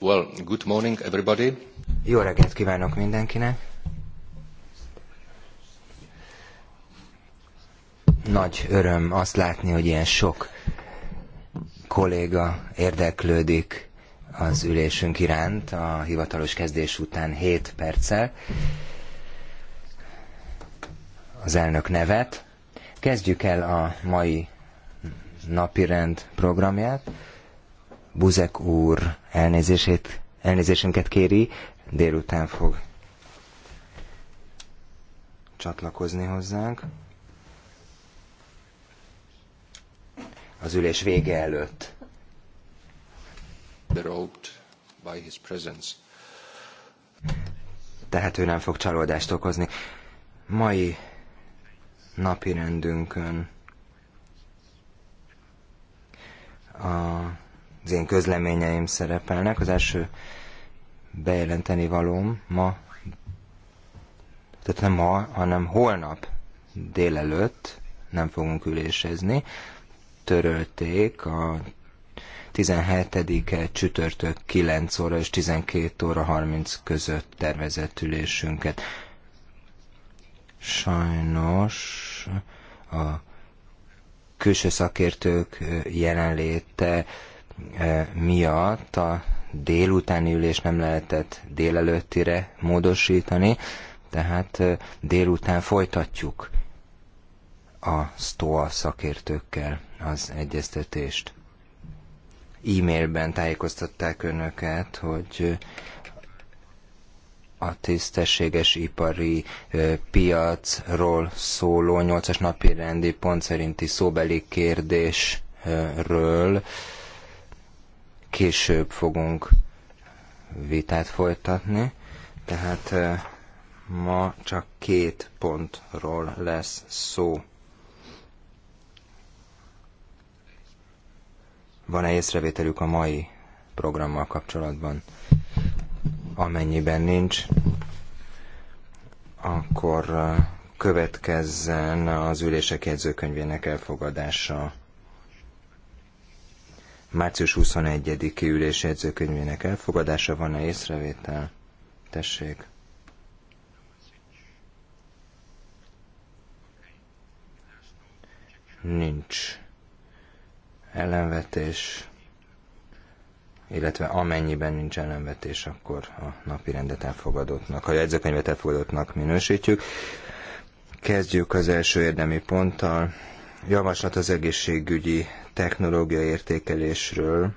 Well, good morning everybody. Jó reggelt kívánok mindenkinek. Nagy öröm azt látni, hogy ilyen sok kolléga érdeklődik az ülésünk iránt a hivatalos kezdés után 7 perccel. Az elnök nevet. Kezdjük el a mai napirend programját. Buzek úr elnézését, elnézésünket kéri, délután fog csatlakozni hozzánk. Az ülés vége előtt. By his presence. Tehát ő nem fog csalódást okozni. Mai napi rendünkön a az én közleményeim szerepelnek. Az első bejelenteni valóm ma, tehát nem ma, hanem holnap délelőtt nem fogunk ülésezni. Törölték a 17-e csütörtök 9 óra és 12 óra 30 között tervezett ülésünket. Sajnos a külső szakértők jelenléte E, miatt a délutáni ülés nem lehetett délelőttire módosítani, tehát e, délután folytatjuk a STOA szakértőkkel az egyeztetést. E-mailben tájékoztatták önöket, hogy e, a tisztességes ipari piacról szóló 8-as napi rendi pont szerinti szóbeli kérdésről később fogunk vitát folytatni, tehát ma csak két pontról lesz szó. Van-e észrevételük a mai programmal kapcsolatban? Amennyiben nincs, akkor következzen az ülések jegyzőkönyvének elfogadása március 21-i ülés jegyzőkönyvének elfogadása van-e észrevétel? Tessék. Nincs ellenvetés, illetve amennyiben nincs ellenvetés, akkor a napi rendet elfogadottnak, a jegyzőkönyvet elfogadottnak minősítjük. Kezdjük az első érdemi ponttal. Javaslat az egészségügyi technológia értékelésről.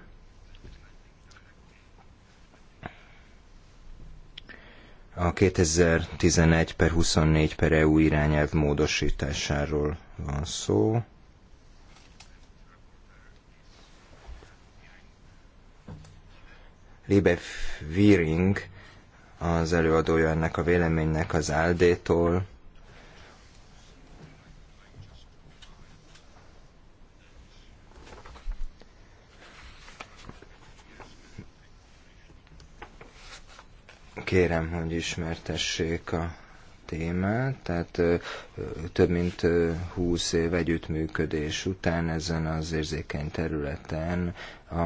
A 2011 per 24 per EU irányelv módosításáról van szó. Liebe Wiering az előadója ennek a véleménynek az Áldétól Kérem, hogy ismertessék a témát, tehát több mint 20 év együttműködés után ezen az érzékeny területen a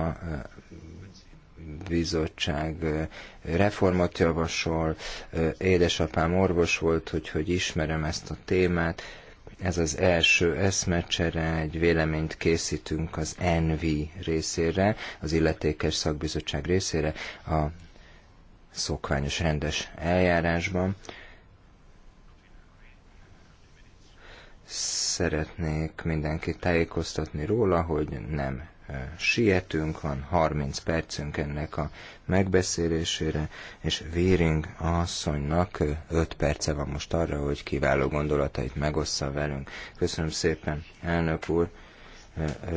bizottság reformot javasol. Édesapám orvos volt, hogy, hogy ismerem ezt a témát. Ez az első eszmecsere, egy véleményt készítünk az NV részére, az illetékes szakbizottság részére. A szokványos rendes eljárásban. Szeretnék mindenkit tájékoztatni róla, hogy nem sietünk, van 30 percünk ennek a megbeszélésére, és Véring asszonynak 5 perce van most arra, hogy kiváló gondolatait megossza velünk. Köszönöm szépen, elnök úr!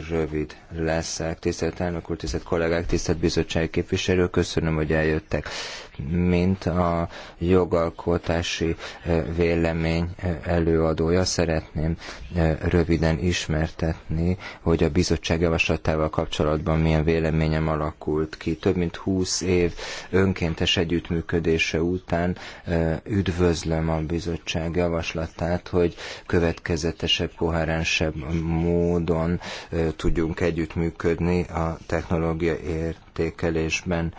rövid leszek. Tisztelt elnök úr, tisztelt kollégák, tisztelt bizottsági képviselők, köszönöm, hogy eljöttek mint a jogalkotási vélemény előadója. Szeretném röviden ismertetni, hogy a bizottság javaslatával kapcsolatban milyen véleményem alakult ki. Több mint 20 év önkéntes együttműködése után üdvözlöm a bizottság javaslatát, hogy következetesebb, koherensebb módon tudjunk együttműködni a technológia értékelésben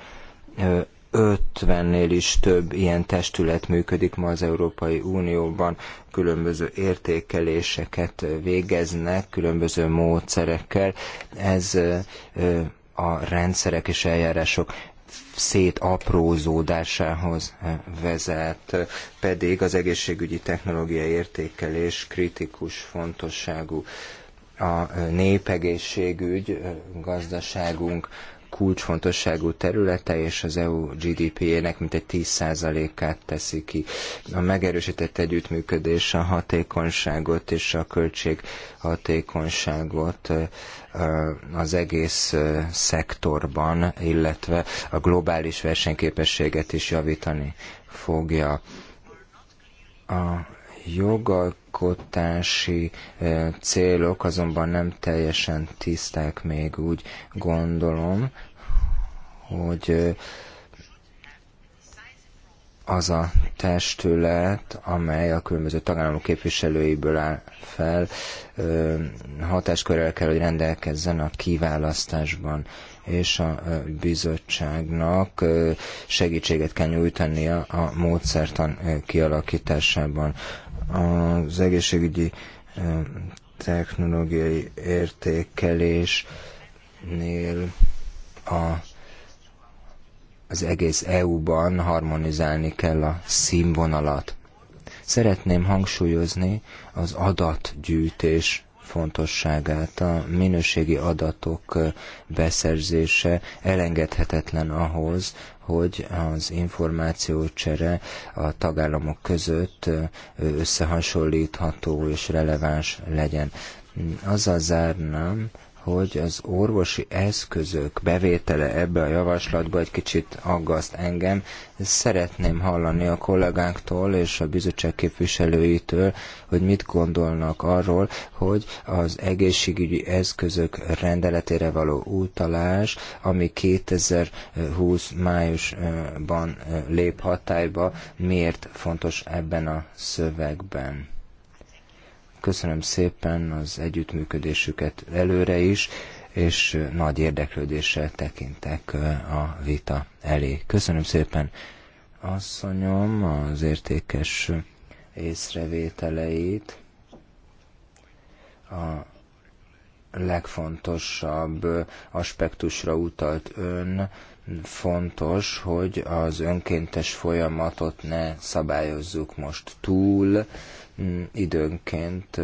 50-nél is több ilyen testület működik ma az Európai Unióban, különböző értékeléseket végeznek, különböző módszerekkel. Ez a rendszerek és eljárások szétaprózódásához vezet, pedig az egészségügyi technológia értékelés kritikus fontosságú. A népegészségügy gazdaságunk kulcsfontosságú területe, és az EU GDP-jének mintegy 10%-át teszi ki. A megerősített együttműködés a hatékonyságot és a költség hatékonyságot az egész szektorban, illetve a globális versenyképességet is javítani fogja. A jogal alkotási célok azonban nem teljesen tiszták még úgy gondolom, hogy az a testület, amely a különböző tagállamok képviselőiből áll fel, hatáskörrel kell, hogy rendelkezzen a kiválasztásban, és a bizottságnak segítséget kell nyújtania a módszertan kialakításában az egészségügyi technológiai értékelésnél a, az egész EU-ban harmonizálni kell a színvonalat. Szeretném hangsúlyozni az adatgyűjtés fontosságát, a minőségi adatok beszerzése elengedhetetlen ahhoz, hogy az információcsere a tagállamok között összehasonlítható és releváns legyen. Azzal zárnám, hogy az orvosi eszközök bevétele ebbe a javaslatba egy kicsit aggaszt engem. Szeretném hallani a kollégánktól és a bizottság képviselőitől, hogy mit gondolnak arról, hogy az egészségügyi eszközök rendeletére való utalás, ami 2020 májusban eh, lép hatályba, miért fontos ebben a szövegben. Köszönöm szépen az együttműködésüket előre is, és nagy érdeklődéssel tekintek a vita elé. Köszönöm szépen asszonyom az értékes észrevételeit. A legfontosabb aspektusra utalt ön, fontos, hogy az önkéntes folyamatot ne szabályozzuk most túl, Mm, időnként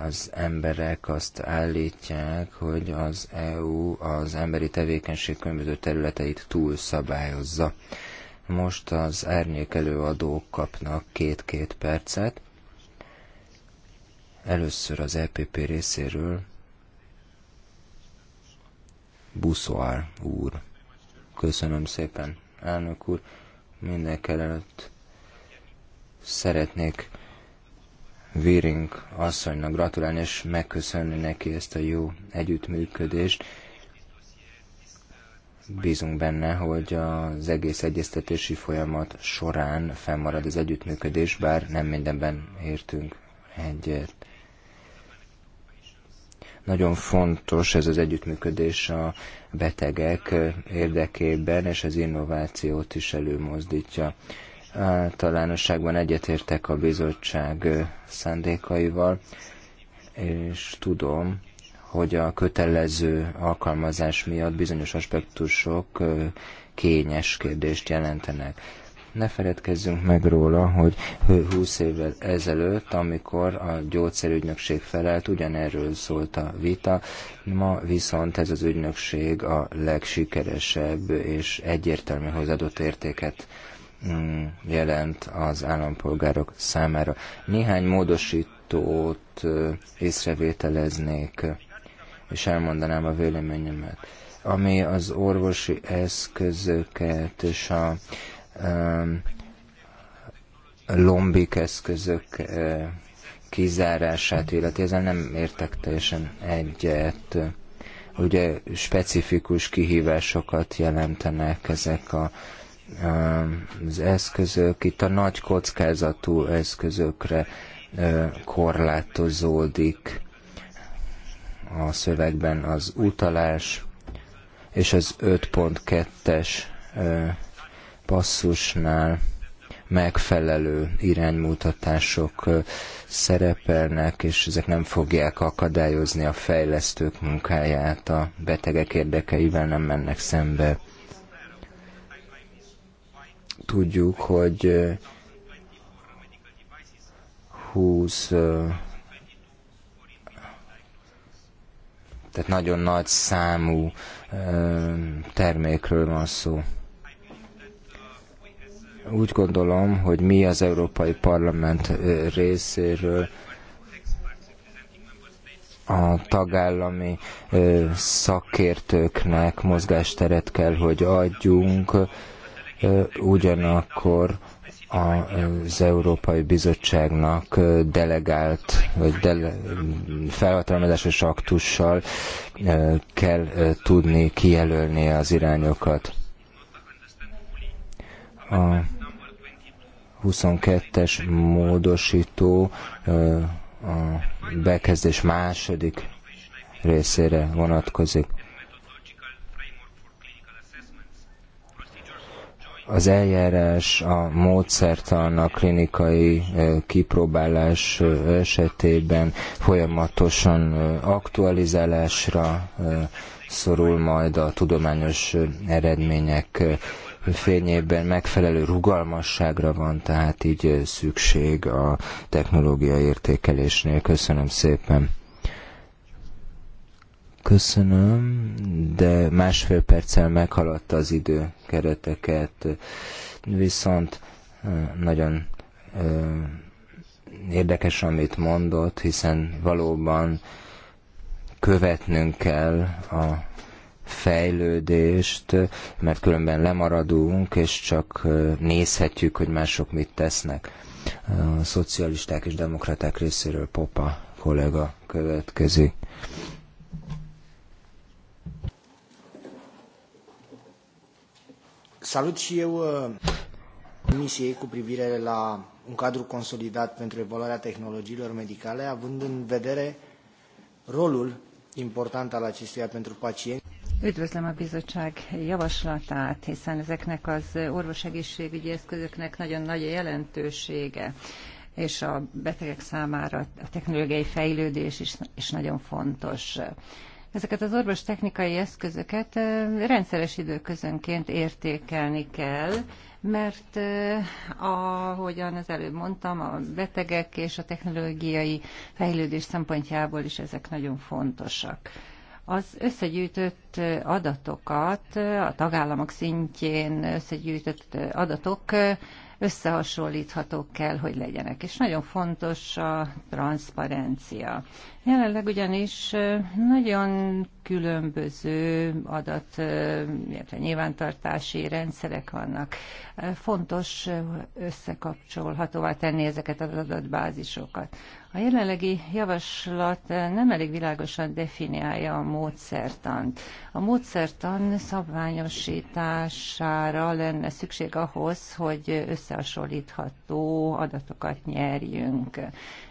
az emberek azt állítják, hogy az EU az emberi tevékenység különböző területeit túlszabályozza. Most az árnyékelő adók kapnak két-két percet. Először az EPP részéről Buszoár úr. Köszönöm szépen, elnök úr. Mindenek előtt szeretnék Véring asszonynak gratulálni, és megköszönni neki ezt a jó együttműködést. Bízunk benne, hogy az egész egyeztetési folyamat során fennmarad az együttműködés, bár nem mindenben értünk egyet. Nagyon fontos ez az együttműködés a betegek érdekében, és az innovációt is előmozdítja. Általánosságban egyetértek a bizottság szándékaival, és tudom, hogy a kötelező alkalmazás miatt bizonyos aspektusok kényes kérdést jelentenek. Ne feledkezzünk meg róla, hogy 20 évvel ezelőtt, amikor a gyógyszerügynökség felelt, ugyanerről szólt a vita, ma viszont ez az ügynökség a legsikeresebb és egyértelmű hozzáadott értéket Mm, jelent az állampolgárok számára. Néhány módosítót észrevételeznék, és elmondanám a véleményemet. Ami az orvosi eszközöket és a lombik eszközök kizárását illeti, ezzel nem értek teljesen egyet. Ugye specifikus kihívásokat jelentenek ezek a Um, az eszközök itt a nagy kockázatú eszközökre uh, korlátozódik a szövegben az utalás, és az 5.2-es uh, passzusnál megfelelő iránymutatások uh, szerepelnek, és ezek nem fogják akadályozni a fejlesztők munkáját, a betegek érdekeivel nem mennek szembe. Tudjuk, hogy 20 tehát nagyon nagy számú termékről van szó. Úgy gondolom, hogy mi az Európai Parlament részéről a tagállami szakértőknek mozgásteret kell, hogy adjunk, ugyanakkor az Európai Bizottságnak delegált, vagy dele, felhatalmazásos aktussal kell tudni kijelölni az irányokat. A 22-es módosító a bekezdés második részére vonatkozik. az eljárás a módszertan, a klinikai kipróbálás esetében folyamatosan aktualizálásra szorul majd a tudományos eredmények fényében megfelelő rugalmasságra van tehát így szükség a technológia értékelésnél. Köszönöm szépen! Köszönöm, de másfél perccel meghaladta az idő kereteket, viszont nagyon érdekes, amit mondott, hiszen valóban követnünk kell a fejlődést, mert különben lemaradunk, és csak nézhetjük, hogy mások mit tesznek. A szocialisták és demokraták részéről Popa kollega következik. Salut și eu uh, Comisiei cu privire la un cadru consolidat pentru evaluarea tehnologiilor medicale, având în vedere rolul important al acestuia pentru pacienți. Üdvözlöm a bizottság javaslatát, hiszen ezeknek az orvosegészségügyi eszközöknek nagyon nagy a jelentősége, és a betegek számára a technológiai fejlődés is, is nagyon fontos. Ezeket az orvos technikai eszközöket rendszeres időközönként értékelni kell, mert ahogyan az előbb mondtam, a betegek és a technológiai fejlődés szempontjából is ezek nagyon fontosak. Az összegyűjtött adatokat, a tagállamok szintjén összegyűjtött adatok összehasonlíthatók kell, hogy legyenek. És nagyon fontos a transzparencia. Jelenleg ugyanis nagyon különböző adat, illetve nyilvántartási rendszerek vannak. Fontos összekapcsolhatóvá tenni ezeket az adatbázisokat. A jelenlegi javaslat nem elég világosan definiálja a módszertant. A módszertan szabványosítására lenne szükség ahhoz, hogy összehasonlítható adatokat nyerjünk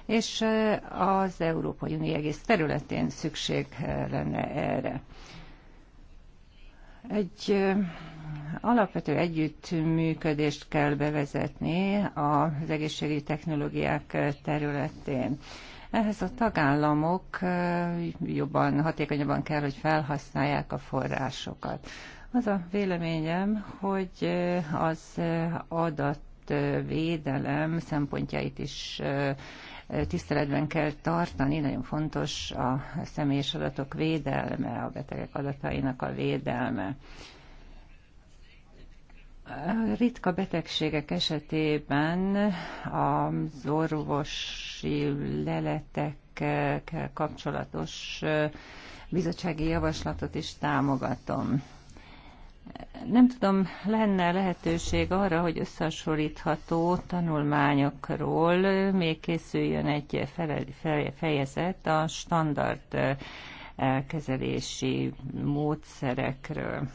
és az Európai Unió egész területén szükség lenne erre. Egy alapvető együttműködést kell bevezetni az egészségügyi technológiák területén. Ehhez a tagállamok jobban, hatékonyabban kell, hogy felhasználják a forrásokat. Az a véleményem, hogy az adatvédelem szempontjait is tiszteletben kell tartani, nagyon fontos a személyes adatok védelme, a betegek adatainak a védelme. A ritka betegségek esetében az orvosi leletekkel kapcsolatos bizottsági javaslatot is támogatom. Nem tudom, lenne lehetőség arra, hogy összehasonlítható tanulmányokról még készüljön egy fejezet a standard eh, kezelési módszerekről.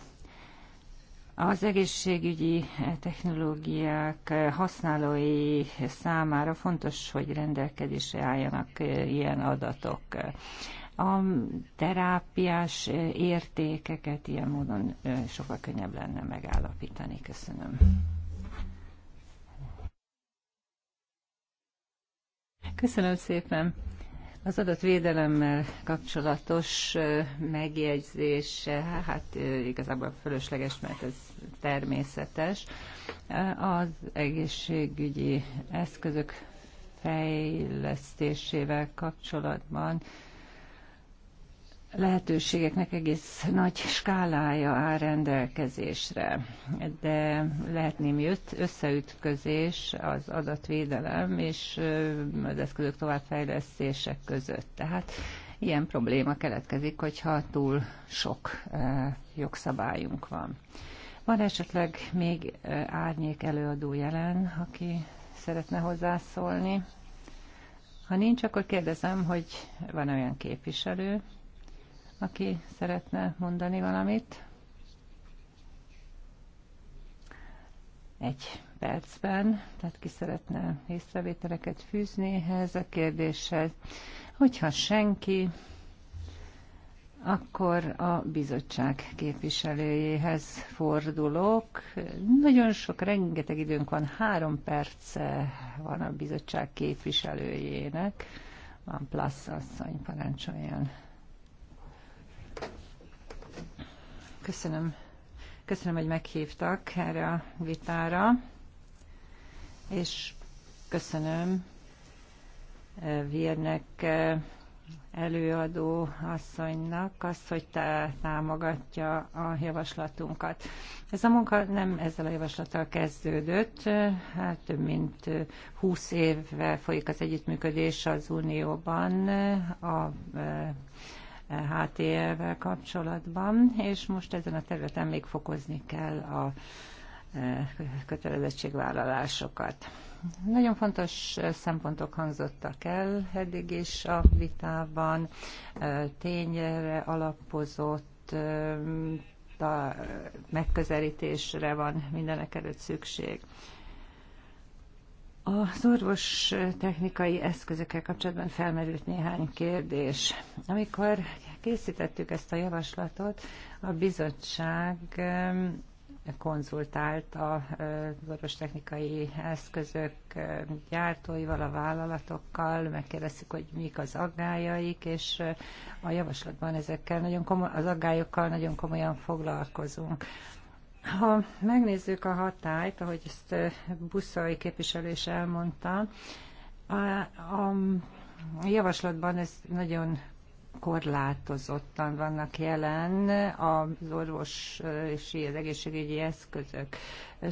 Az egészségügyi eh, technológiák eh, használói számára fontos, hogy rendelkezésre álljanak ilyen adatok a terápiás értékeket ilyen módon sokkal könnyebb lenne megállapítani. Köszönöm. Köszönöm szépen. Az adott védelemmel kapcsolatos megjegyzés, hát igazából fölösleges, mert ez természetes. Az egészségügyi eszközök fejlesztésével kapcsolatban lehetőségeknek egész nagy skálája áll rendelkezésre, de lehet némi összeütközés az adatvédelem és az eszközök továbbfejlesztések között. Tehát ilyen probléma keletkezik, hogyha túl sok jogszabályunk van. Van esetleg még árnyék előadó jelen, aki szeretne hozzászólni? Ha nincs, akkor kérdezem, hogy van olyan képviselő, aki szeretne mondani valamit. Egy percben, tehát ki szeretne észrevételeket fűzni ehhez a kérdéssel. Hogyha senki, akkor a bizottság képviselőjéhez fordulok. Nagyon sok, rengeteg időnk van, három perce van a bizottság képviselőjének. Van plusz asszony, parancsoljon. Köszönöm. Köszönöm, hogy meghívtak erre a vitára, és köszönöm eh, Vérnek eh, előadó asszonynak azt, hogy te támogatja a javaslatunkat. Ez a munka nem ezzel a javaslattal kezdődött, eh, hát több mint 20 évvel folyik az együttműködés az Unióban a HTL-vel kapcsolatban, és most ezen a területen még fokozni kell a e, kötelezettségvállalásokat. Nagyon fontos szempontok hangzottak el eddig is a vitában, e, tényre alapozott e, a megközelítésre van mindenek előtt szükség. Az orvos technikai eszközökkel kapcsolatban felmerült néhány kérdés. Amikor készítettük ezt a javaslatot, a bizottság konzultált a technikai eszközök gyártóival, a vállalatokkal, megkérdeztük, hogy mik az aggájaik, és a javaslatban ezekkel nagyon komoly, az aggályokkal nagyon komolyan foglalkozunk. Ha megnézzük a hatályt, ahogy ezt Buszai képviselő is elmondta, a, a javaslatban ez nagyon korlátozottan vannak jelen az orvos és az egészségügyi eszközök.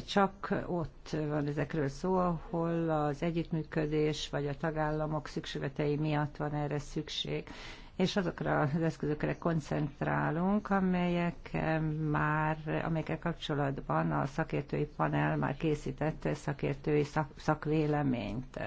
Csak ott van ezekről szó, ahol az együttműködés vagy a tagállamok szükségletei miatt van erre szükség és azokra az eszközökre koncentrálunk, amelyek már, amelyekkel kapcsolatban a szakértői panel már készítette szakértői szak, szakvéleményt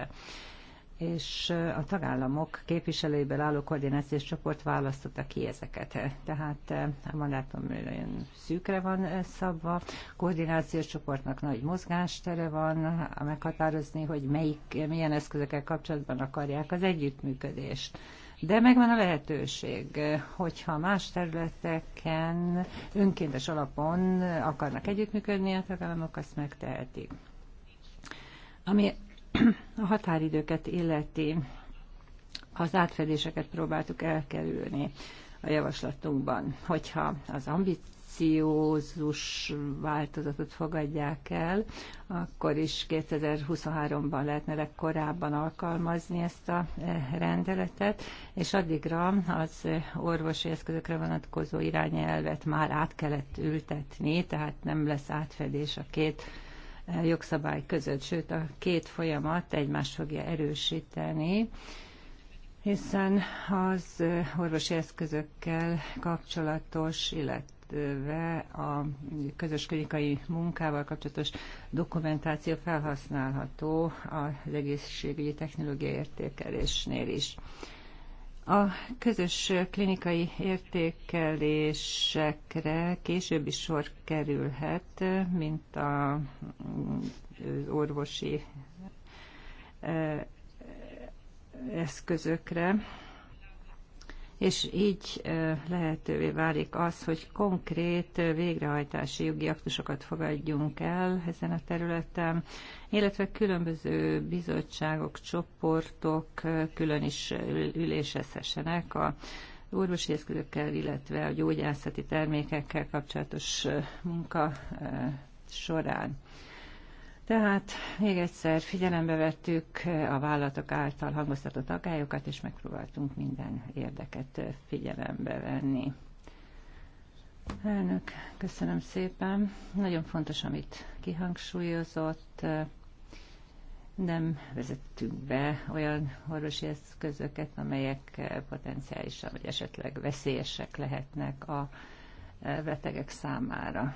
és a tagállamok képviselőiből álló koordinációs csoport választotta ki ezeket. Tehát a mandátum nagyon szűkre van szabva, a koordinációs csoportnak nagy mozgástere van a meghatározni, hogy melyik, milyen eszközökkel kapcsolatban akarják az együttműködést. De megvan a lehetőség, hogyha más területeken önkéntes alapon akarnak együttműködni a tagállamok, azt megtehetik. Ami a határidőket illeti az átfedéseket próbáltuk elkerülni a javaslatunkban. Hogyha az ambiciózus változatot fogadják el, akkor is 2023-ban lehetne legkorábban alkalmazni ezt a eh, rendeletet, és addigra az eh, orvosi eszközökre vonatkozó irányelvet már át kellett ültetni, tehát nem lesz átfedés a két jogszabály között, sőt a két folyamat egymást fogja erősíteni, hiszen az orvosi eszközökkel kapcsolatos, illetve a közös klinikai munkával kapcsolatos dokumentáció felhasználható az egészségügyi technológia értékelésnél is. A közös klinikai értékelésekre később is sor kerülhet, mint a, az orvosi eszközökre és így lehetővé válik az, hogy konkrét végrehajtási jogi aktusokat fogadjunk el ezen a területen, illetve különböző bizottságok, csoportok külön is ülésezhessenek a orvosi eszközökkel, illetve a gyógyászati termékekkel kapcsolatos munka során. Tehát még egyszer figyelembe vettük a vállalatok által hangoztatott aggályokat, és megpróbáltunk minden érdeket figyelembe venni. Elnök, köszönöm szépen. Nagyon fontos, amit kihangsúlyozott. Nem vezettünk be olyan orvosi eszközöket, amelyek potenciálisan vagy esetleg veszélyesek lehetnek a betegek számára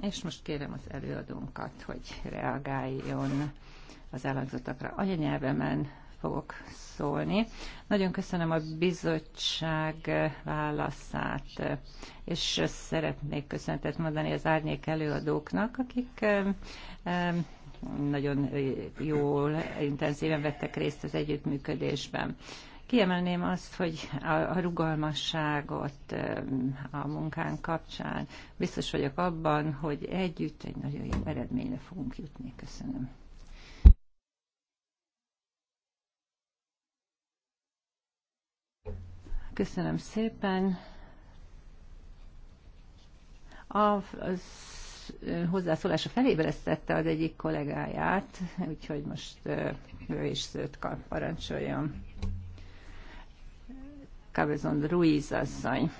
és most kérem az előadónkat, hogy reagáljon az elhangzottakra. Anyanyelvemen fogok szólni. Nagyon köszönöm a bizottság válaszát, és szeretnék köszöntet mondani az árnyék előadóknak, akik nagyon jól, intenzíven vettek részt az együttműködésben. Kiemelném azt, hogy a rugalmasságot a munkánk kapcsán biztos vagyok abban, hogy együtt egy nagyon jó eredményre fogunk jutni. Köszönöm. Köszönöm szépen. A, az hozzászólása felébresztette az egyik kollégáját, úgyhogy most ő is szőt kap, parancsoljon. Cabezon Ruiz asszony.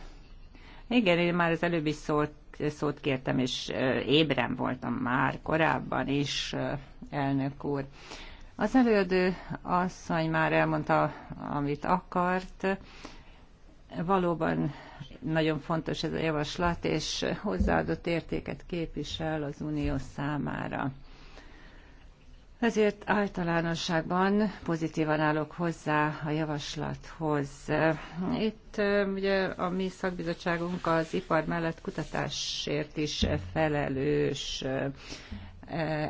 Igen, én már az előbbi szót, szót kértem, és ébren voltam már korábban is, elnök úr. Az előadő asszony már elmondta, amit akart. Valóban nagyon fontos ez a javaslat, és hozzáadott értéket képvisel az unió számára. Ezért általánosságban pozitívan állok hozzá a javaslathoz. Itt ugye a mi szakbizottságunk az ipar mellett kutatásért is felelős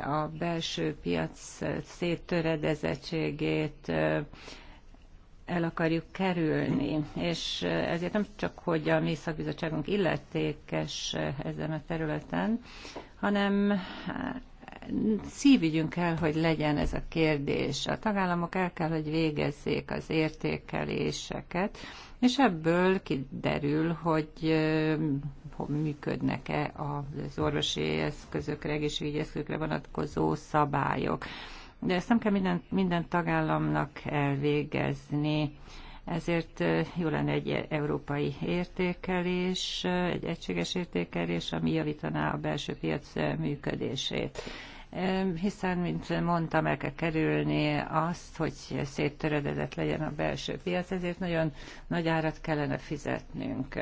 a belső piac széttöredezettségét el akarjuk kerülni, és ezért nem csak, hogy a mi szakbizottságunk illetékes ezen a területen, hanem szívügyünk kell, hogy legyen ez a kérdés. A tagállamok el kell, hogy végezzék az értékeléseket, és ebből kiderül, hogy működnek-e az orvosi eszközökre, egészségügyi eszközökre vonatkozó szabályok. De ezt nem kell minden, minden tagállamnak elvégezni. Ezért jó lenne egy európai értékelés, egy egységes értékelés, ami javítaná a belső piac működését hiszen, mint mondtam, el kell kerülni azt, hogy széttöredezett legyen a belső piac, ezért nagyon nagy árat kellene fizetnünk.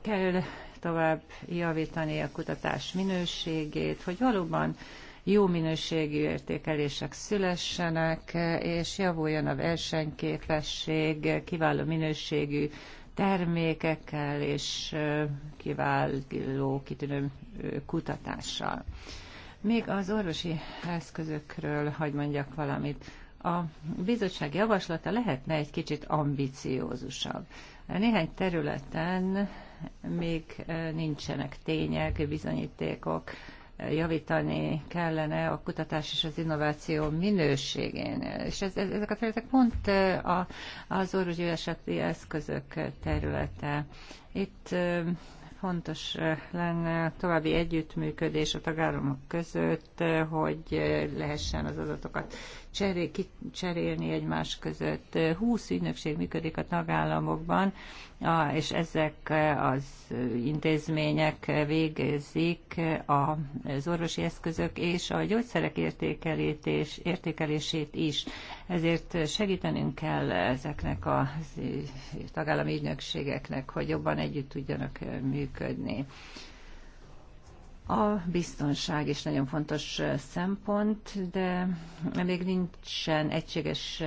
Kell tovább javítani a kutatás minőségét, hogy valóban jó minőségű értékelések szülessenek, és javuljon a versenyképesség, kiváló minőségű termékekkel és kiváló kitűnő kutatással. Még az orvosi eszközökről hagy mondjak valamit. A bizottság javaslata lehetne egy kicsit ambiciózusabb. Néhány területen még eh, nincsenek tények, bizonyítékok, javítani kellene a kutatás és az innováció minőségén. És ez, ez, ezek a területek pont eh, a, az orvosi eseti eszközök területe. Itt eh, fontos eh, lenne a további együttműködés a tagállamok között, eh, hogy eh, lehessen az adatokat cseré, kicserélni egymás között. húsz ügynökség működik a tagállamokban, és ezek az intézmények végzik az orvosi eszközök és a gyógyszerek értékelítés, értékelését is. Ezért segítenünk kell ezeknek a tagállami ügynökségeknek, hogy jobban együtt tudjanak működni. A biztonság is nagyon fontos szempont, de még nincsen egységes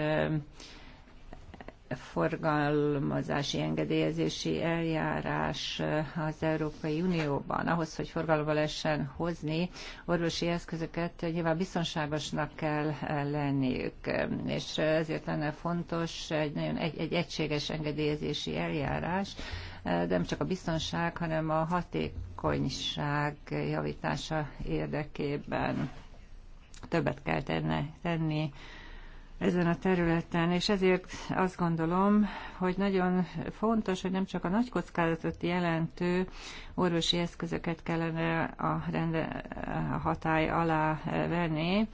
forgalmazási engedélyezési eljárás az Európai Unióban. Ahhoz, hogy forgalomba lehessen hozni orvosi eszközöket, nyilván biztonságosnak kell lenniük, és ezért lenne fontos egy nagyon egy, egy egységes engedélyezési eljárás, de nem csak a biztonság, hanem a haték hatékonyság javítása érdekében többet kell tenne, tenni ezen a területen, és ezért azt gondolom, hogy nagyon fontos, hogy nem csak a nagy kockázatot jelentő orvosi eszközöket kellene a, rende, a hatály alá venni,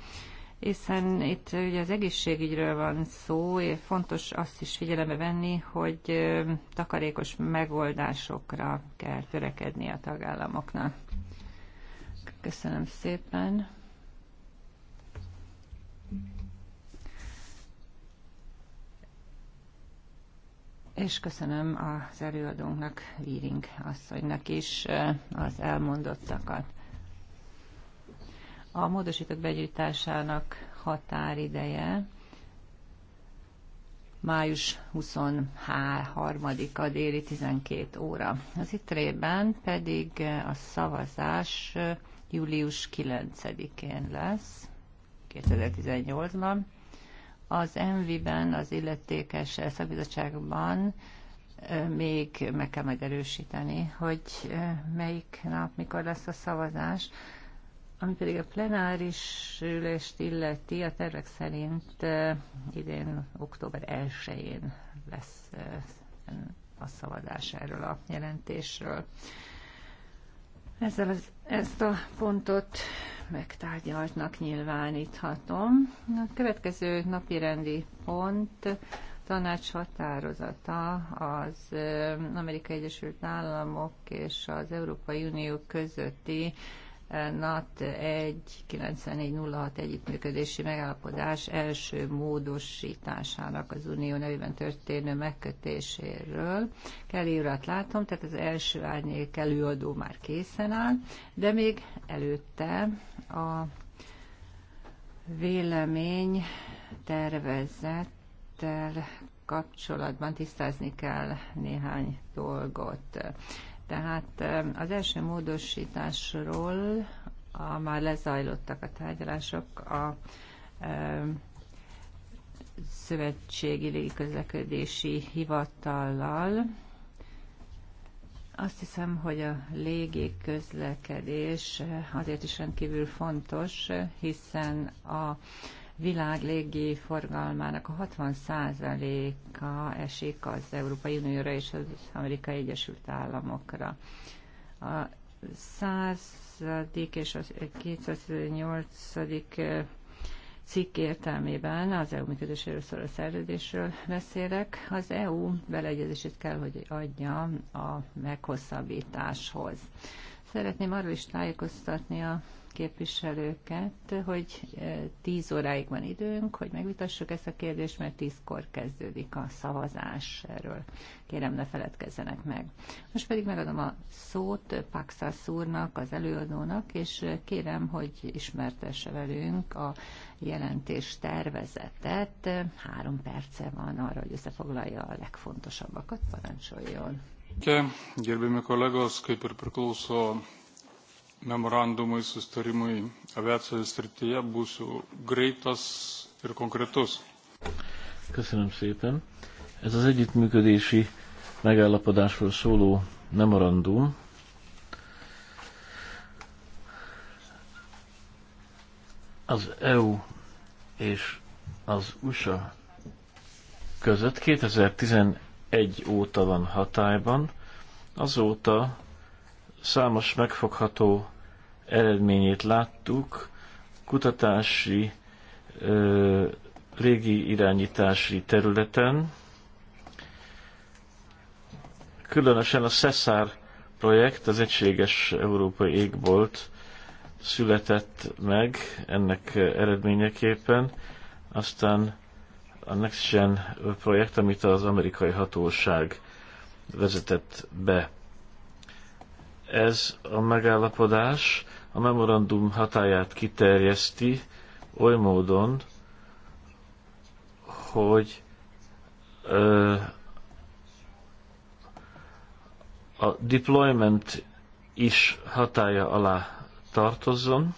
hiszen itt ugye az egészségügyről van szó, és fontos azt is figyelembe venni, hogy takarékos megoldásokra kell törekedni a tagállamoknak. Köszönöm szépen. És köszönöm az előadónknak, Víring asszonynak is az elmondottakat. A módosított begyűjtásának határideje május 23-a déli 12 óra. Az itrében pedig a szavazás július 9-én lesz, 2018-ban. Az MV-ben, az illetékes szakbizottságban még meg kell megerősíteni, hogy melyik nap, mikor lesz a szavazás. Ami pedig a plenáris ülést illeti, a tervek szerint idén október 1-én lesz a szavazás erről a jelentésről. Ezzel az, ezt a pontot megtárgyaltnak nyilváníthatom. A következő napi rendi pont tanács határozata az Amerikai Egyesült Államok és az Európai Unió közötti NAT 1.94.06 együttműködési megállapodás első módosításának az Unió nevében történő megkötéséről. Kelly urat látom, tehát az első árnyék előadó már készen áll, de még előtte a vélemény tervezettel kapcsolatban tisztázni kell néhány dolgot. Tehát az első módosításról a, már lezajlottak a tárgyalások a a Szövetségi Légiközlekedési Hivatallal. Azt hiszem, hogy a légiközlekedés azért is rendkívül fontos, hiszen a világ légi forgalmának a 60%-a esik az Európai Unióra és az Amerikai Egyesült Államokra. A századik és a 208. cikk értelmében az EU működéséről szóló szerződésről beszélek. Az EU beleegyezését kell, hogy adja a meghosszabbításhoz. Szeretném arról is tájékoztatni a képviselőket, hogy 10 eh, óráig van időnk, hogy megvitassuk ezt a kérdést, mert 10-kor kezdődik a szavazás erről. Kérem, ne feledkezzenek meg. Most pedig megadom a szót Paxas úrnak, az előadónak, és eh, kérem, hogy ismertesse velünk a jelentés tervezetet. Három perce van arra, hogy összefoglalja a legfontosabbakat, parancsoljon. Gerbiami kolegos, kaip ir priklauso memorandumui, sustarimui aviacijos srityje būsiu greitas ir konkretus. Köszönöm szépen. Ez az együttműködési megállapodásról szóló memorandum az EU és az USA között 2011 óta van hatályban, azóta számos megfogható eredményét láttuk, kutatási, régi irányítási területen, különösen a SESAR projekt, az Egységes Európai Égbolt született meg ennek eredményeképpen, aztán a NextGen projekt, amit az amerikai hatóság vezetett be ez a megállapodás a memorandum hatáját kiterjeszti oly módon, hogy ö, a deployment is hatája alá tartozzon,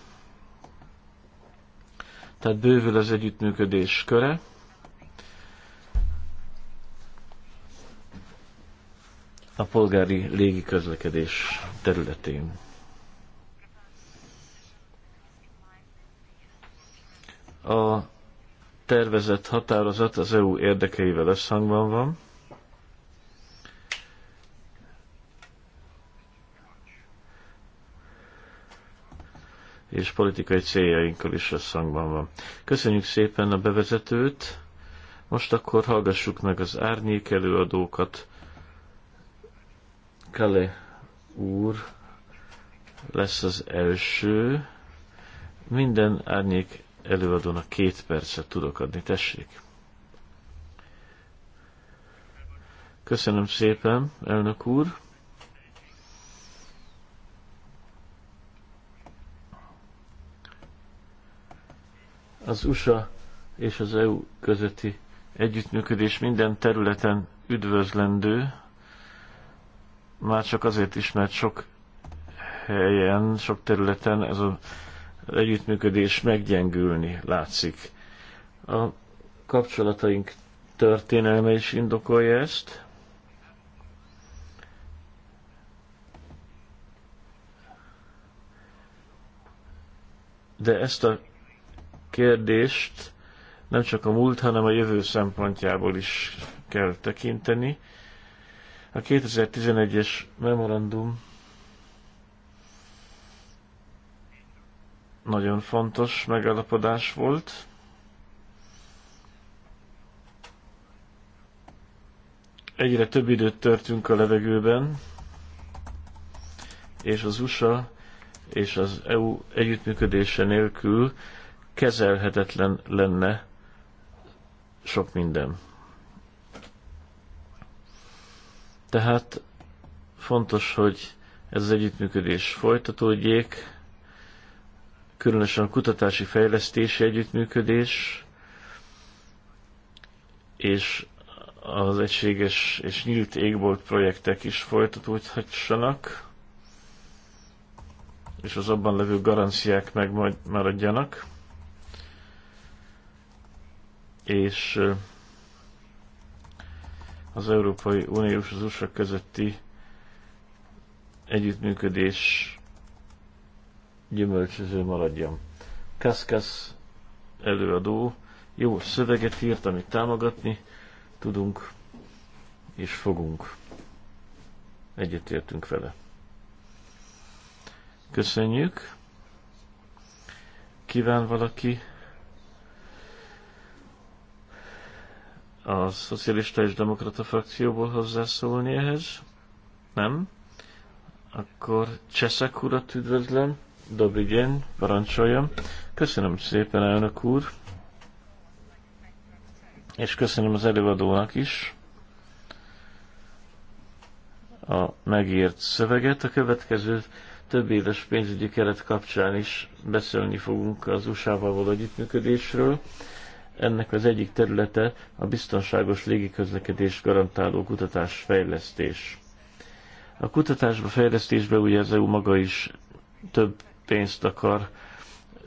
tehát bővül az együttműködés köre, a polgári légi közlekedés területén. A tervezett határozat az EU érdekeivel összhangban van. és politikai céljainkkal is összhangban van. Köszönjük szépen a bevezetőt, most akkor hallgassuk meg az árnyék előadókat, Kale úr lesz az első. Minden árnyék előadónak két percet tudok adni. Tessék! Köszönöm szépen, elnök úr! Az USA és az EU közötti együttműködés minden területen üdvözlendő, már csak azért is, mert sok helyen, sok területen ez az együttműködés meggyengülni látszik. A kapcsolataink történelme is indokolja ezt. De ezt a kérdést nem csak a múlt, hanem a jövő szempontjából is kell tekinteni. A 2011-es memorandum nagyon fontos megállapodás volt. Egyre több időt törtünk a levegőben, és az USA és az EU együttműködése nélkül kezelhetetlen lenne sok minden. Tehát fontos, hogy ez az együttműködés folytatódjék, különösen a kutatási fejlesztési együttműködés és az egységes és nyílt égbolt projektek is folytatódhassanak, és az abban levő garanciák megmaradjanak. És az Európai Unió és az USA közötti együttműködés gyümölcsöző maradjon. Kaszkasz előadó jó szöveget írt, amit támogatni tudunk és fogunk. Egyetértünk vele. Köszönjük! Kíván valaki a szocialista és demokrata frakcióból hozzászólni ehhez? Nem? Akkor Cseszek urat üdvözlöm. Dobri gyen, parancsoljam. Köszönöm szépen, elnök úr. És köszönöm az előadónak is a megírt szöveget. A következő több éves pénzügyi keret kapcsán is beszélni fogunk az USA-val való együttműködésről ennek az egyik területe a biztonságos légiközlekedés garantáló kutatás-fejlesztés. A kutatásba, fejlesztésbe ugye az EU maga is több pénzt akar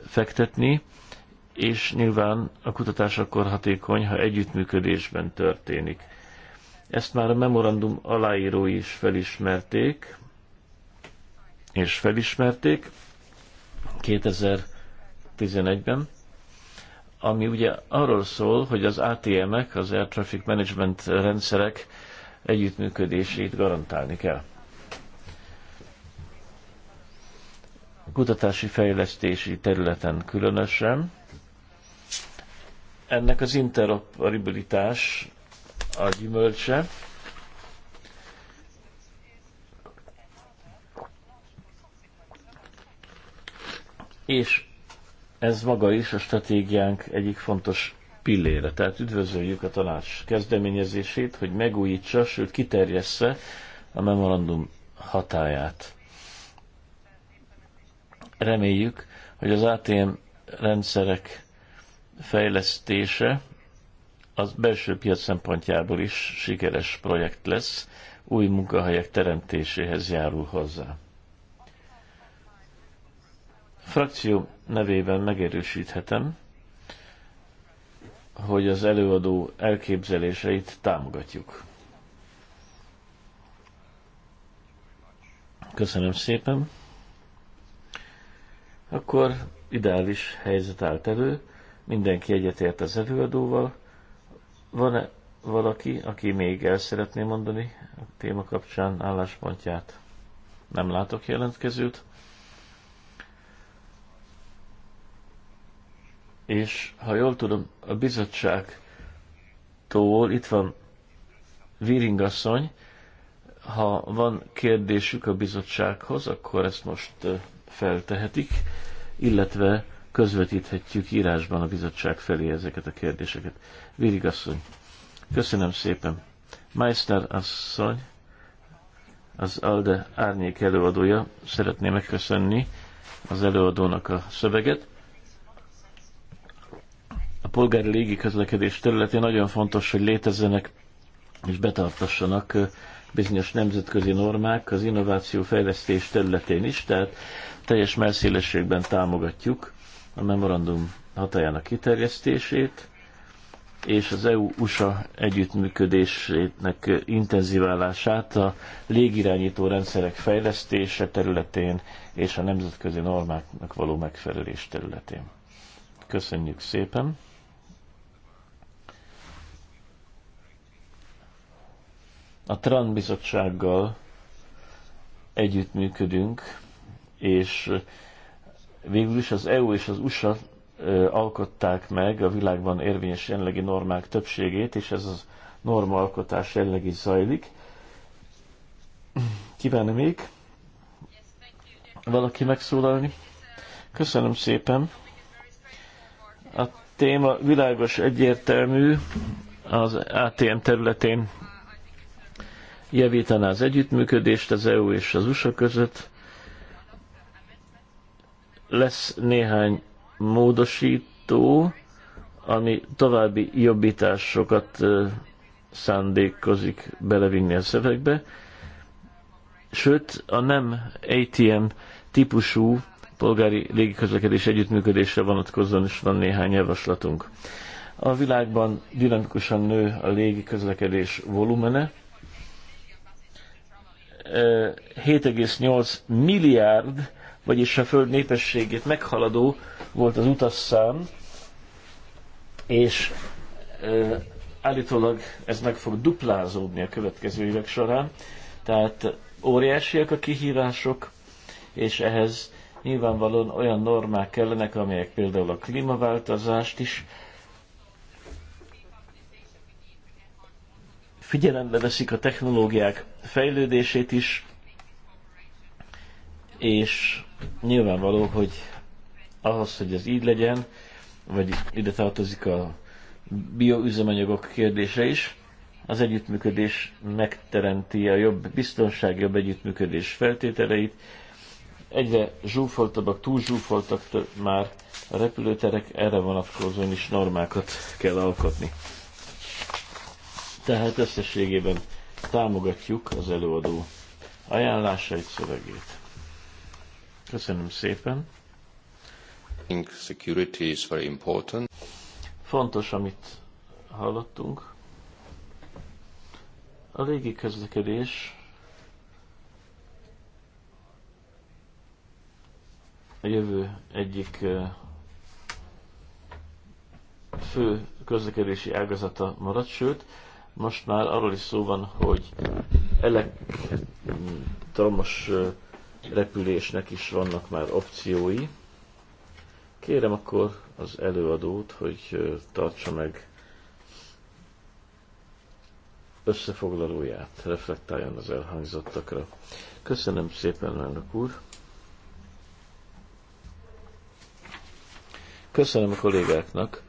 fektetni, és nyilván a kutatás akkor hatékony, ha együttműködésben történik. Ezt már a memorandum aláírói is felismerték, és felismerték 2011-ben, ami ugye arról szól, hogy az ATM-ek, az Air Traffic Management rendszerek együttműködését garantálni kell. Kutatási fejlesztési területen különösen. Ennek az interoperabilitás a gyümölcse. És ez maga is a stratégiánk egyik fontos pillére. Tehát üdvözöljük a tanács kezdeményezését, hogy megújítsa, sőt kiterjessze a memorandum hatáját. Reméljük, hogy az ATM rendszerek fejlesztése az belső piac szempontjából is sikeres projekt lesz, új munkahelyek teremtéséhez járul hozzá frakció nevében megerősíthetem, hogy az előadó elképzeléseit támogatjuk. Köszönöm szépen. Akkor ideális helyzet állt elő, mindenki egyetért az előadóval. Van-e valaki, aki még el szeretné mondani a téma kapcsán álláspontját? Nem látok jelentkezőt. és ha jól tudom, a bizottságtól itt van Viringasszony, ha van kérdésük a bizottsághoz, akkor ezt most feltehetik, illetve közvetíthetjük írásban a bizottság felé ezeket a kérdéseket. Virigasszony, köszönöm szépen. Meister asszony, az ALDE árnyék előadója, szeretné megköszönni az előadónak a szöveget polgári légiközlekedés területén nagyon fontos, hogy létezzenek és betartassanak bizonyos nemzetközi normák az innováció fejlesztés területén is, tehát teljes merszélességben támogatjuk a memorandum hatájának kiterjesztését, és az EU-USA együttműködésének intenzíválását a légirányító rendszerek fejlesztése területén és a nemzetközi normáknak való megfelelés területén. Köszönjük szépen! A TRAN bizottsággal együttműködünk, és végül is az EU és az USA alkották meg a világban érvényes jelenlegi normák többségét, és ez az normaalkotás jelenleg is zajlik. Kívánna még valaki megszólalni? Köszönöm szépen. A téma világos egyértelmű az ATM területén javítaná az együttműködést az EU és az USA között. Lesz néhány módosító, ami további jobbításokat szándékozik belevinni a szövegbe. Sőt, a nem ATM típusú polgári légiközlekedés együttműködésre vonatkozóan is van néhány javaslatunk. A világban dinamikusan nő a légiközlekedés volumene, 7,8 milliárd, vagyis a Föld népességét meghaladó volt az utasszám, és állítólag ez meg fog duplázódni a következő évek során, tehát óriásiak a kihívások, és ehhez nyilvánvalóan olyan normák kellenek, amelyek például a klímaváltozást is figyelembe veszik a technológiák fejlődését is, és nyilvánvaló, hogy ahhoz, hogy ez így legyen, vagy ide tartozik a bioüzemanyagok kérdése is, az együttműködés megteremti a jobb biztonság, jobb együttműködés feltételeit. Egyre zsúfoltabbak, túl zsúfoltak már a repülőterek, erre vonatkozóan is normákat kell alkotni. Tehát összességében támogatjuk az előadó ajánlásait, szövegét. Köszönöm szépen. Security is very important. Fontos, amit hallottunk. A légi közlekedés a jövő egyik fő közlekedési ágazata maradt, sőt, most már arról is szó van, hogy elektromos repülésnek is vannak már opciói. Kérem akkor az előadót, hogy tartsa meg összefoglalóját, reflektáljon az elhangzottakra. Köszönöm szépen, elnök úr! Köszönöm a kollégáknak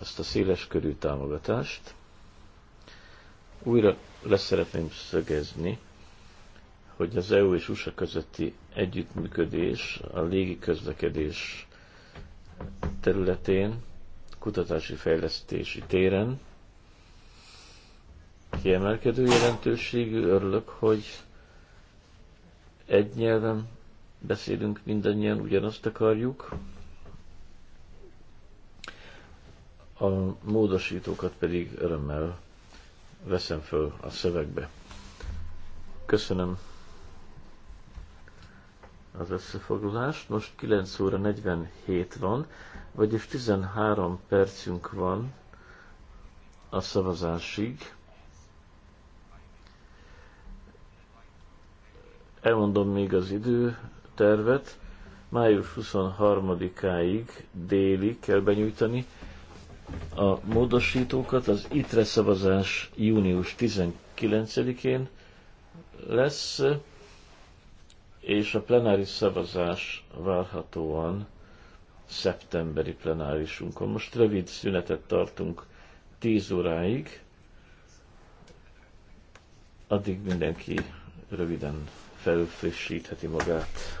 ezt a széles körű támogatást. Újra leszeretném szögezni, hogy az EU és USA közötti együttműködés a légi közlekedés területén, kutatási fejlesztési téren kiemelkedő jelentőségű. Örülök, hogy egy nyelven beszélünk mindannyian, ugyanazt akarjuk. A módosítókat pedig örömmel veszem föl a szövegbe. Köszönöm az összefoglalást. Most 9 óra 47 van, vagyis 13 percünk van a szavazásig. Elmondom még az időtervet. Május 23-áig déli kell benyújtani a módosítókat. Az ITRE szavazás június 19-én lesz, és a plenáris szavazás várhatóan szeptemberi plenárisunkon. Most rövid szünetet tartunk 10 óráig, addig mindenki röviden felfrissítheti magát.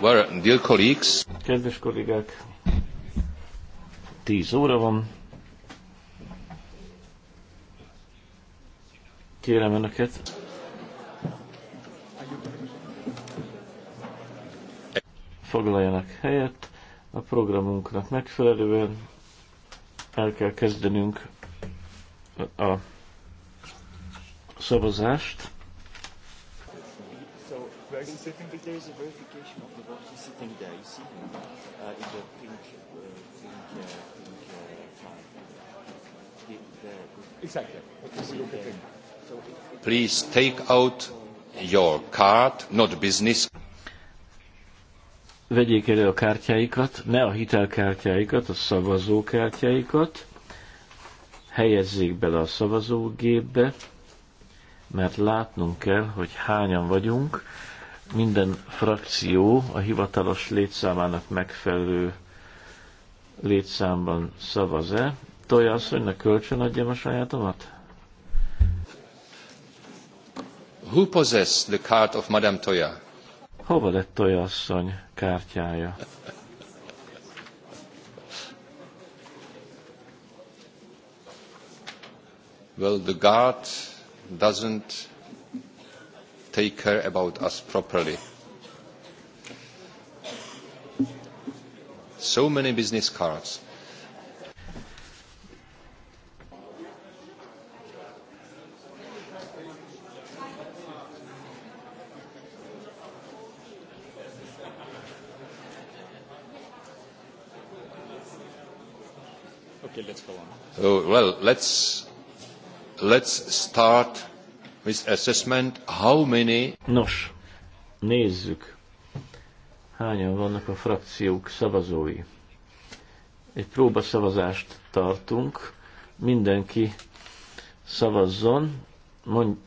Dear colleagues. Kedves kollégák, 10 óra van. Kérem Önöket. Foglaljanak helyet. A programunknak megfelelően el kell kezdenünk a szavazást there is a verification of the He's sitting there. You see him uh, in the pink, uh, pink, uh, pink uh, The, the... Exactly. Okay. Please take out your card, not business. Vegyék elő a kártyáikat, ne a hitelkártyáikat, a szavazókártyáikat. Helyezzék bele a szavazógépbe mert látnunk kell, hogy hányan vagyunk, minden frakció a hivatalos létszámának megfelelő létszámban szavaz-e. Tolja ne kölcsön adjam a sajátomat? Who possess the card of Madame Toya? Hova lett Toya asszony kártyája? well, the guard doesn't take care about us properly. So many business cards. Okay, let's go on. Oh, well, let's, let's start with assessment how many... Nos, nézzük, hányan vannak a frakciók szavazói. Egy próbaszavazást tartunk, mindenki szavazzon,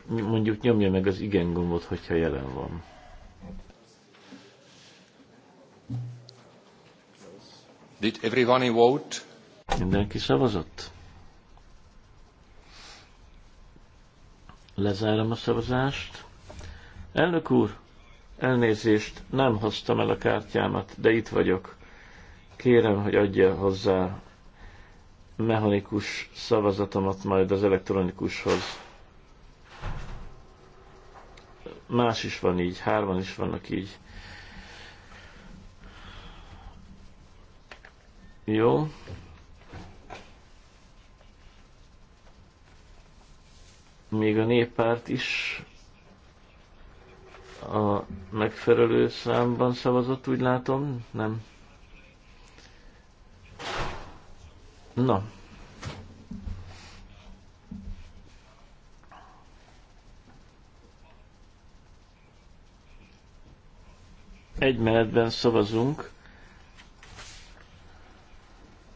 mondjuk nyomja meg az igen gombot, hogyha jelen van. Did everyone vote? Mindenki szavazott? Lezárom a szavazást. Elnök úr, elnézést, nem hoztam el a kártyámat, de itt vagyok. Kérem, hogy adja hozzá mechanikus szavazatomat majd az elektronikushoz. Más is van így, hárman is vannak így. Jó, még a néppárt is a megfelelő számban szavazott, úgy látom, nem? Na. Egy menetben szavazunk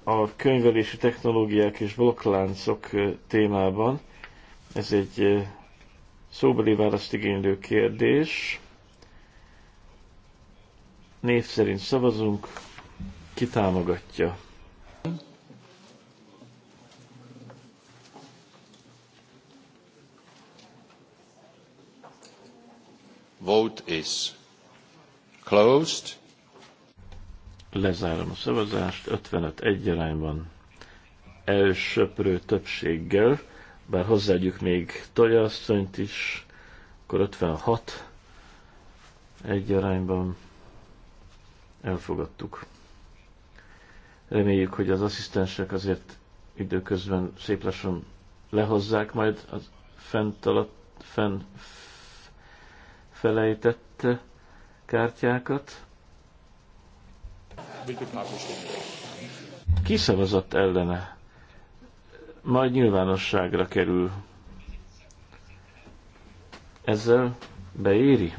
a könyvelési technológiák és blokkláncok témában ez egy szóbeli választ igénylő kérdés. Név szerint szavazunk. Ki támogatja? Vote is closed. Lezárom a szavazást, 55 egyarányban elsöprő többséggel bár hozzáadjuk még asszonyt is, akkor 56 egy arányban elfogadtuk. Reméljük, hogy az asszisztensek azért időközben szép lassan lehozzák majd a fent alatt, fenn felejtett kártyákat. Ki szavazott ellene? majd nyilvánosságra kerül. Ezzel beéri?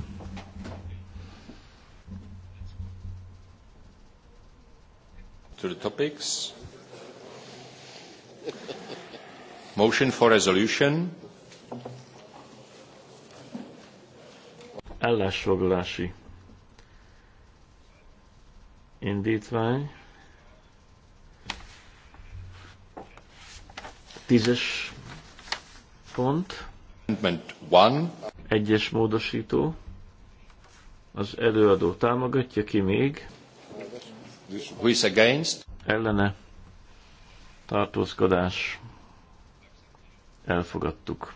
To the topics. Motion for resolution. Ellásfoglalási indítvány. Tízes pont. Amendment one. Egyes módosító. Az előadó támogatja ki még. Who is against? Ellene. Tartózkodás. Elfogadtuk.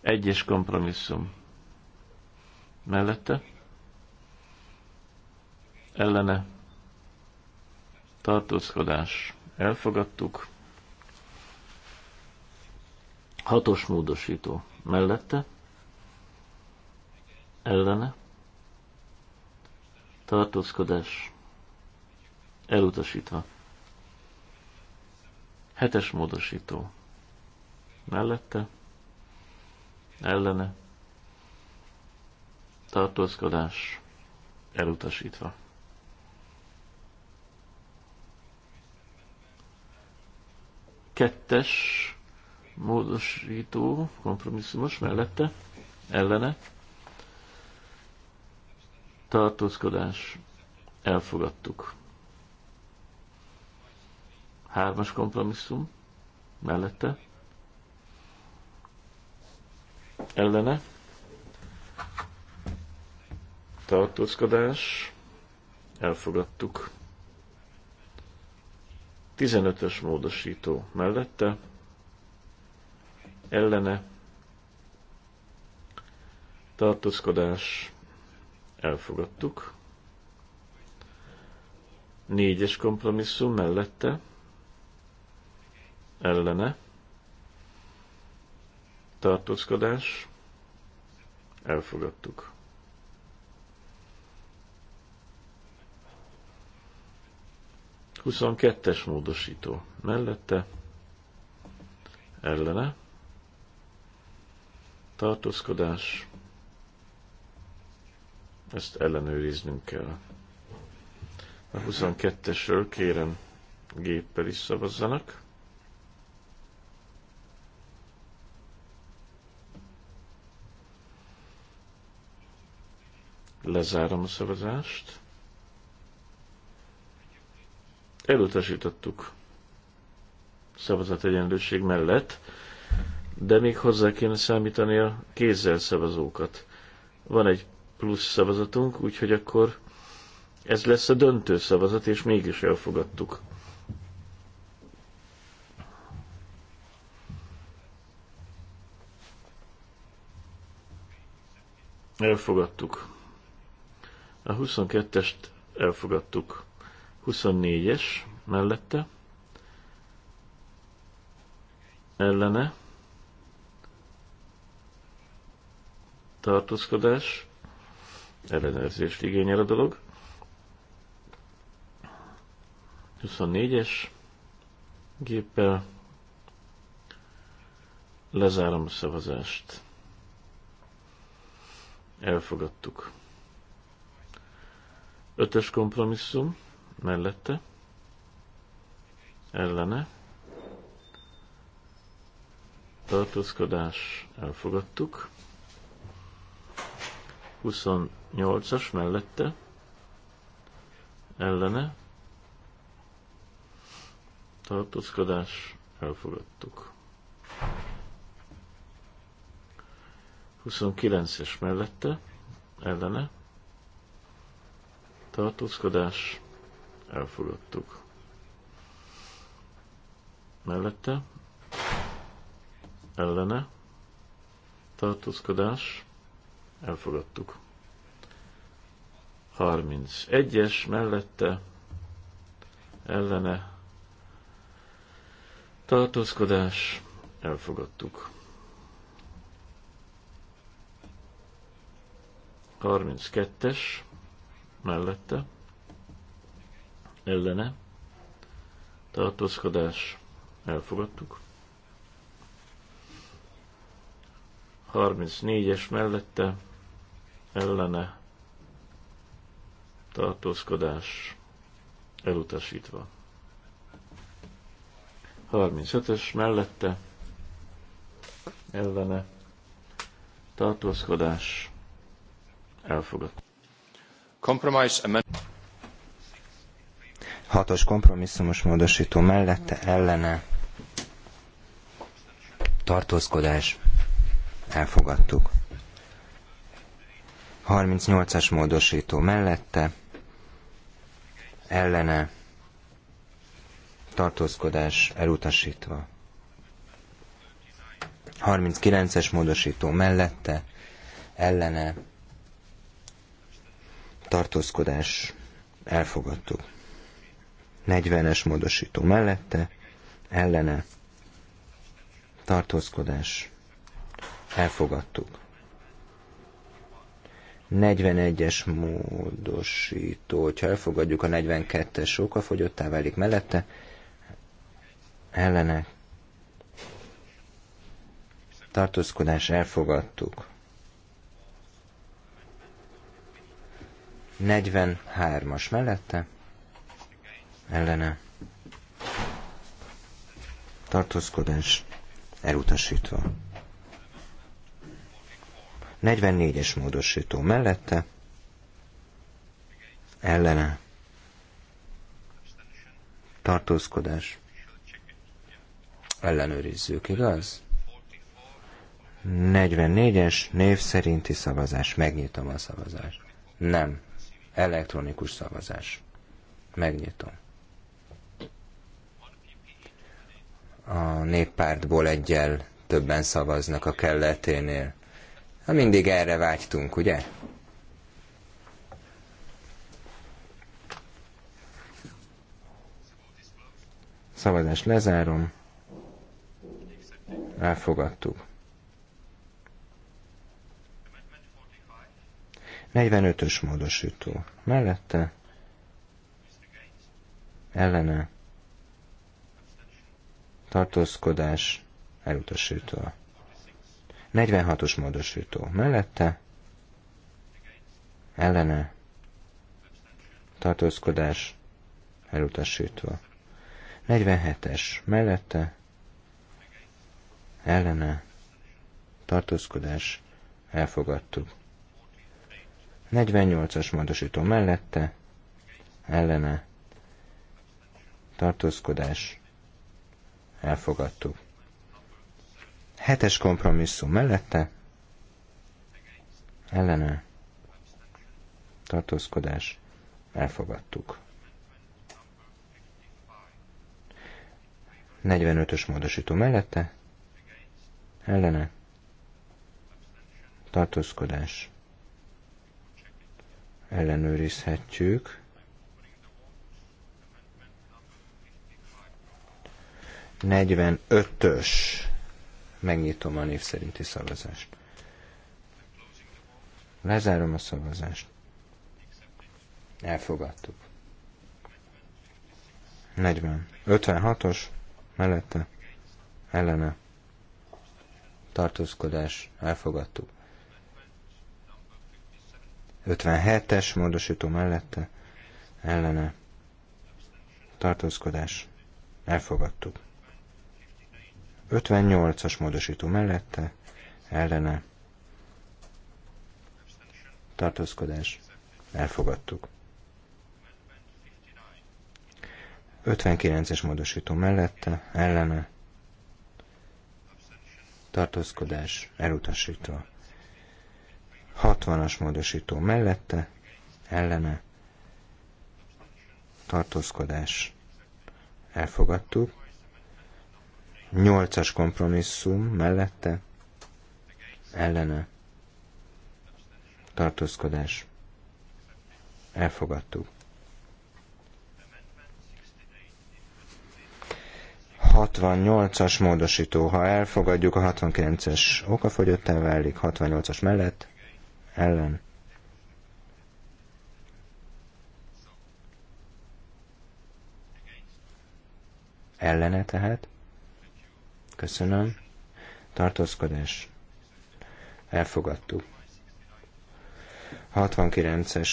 Egyes kompromisszum. Mellette. Ellene. Tartózkodás elfogadtuk. Hatos módosító mellette, ellene, tartózkodás elutasítva. Hetes módosító mellette, ellene, tartózkodás elutasítva. Kettes módosító, kompromisszumos mellette, ellene. Tartózkodás. Elfogadtuk. Hármas kompromisszum mellette. Ellene. Tartózkodás. Elfogadtuk. 15-ös módosító mellette, ellene, tartózkodás, elfogadtuk. Négyes kompromisszum mellette, ellene, tartózkodás, elfogadtuk. 22-es módosító mellette, ellene, tartózkodás, ezt ellenőriznünk kell. A 22-esről kérem géppel is szavazzanak. Lezárom a szavazást elutasítottuk szavazategyenlőség mellett, de még hozzá kéne számítani a kézzel szavazókat. Van egy plusz szavazatunk, úgyhogy akkor ez lesz a döntő szavazat, és mégis elfogadtuk. Elfogadtuk. A 22-est elfogadtuk. 24-es mellette, ellene, tartózkodás, ellenőrzést igényel a dolog. 24-es géppel lezárom a szavazást. Elfogadtuk. Ötös kompromisszum mellette, ellene, tartózkodás elfogadtuk, 28-as mellette, ellene, tartózkodás elfogadtuk. 29-es mellette, ellene, tartózkodás elfogadtuk. Mellette ellene tartózkodás elfogadtuk. 31-es mellette ellene tartózkodás elfogadtuk. 32-es mellette ellene tartózkodás elfogadtuk. 34-es mellette ellene tartózkodás elutasítva. 35-ös mellette ellene tartózkodás elfogadt. Compromise amendment hatos kompromisszumos módosító mellette ellene tartózkodás elfogadtuk. 38-as módosító mellette ellene tartózkodás elutasítva. 39-es módosító mellette ellene tartózkodás elfogadtuk. 40-es módosító mellette, ellene, tartózkodás, elfogadtuk. 41-es módosító, hogyha elfogadjuk a 42-es sokafogyottá válik mellette, ellene, tartózkodás, elfogadtuk. 43-as mellette, ellene tartózkodás elutasítva. 44-es módosító mellette ellene tartózkodás ellenőrizzük, igaz? 44-es név szerinti szavazás. Megnyitom a szavazást. Nem. Elektronikus szavazás. Megnyitom. a néppártból egyel többen szavaznak a kelleténél. Ha mindig erre vágytunk, ugye? Szavazást lezárom. Elfogadtuk. 45-ös módosító. Mellette. Ellene tartózkodás elutasítva. 46-os módosító mellette, ellene, tartózkodás elutasítva. 47-es mellette, ellene, tartózkodás elfogadtuk. 48-as módosító mellette, ellene, tartózkodás elfogadtuk. Hetes kompromisszum mellette, ellene, tartózkodás, elfogadtuk. 45-ös módosító mellette, ellene, tartózkodás, ellenőrizhetjük, 45-ös. Megnyitom a név szerinti szavazást. Lezárom a szavazást. Elfogadtuk. 40. 56-os mellette ellene tartózkodás elfogadtuk. 57-es módosító mellette ellene tartózkodás elfogadtuk. 58-as módosító mellette, ellene, tartózkodás, elfogadtuk. 59-es módosító mellette, ellene, tartózkodás, elutasítva. 60-as módosító mellette, ellene, tartózkodás, elfogadtuk. Nyolcas kompromisszum mellette ellene tartózkodás. Elfogadtuk. 68-as módosító, ha elfogadjuk a 69-es okafogyottá válik, 68-as mellett, ellen. Ellene tehát. Köszönöm. Tartózkodás. Elfogadtuk. 69-es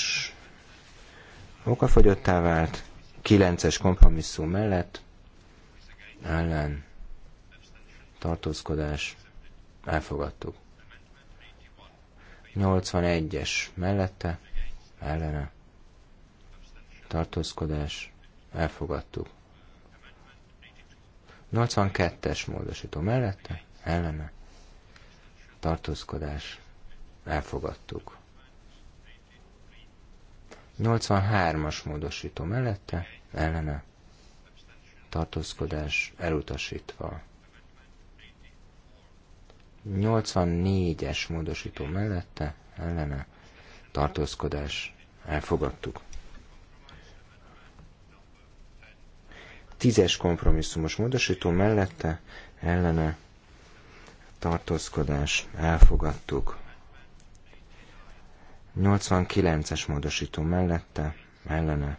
okafogyottá vált, 9-es kompromisszum mellett, ellen, tartózkodás, elfogadtuk. 81-es mellette, ellene, tartózkodás, elfogadtuk. 82-es módosító mellette, elleme, tartózkodás, elfogadtuk. 83-as módosító mellette, ellene, tartózkodás elutasítva. 84-es módosító mellette, ellene, tartózkodás elfogadtuk. Tízes kompromisszumos módosító mellette ellene tartózkodás elfogadtuk. 89-es módosító mellette ellene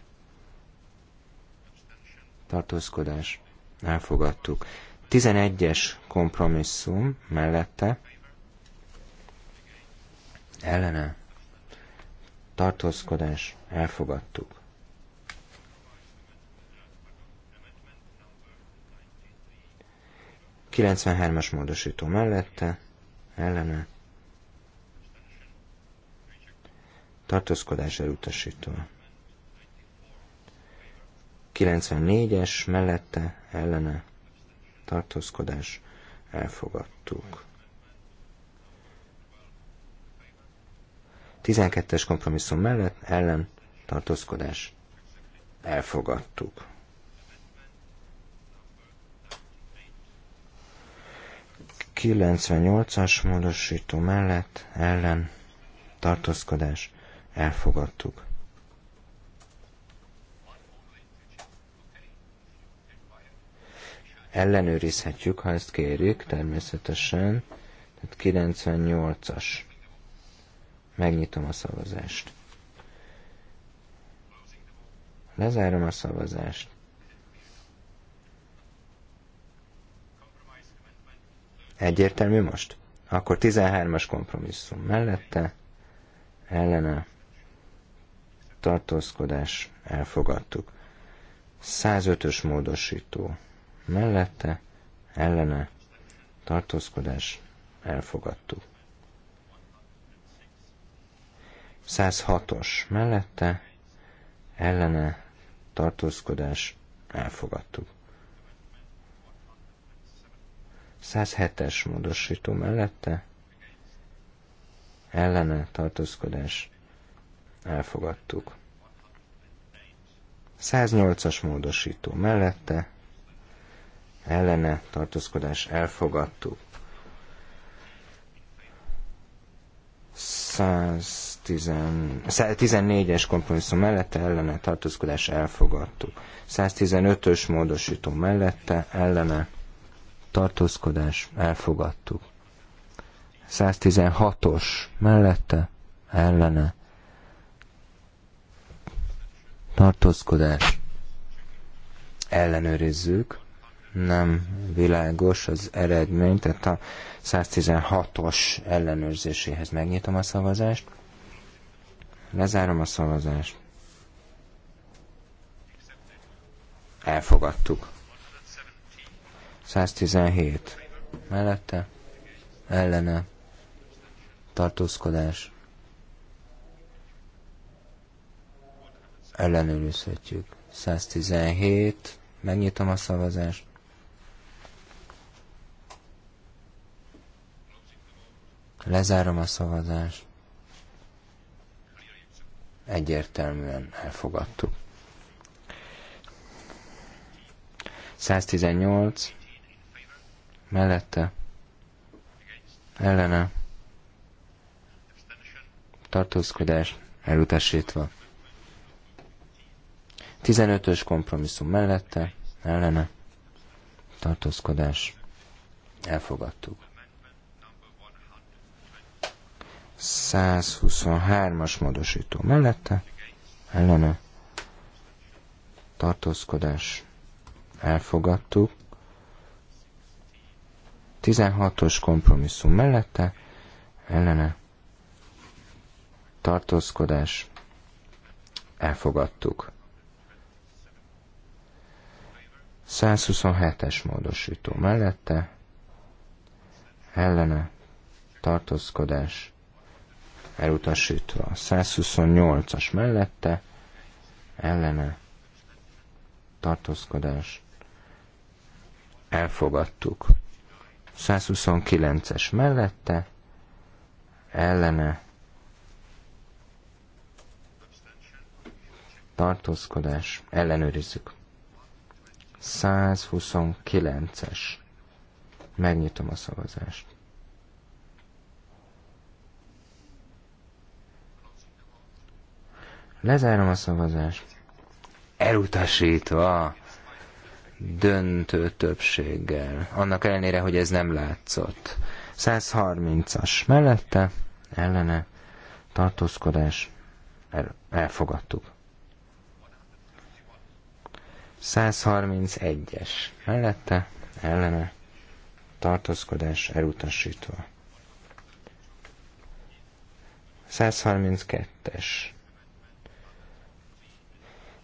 tartózkodás elfogadtuk. 11-es kompromisszum mellette ellene tartózkodás elfogadtuk. 93-as módosító mellette, ellene, tartózkodás elutasító. 94-es mellette, ellene, tartózkodás elfogadtuk. 12-es kompromisszum mellett, ellen, tartózkodás elfogadtuk. 98-as módosító mellett ellen tartózkodás elfogadtuk. Ellenőrizhetjük, ha ezt kérjük, természetesen. Tehát 98-as. Megnyitom a szavazást. Lezárom a szavazást. Egyértelmű most? Akkor 13-as kompromisszum mellette, ellene, tartózkodás, elfogadtuk. 105-ös módosító mellette, ellene, tartózkodás, elfogadtuk. 106-os mellette, ellene, tartózkodás, elfogadtuk. 107-es módosító mellette ellene tartózkodás elfogadtuk. 108-as módosító mellette ellene tartózkodás elfogadtuk. 114-es kompromisszum mellette ellene tartózkodás elfogadtuk. 115-ös módosító mellette ellene tartózkodás, elfogadtuk. 116-os mellette, ellene, tartózkodás, ellenőrizzük, nem világos az eredmény, tehát a 116-os ellenőrzéséhez megnyitom a szavazást, lezárom a szavazást, elfogadtuk. 117. Mellette, ellene, tartózkodás. Ellenőrizhetjük. 117. Megnyitom a szavazást. Lezárom a szavazást. Egyértelműen elfogadtuk. 118 mellette, ellene, tartózkodás elutasítva. 15-ös kompromisszum mellette, ellene, tartózkodás elfogadtuk. 123-as módosító mellette, ellene, tartózkodás elfogadtuk. 16-os kompromisszum mellette, ellene tartózkodás, elfogadtuk. 127-es módosító mellette, ellene tartózkodás, elutasítva. 128-as mellette, ellene tartózkodás, elfogadtuk. 129-es mellette, ellene, tartózkodás, ellenőrizzük. 129-es. Megnyitom a szavazást. Lezárom a szavazást. Elutasítva döntő többséggel, annak ellenére, hogy ez nem látszott. 130-as mellette, ellene, tartózkodás, el, elfogadtuk. 131-es mellette, ellene, tartózkodás elutasítva. 132-es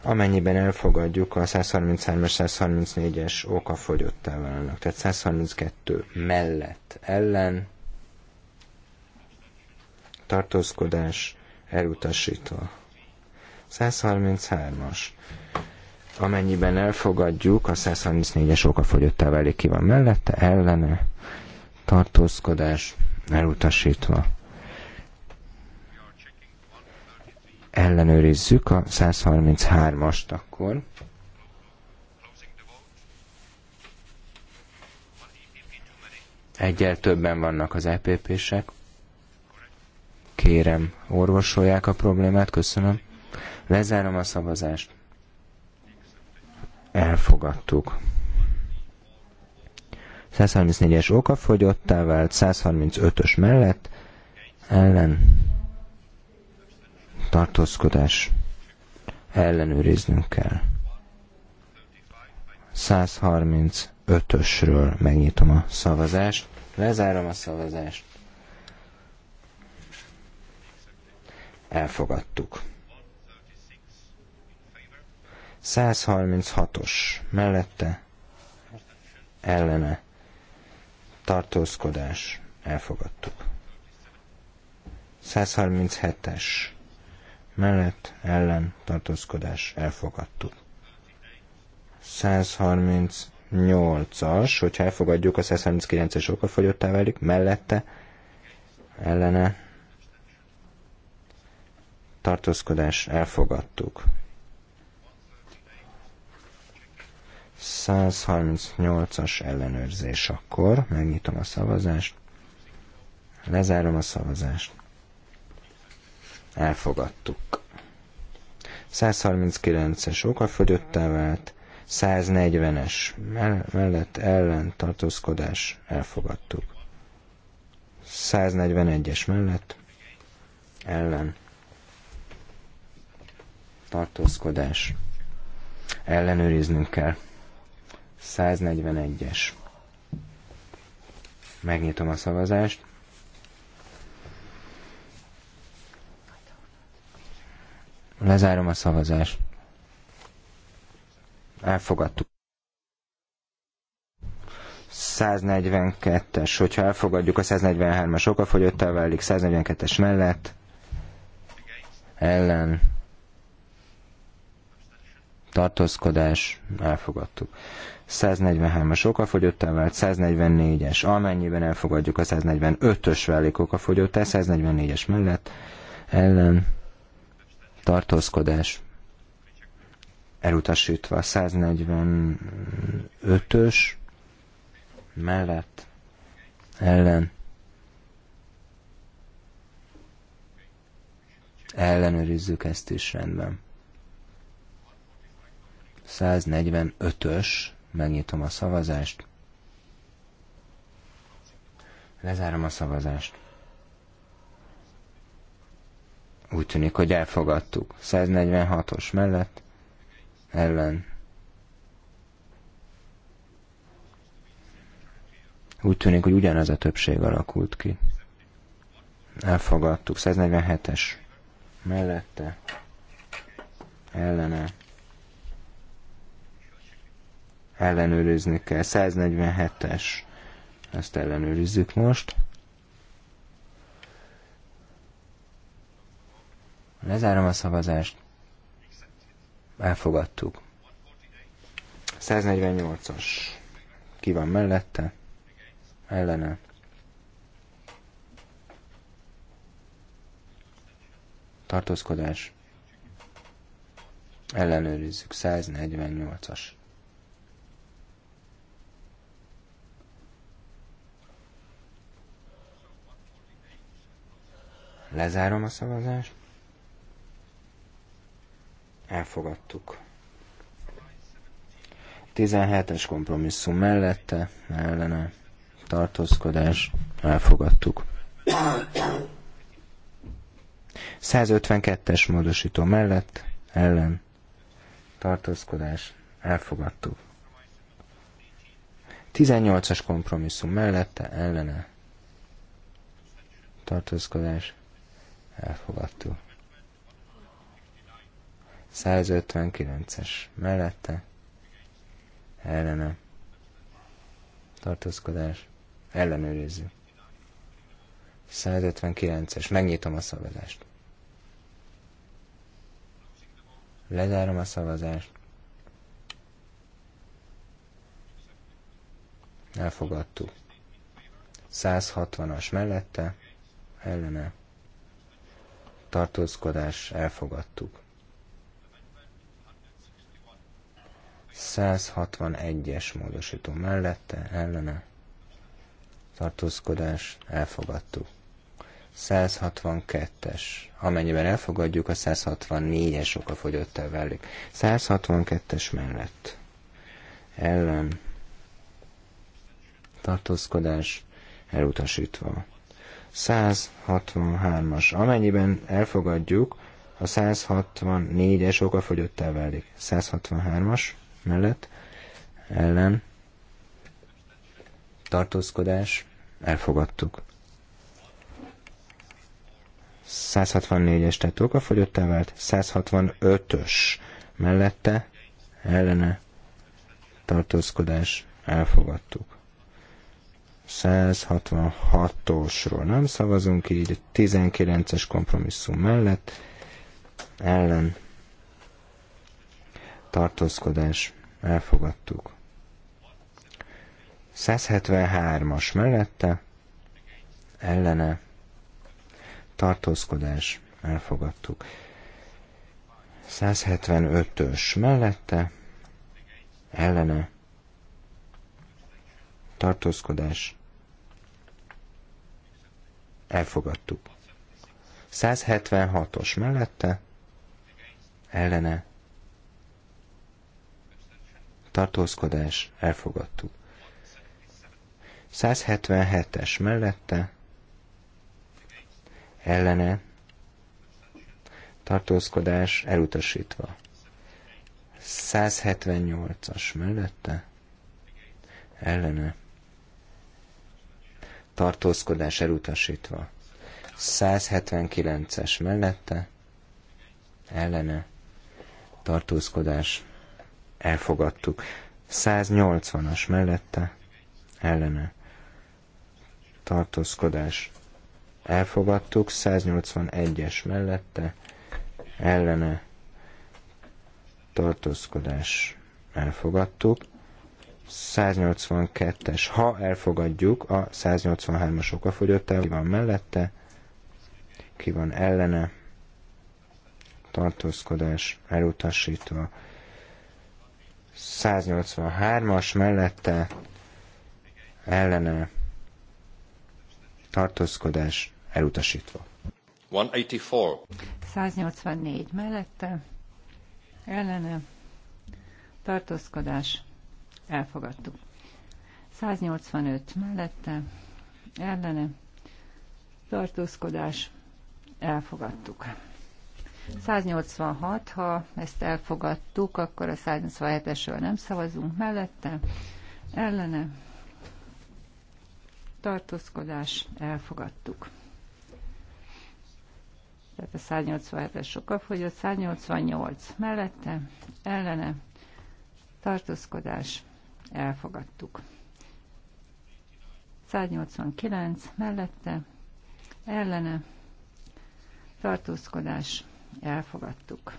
amennyiben elfogadjuk a 133-es, 134-es oka fogyottá válnak, tehát 132 mellett ellen tartózkodás elutasítva. 133-as. Amennyiben elfogadjuk, a 134-es fogyottá válik ki van mellette, ellene tartózkodás elutasítva. ellenőrizzük a 133-ast akkor. Egyel többen vannak az EPP-sek. Kérem, orvosolják a problémát, köszönöm. Lezárom a szavazást. Elfogadtuk. 134-es fogyottá vált, 135-ös mellett ellen tartózkodás ellenőriznünk kell. 135-ösről megnyitom a szavazást, lezárom a szavazást. Elfogadtuk. 136-os mellette ellene tartózkodás elfogadtuk. 137-es mellett ellen tartózkodás elfogadtuk. 138-as, hogyha elfogadjuk, a 139-es okafogyottá válik, mellette ellene tartózkodás elfogadtuk. 138-as ellenőrzés akkor, megnyitom a szavazást, lezárom a szavazást elfogadtuk. 139-es okafogyottá vált, 140-es mellett ellen tartózkodás elfogadtuk. 141-es mellett ellen tartózkodás ellenőriznünk kell. 141-es. Megnyitom a szavazást. Lezárom a szavazást. Elfogadtuk. 142-es, hogyha elfogadjuk a 143-as okafogyottá válik, 142-es mellett, ellen, tartózkodás, elfogadtuk. 143-as okafogyottá vált, 144-es, amennyiben elfogadjuk a 145-ös válik okafogyottá, 144-es mellett, ellen, tartózkodás elutasítva 145-ös mellett ellen ellenőrizzük ezt is rendben. 145-ös, megnyitom a szavazást, lezárom a szavazást. Úgy tűnik, hogy elfogadtuk. 146-os mellett ellen. Úgy tűnik, hogy ugyanez a többség alakult ki. Elfogadtuk. 147-es mellette ellene ellenőrizni kell. 147-es ezt ellenőrizzük most. Lezárom a szavazást. Elfogadtuk. 148-as. Ki van mellette? Ellene. Tartózkodás. Ellenőrizzük. 148-as. Lezárom a szavazást elfogadtuk. 17-es kompromisszum mellette, ellene, tartózkodás, elfogadtuk. 152-es módosító mellett, ellen, tartózkodás, elfogadtuk. 18-as kompromisszum mellette, ellene, tartózkodás, elfogadtuk. 159-es mellette, ellene, tartózkodás, ellenőrizzük. 159-es, megnyitom a szavazást. Lezárom a szavazást. Elfogadtuk. 160-as mellette, ellene, tartózkodás, elfogadtuk. 161-es módosító mellette, ellene, tartózkodás, elfogadtuk. 162-es, amennyiben elfogadjuk, a 164-es oka fogyott el velük. 162-es mellett, ellen, tartózkodás, elutasítva. 163-as, amennyiben elfogadjuk, a 164-es oka fogyott el velük. 163-as, mellett ellen tartózkodás elfogadtuk. 164-es tehát fogyottá vált, 165-ös mellette ellene tartózkodás elfogadtuk. 166-osról nem szavazunk, így 19-es kompromisszum mellett ellen tartózkodás elfogadtuk. 173-as mellette ellene tartózkodás elfogadtuk. 175-ös mellette ellene tartózkodás elfogadtuk. 176-os mellette ellene tartózkodás, elfogadtuk. 177-es mellette, ellene, tartózkodás, elutasítva. 178-as mellette, ellene, tartózkodás elutasítva. 179-es mellette, ellene, tartózkodás elfogadtuk. 180-as mellette ellene tartózkodás elfogadtuk, 181-es mellette ellene tartózkodás elfogadtuk, 182-es, ha elfogadjuk, a 183-as okafogyottá ki van mellette, ki van ellene, tartózkodás elutasítva, 183-as mellette ellene tartózkodás elutasítva. 184. mellette ellene tartózkodás elfogadtuk. 185 mellette ellene tartózkodás elfogadtuk. 186, ha ezt elfogadtuk, akkor a 187-esről nem szavazunk mellette. Ellene tartózkodás elfogadtuk. Tehát a 187-es sokkal fogyott, 188 mellette, ellene tartózkodás elfogadtuk. 189 mellette, ellene tartózkodás elfogadtuk.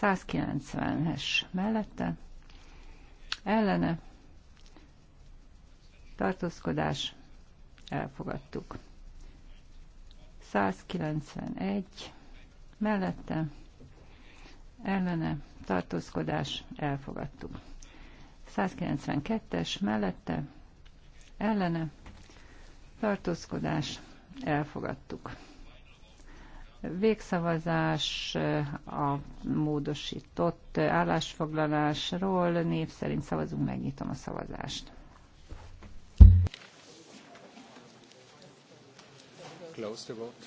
190-es mellette, ellene, tartózkodás, elfogadtuk. 191 mellette, ellene, tartózkodás, elfogadtuk. 192-es mellette, ellene, tartózkodás, elfogadtuk végszavazás a módosított állásfoglalásról. Név szerint szavazunk, megnyitom a szavazást. Close the vote.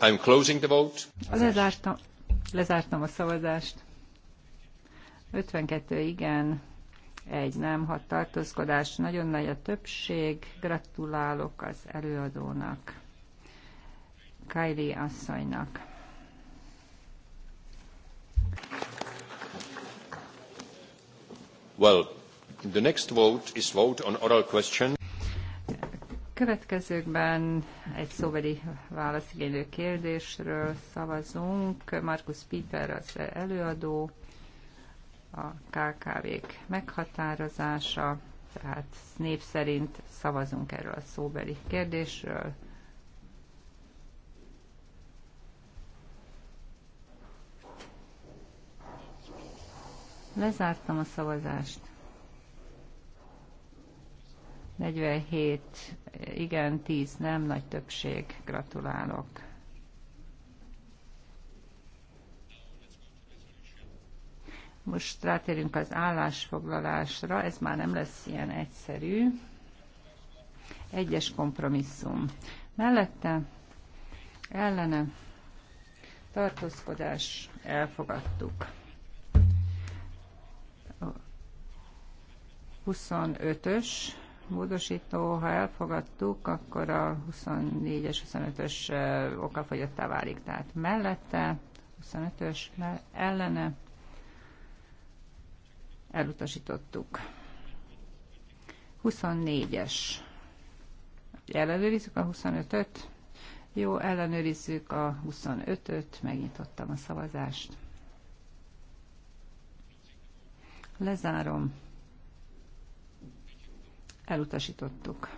I'm closing the vote. Lezártam, lezártam a szavazást. 52 igen, egy nem, hat tartózkodás, nagyon nagy a többség. Gratulálok az előadónak, Kylie asszonynak. Well, the next vote is vote on oral question. Következőkben egy szóbeli válaszigénylő kérdésről szavazunk. Markus Peter, az előadó a KKV-k meghatározása, tehát nép szerint szavazunk erről a szóbeli kérdésről. Lezártam a szavazást. 47 igen, 10 nem, nagy többség. Gratulálok. Most rátérünk az állásfoglalásra, ez már nem lesz ilyen egyszerű. Egyes kompromisszum. Mellette ellene tartózkodás elfogadtuk. 25-ös módosító, ha elfogadtuk, akkor a 24-es, 25-ös okafogyottá válik. Tehát mellette, 25-ös ellene elutasítottuk. 24-es. Ellenőrizzük a 25-öt. Jó, ellenőrizzük a 25-öt. Megnyitottam a szavazást. Lezárom. Elutasítottuk.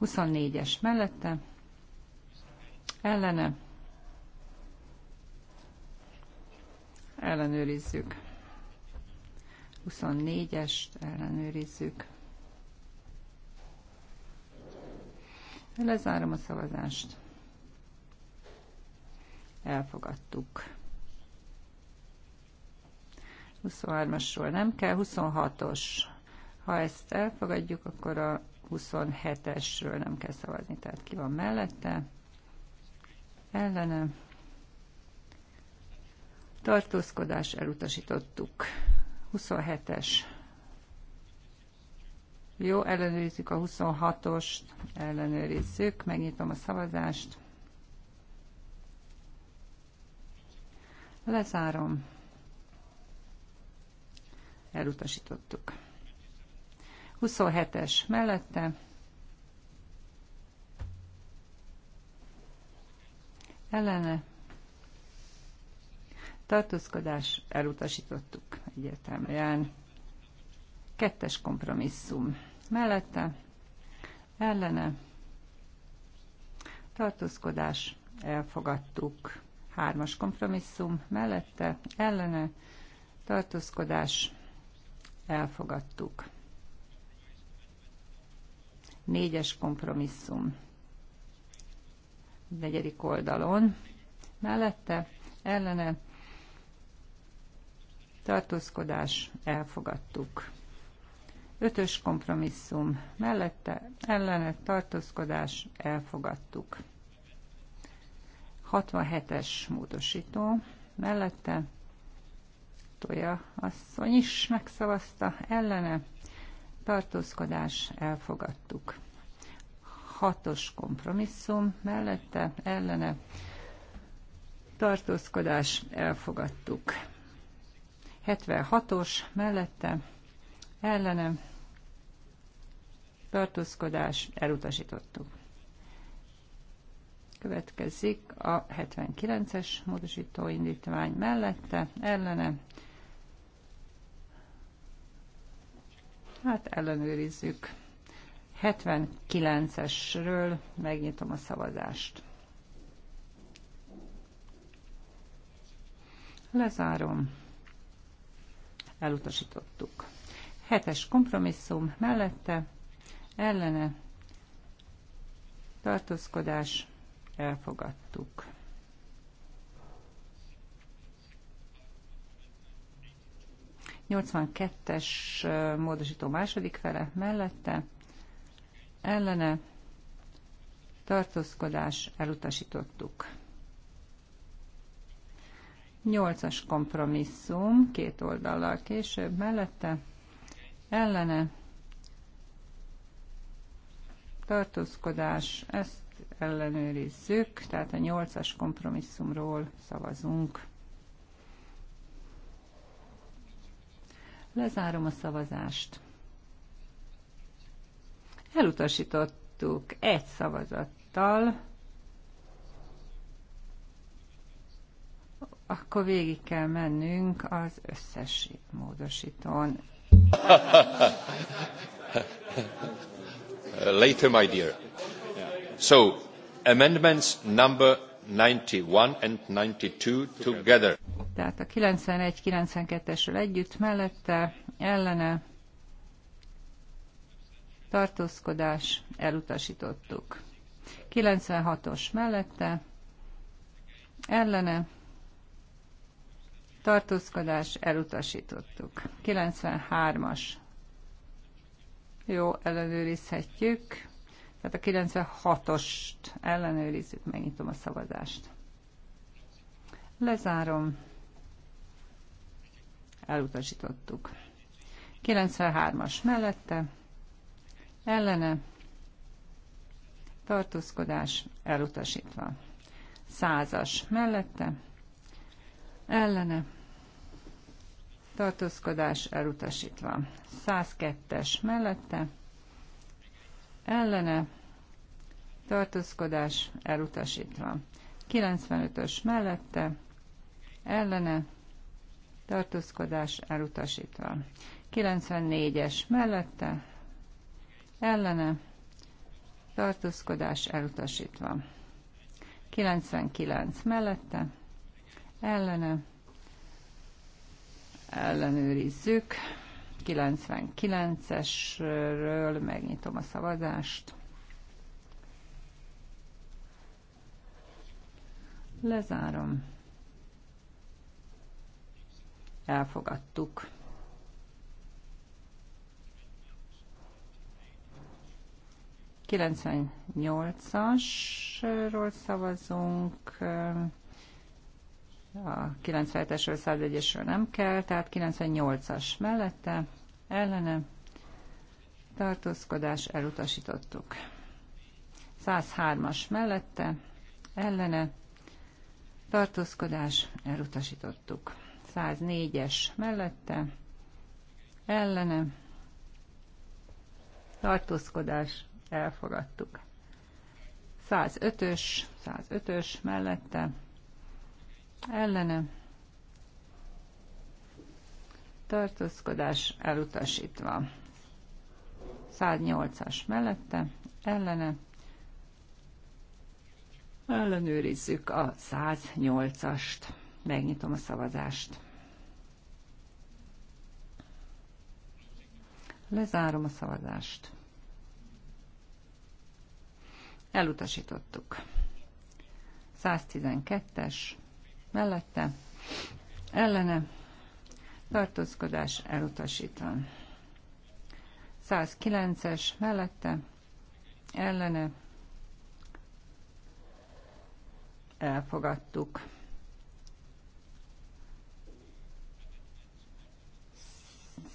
24-es mellette. Ellene ellenőrizzük. 24-est ellenőrizzük. Lezárom a szavazást. Elfogadtuk. 23-asról nem kell, 26-os. Ha ezt elfogadjuk, akkor a 27-esről nem kell szavazni, tehát ki van mellette. Ellenem tartózkodás elutasítottuk. 27-es. Jó, ellenőrizzük a 26-ost, ellenőrizzük, megnyitom a szavazást. Lezárom. Elutasítottuk. 27-es mellette. Ellene tartózkodás elutasítottuk egyértelműen. Kettes kompromisszum mellette, ellene, tartózkodás elfogadtuk. Hármas kompromisszum mellette, ellene, tartózkodás elfogadtuk. Négyes kompromisszum negyedik oldalon mellette, ellene tartózkodás, elfogadtuk. Ötös kompromisszum, mellette ellene tartózkodás, elfogadtuk. 67-es módosító, mellette Toja asszony is megszavazta, ellene tartózkodás, elfogadtuk. Hatos kompromisszum, mellette ellene tartózkodás, elfogadtuk. 76-os mellette ellenem tartózkodás elutasítottuk. Következik a 79-es módosító indítvány mellette ellene. Hát ellenőrizzük. 79-esről megnyitom a szavazást. Lezárom elutasítottuk. Hetes kompromisszum mellette, ellene, tartózkodás, elfogadtuk. Nyolcvankettes módosító második fele mellette, ellene, tartózkodás, elutasítottuk. Nyolcas kompromisszum, két oldallal később, mellette, ellene, tartózkodás, ezt ellenőrizzük, tehát a nyolcas kompromisszumról szavazunk. Lezárom a szavazást. Elutasítottuk egy szavazattal, akkor végig kell mennünk az összes módosítón. Later, my dear. So, amendments number 91 and 92 together. Tehát a 91-92-esről együtt mellette, ellene, tartózkodás, elutasítottuk. 96-os mellette, ellene, tartózkodás elutasítottuk. 93-as. Jó, ellenőrizhetjük. Tehát a 96-ost ellenőrizzük, megnyitom a szavazást. Lezárom. Elutasítottuk. 93-as mellette, ellene, tartózkodás elutasítva. 100-as mellette, ellene, tartózkodás elutasítva. 102-es mellette, ellene, tartózkodás elutasítva. 95-ös mellette, ellene, tartózkodás elutasítva. 94-es mellette, ellene, tartózkodás elutasítva. 99 mellette, ellene, ellenőrizzük. 99-esről megnyitom a szavazást. Lezárom. Elfogadtuk. Kilencvennyolcasról szavazunk a 97-esről, 101-esről nem kell, tehát 98-as mellette, ellene, tartózkodás elutasítottuk. 103-as mellette, ellene, tartózkodás elutasítottuk. 104-es mellette, ellene, tartózkodás elfogadtuk. 105-ös, 105-ös mellette, ellene tartózkodás elutasítva. 108-as mellette, ellene ellenőrizzük a 108-ast. Megnyitom a szavazást. Lezárom a szavazást. Elutasítottuk. 112-es mellette, ellene, tartózkodás elutasítva. 109-es mellette, ellene, elfogadtuk.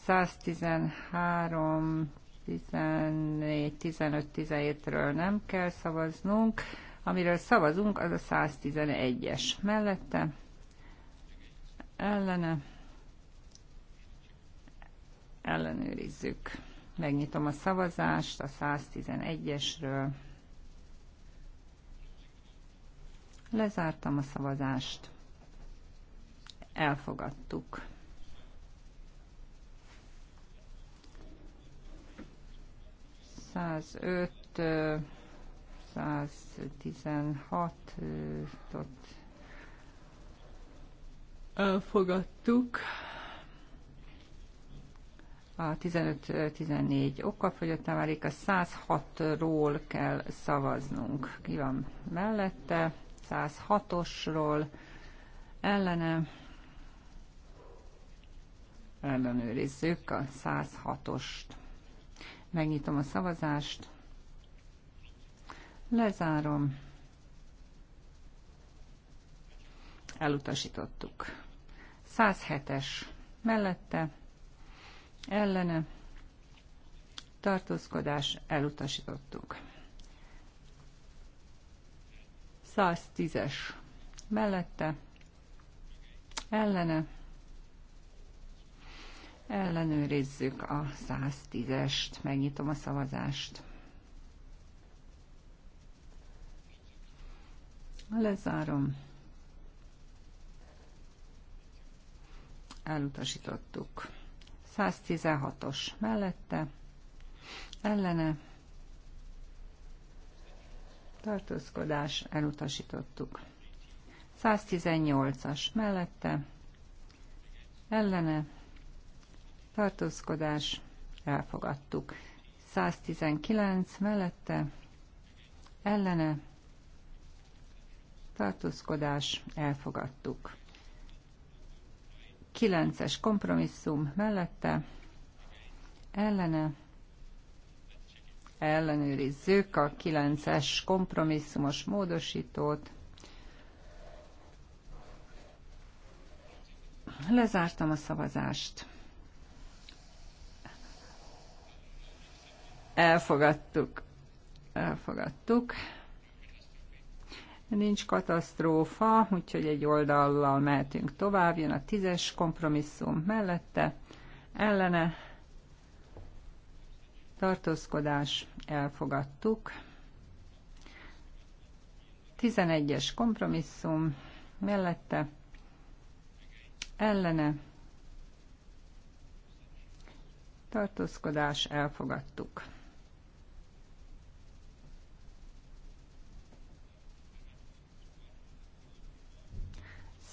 113, 14, 15, 17-ről nem kell szavaznunk. Amiről szavazunk, az a 111-es. Mellette ellene ellenőrizzük. Megnyitom a szavazást a 111-esről. Lezártam a szavazást. Elfogadtuk. Száz öt 116-ot elfogadtuk. A 15-14 okkal válik, a 106-ról kell szavaznunk. Ki van mellette? 106-osról ellene ellenőrizzük a 106-ost. Megnyitom a szavazást. Lezárom. Elutasítottuk. 107-es mellette, ellene, tartózkodás, elutasítottuk. 110-es mellette, ellene, ellenőrizzük a 110-est, megnyitom a szavazást. Lezárom. Elutasítottuk. 116-os mellette, ellene, tartózkodás, elutasítottuk. 118-as mellette, ellene, tartózkodás, elfogadtuk. 119 mellette, ellene, tartózkodás, elfogadtuk. 9-es kompromisszum mellette, ellene, ellenőrizzük a 9-es kompromisszumos módosítót. Lezártam a szavazást. Elfogadtuk. Elfogadtuk. Nincs katasztrófa, úgyhogy egy oldallal mehetünk tovább, jön a tízes kompromisszum mellette, ellene tartózkodás elfogadtuk. 11-es kompromisszum mellette ellene tartózkodás elfogadtuk.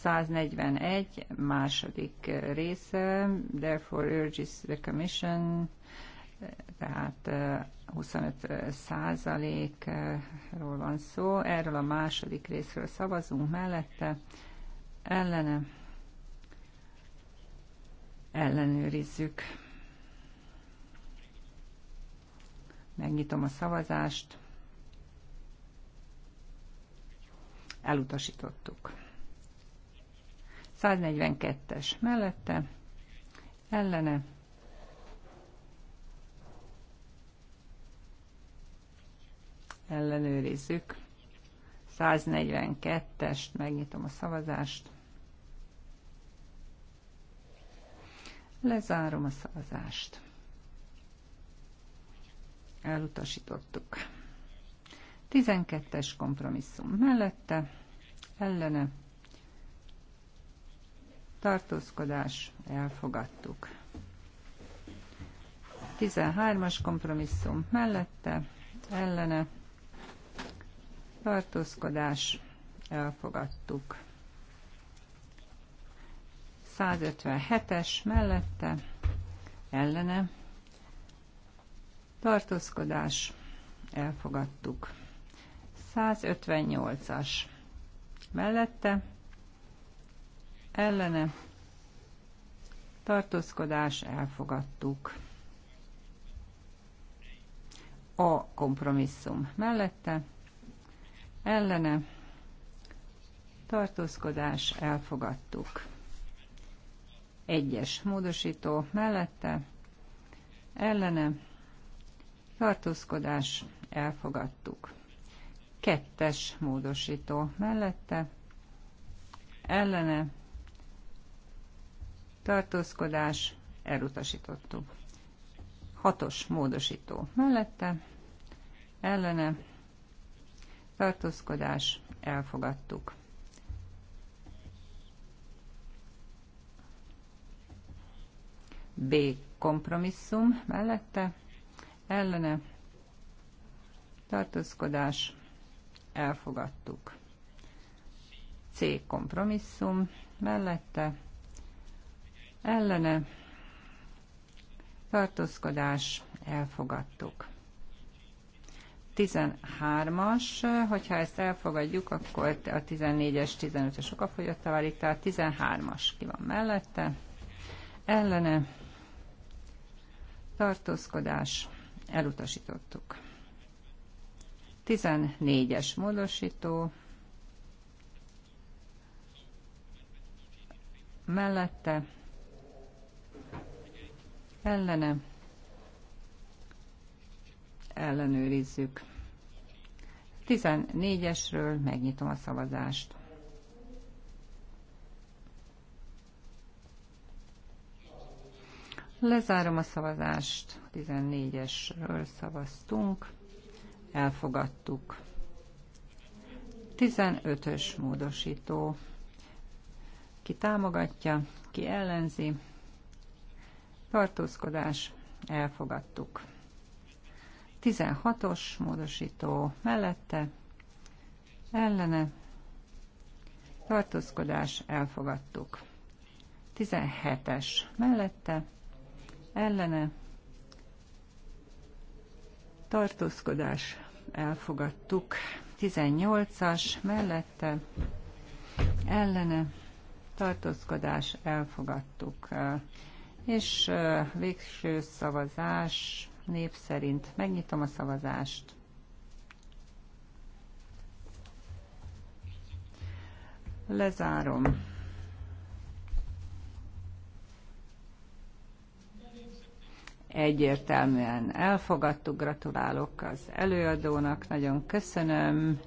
141 második része, therefore urges the commission, tehát 25 eh, eh, százalékról van szó. Erről a második részről szavazunk mellette. Ellene ellenőrizzük. Megnyitom a szavazást. Elutasítottuk. 142-es mellette, ellene, ellenőrizzük. 142-est, megnyitom a szavazást. Lezárom a szavazást. Elutasítottuk. 12-es kompromisszum mellette, ellene, tartózkodás, elfogadtuk. 13-as kompromisszum mellette, ellene, tartózkodás, elfogadtuk. 157-es mellette, ellene, tartózkodás, elfogadtuk. 158-as mellette, ellene tartózkodás elfogadtuk. A kompromisszum mellette ellene tartózkodás elfogadtuk. Egyes módosító mellette ellene tartózkodás elfogadtuk. Kettes módosító mellette ellene tartózkodás, elutasítottuk. Hatos módosító mellette, ellene, tartózkodás, elfogadtuk. B. Kompromisszum mellette, ellene, tartózkodás, elfogadtuk. C. Kompromisszum mellette, ellene tartózkodás elfogadtuk. 13-as, hogyha ezt elfogadjuk, akkor a 14-es, 15 es oka fogyott a válik, tehát 13-as ki van mellette, ellene tartózkodás elutasítottuk. 14-es módosító, mellette ellene ellenőrizzük. 14-esről megnyitom a szavazást. Lezárom a szavazást. 14-esről szavaztunk. Elfogadtuk. 15-ös módosító. Ki támogatja, ki ellenzi, tartózkodás, elfogadtuk. 16-os módosító mellette, ellene, tartózkodás, elfogadtuk. 17-es mellette, ellene, tartózkodás, elfogadtuk. 18-as mellette, ellene, tartózkodás, elfogadtuk és végső szavazás nép szerint. Megnyitom a szavazást. Lezárom. Egyértelműen elfogadtuk, gratulálok az előadónak, nagyon köszönöm.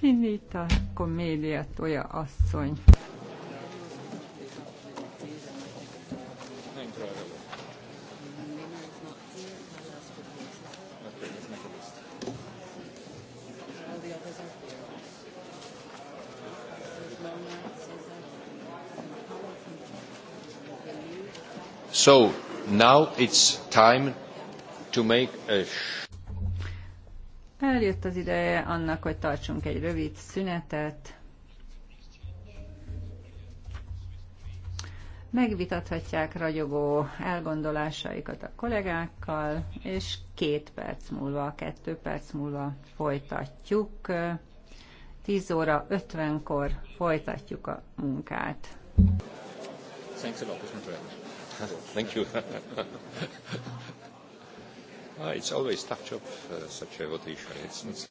Finita komédia toja asszony. So now it's time to make a Eljött az ideje annak, hogy tartsunk egy rövid szünetet. Megvitathatják ragyogó elgondolásaikat a kollégákkal, és két perc múlva, kettő perc múlva folytatjuk. 10 óra 50-kor folytatjuk a munkát. Thanks a lot. Thank you. Ah, it's always tough job, uh, such a rotation. It's, it's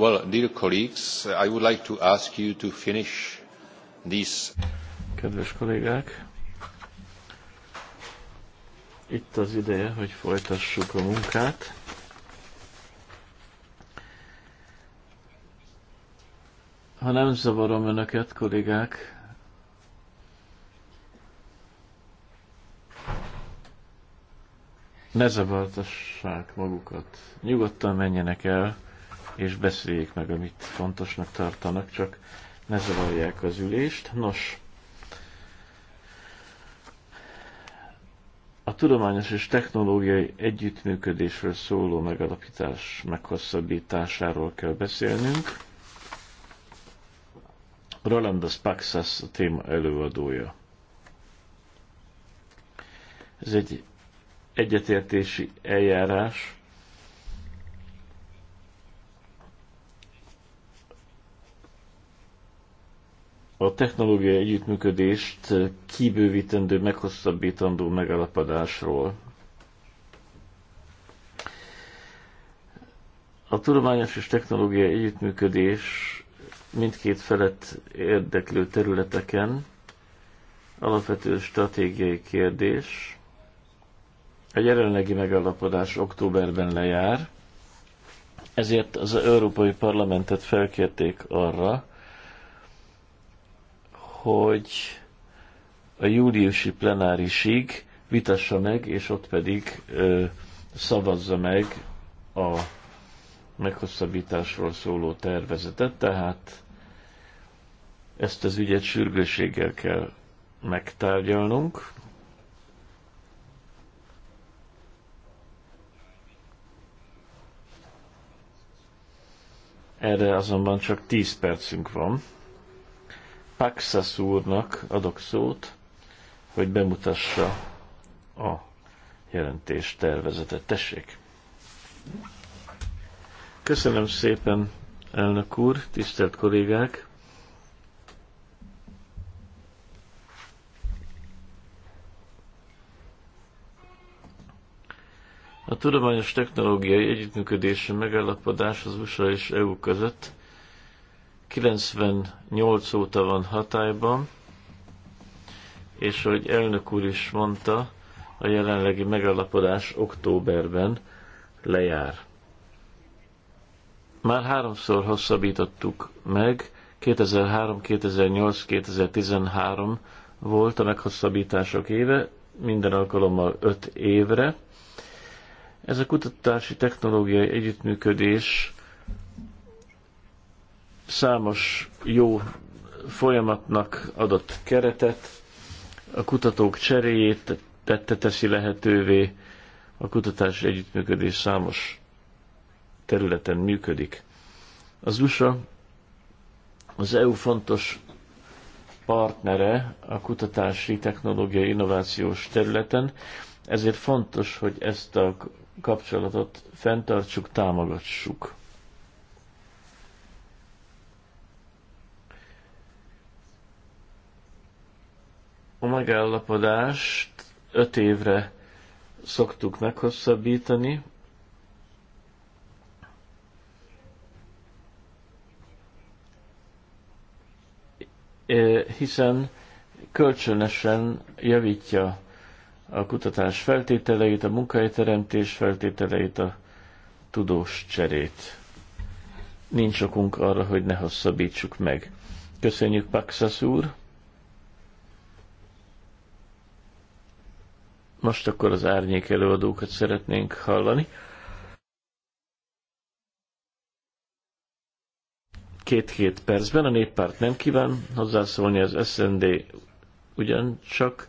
Well, dear colleagues, I would like to ask you to finish this. Kedves kollégák, itt az ideje, hogy folytassuk a munkát. Ha nem zavarom önöket, kollégák, ne zavartassák magukat. Nyugodtan menjenek el és beszéljék meg, amit fontosnak tartanak, csak ne zavarják az ülést. Nos, a tudományos és technológiai együttműködésről szóló megalapítás meghosszabbításáról kell beszélnünk. Rolandas Spaxas a téma előadója. Ez egy egyetértési eljárás, a technológiai együttműködést kibővítendő, meghosszabbítandó megalapodásról. A tudományos és technológiai együttműködés mindkét felett érdeklő területeken alapvető stratégiai kérdés. A jelenlegi megállapodás októberben lejár, ezért az Európai Parlamentet felkérték arra, hogy a júliusi plenárisig vitassa meg, és ott pedig ö, szavazza meg a meghosszabbításról szóló tervezetet, tehát ezt az ügyet sürgőséggel kell megtárgyalnunk. Erre azonban csak 10 percünk van. Paxas úrnak adok szót, hogy bemutassa a jelentés tervezetet. Tessék! Köszönöm szépen, elnök úr, tisztelt kollégák! A tudományos technológiai együttműködési megállapodás az USA és EU között 98 óta van hatályban, és ahogy elnök úr is mondta, a jelenlegi megállapodás októberben lejár. Már háromszor hosszabbítottuk meg, 2003, 2008, 2013 volt a meghosszabbítások éve, minden alkalommal 5 évre. Ez a kutatási technológiai együttműködés számos jó folyamatnak adott keretet, a kutatók cseréjét tette teszi lehetővé, a kutatás együttműködés számos területen működik. Az USA az EU fontos partnere a kutatási technológiai innovációs területen, ezért fontos, hogy ezt a kapcsolatot fenntartsuk, támogassuk. a megállapodást öt évre szoktuk meghosszabbítani. E, hiszen kölcsönösen javítja a kutatás feltételeit, a munkahelyteremtés feltételeit, a tudós cserét. Nincs okunk arra, hogy ne hosszabbítsuk meg. Köszönjük, Paxas úr! Most akkor az árnyék előadókat szeretnénk hallani. Két-két percben a néppárt nem kíván hozzászólni, az SND ugyancsak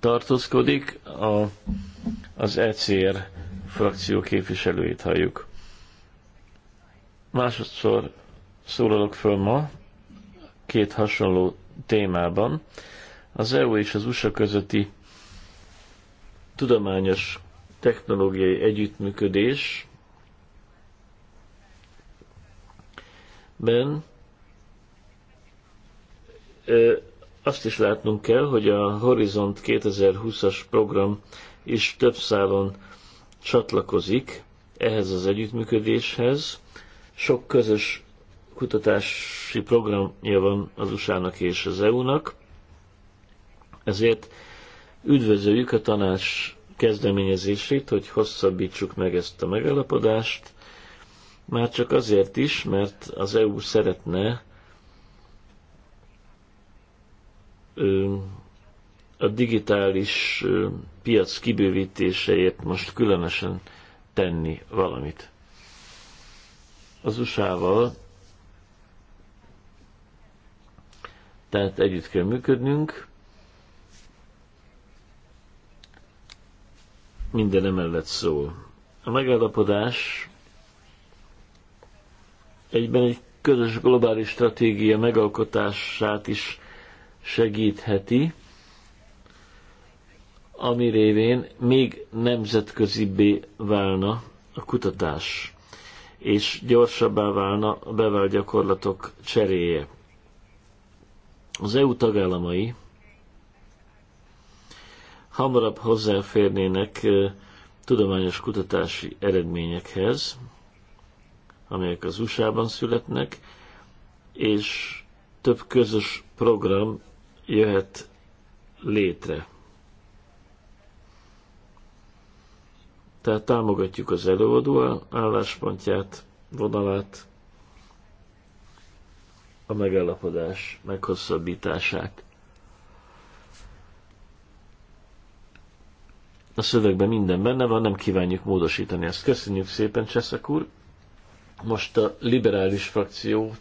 tartózkodik, a, az ECR frakció képviselőit halljuk. Másodszor szólalok föl ma két hasonló témában. Az EU és az USA közötti tudományos technológiai együttműködés ben azt is látnunk kell, hogy a Horizont 2020-as program is több szálon csatlakozik ehhez az együttműködéshez. Sok közös kutatási programja van az USA-nak és az EU-nak, ezért Üdvözöljük a tanács kezdeményezését, hogy hosszabbítsuk meg ezt a megalapodást, már csak azért is, mert az EU szeretne a digitális piac kibővítéseért most különösen tenni valamit. Az USA-val tehát együtt kell működnünk, minden emellett szól. A megállapodás egyben egy közös globális stratégia megalkotását is segítheti, ami révén még nemzetközibbé válna a kutatás, és gyorsabbá válna a bevált gyakorlatok cseréje. Az EU tagállamai hamarabb hozzáférnének tudományos kutatási eredményekhez, amelyek az USA-ban születnek, és több közös program jöhet létre. Tehát támogatjuk az előadó álláspontját, vonalát, a megállapodás meghosszabbítását. A szövegben minden benne van, nem kívánjuk módosítani ezt. Köszönjük szépen, Cseszak úr. Most a liberális frakció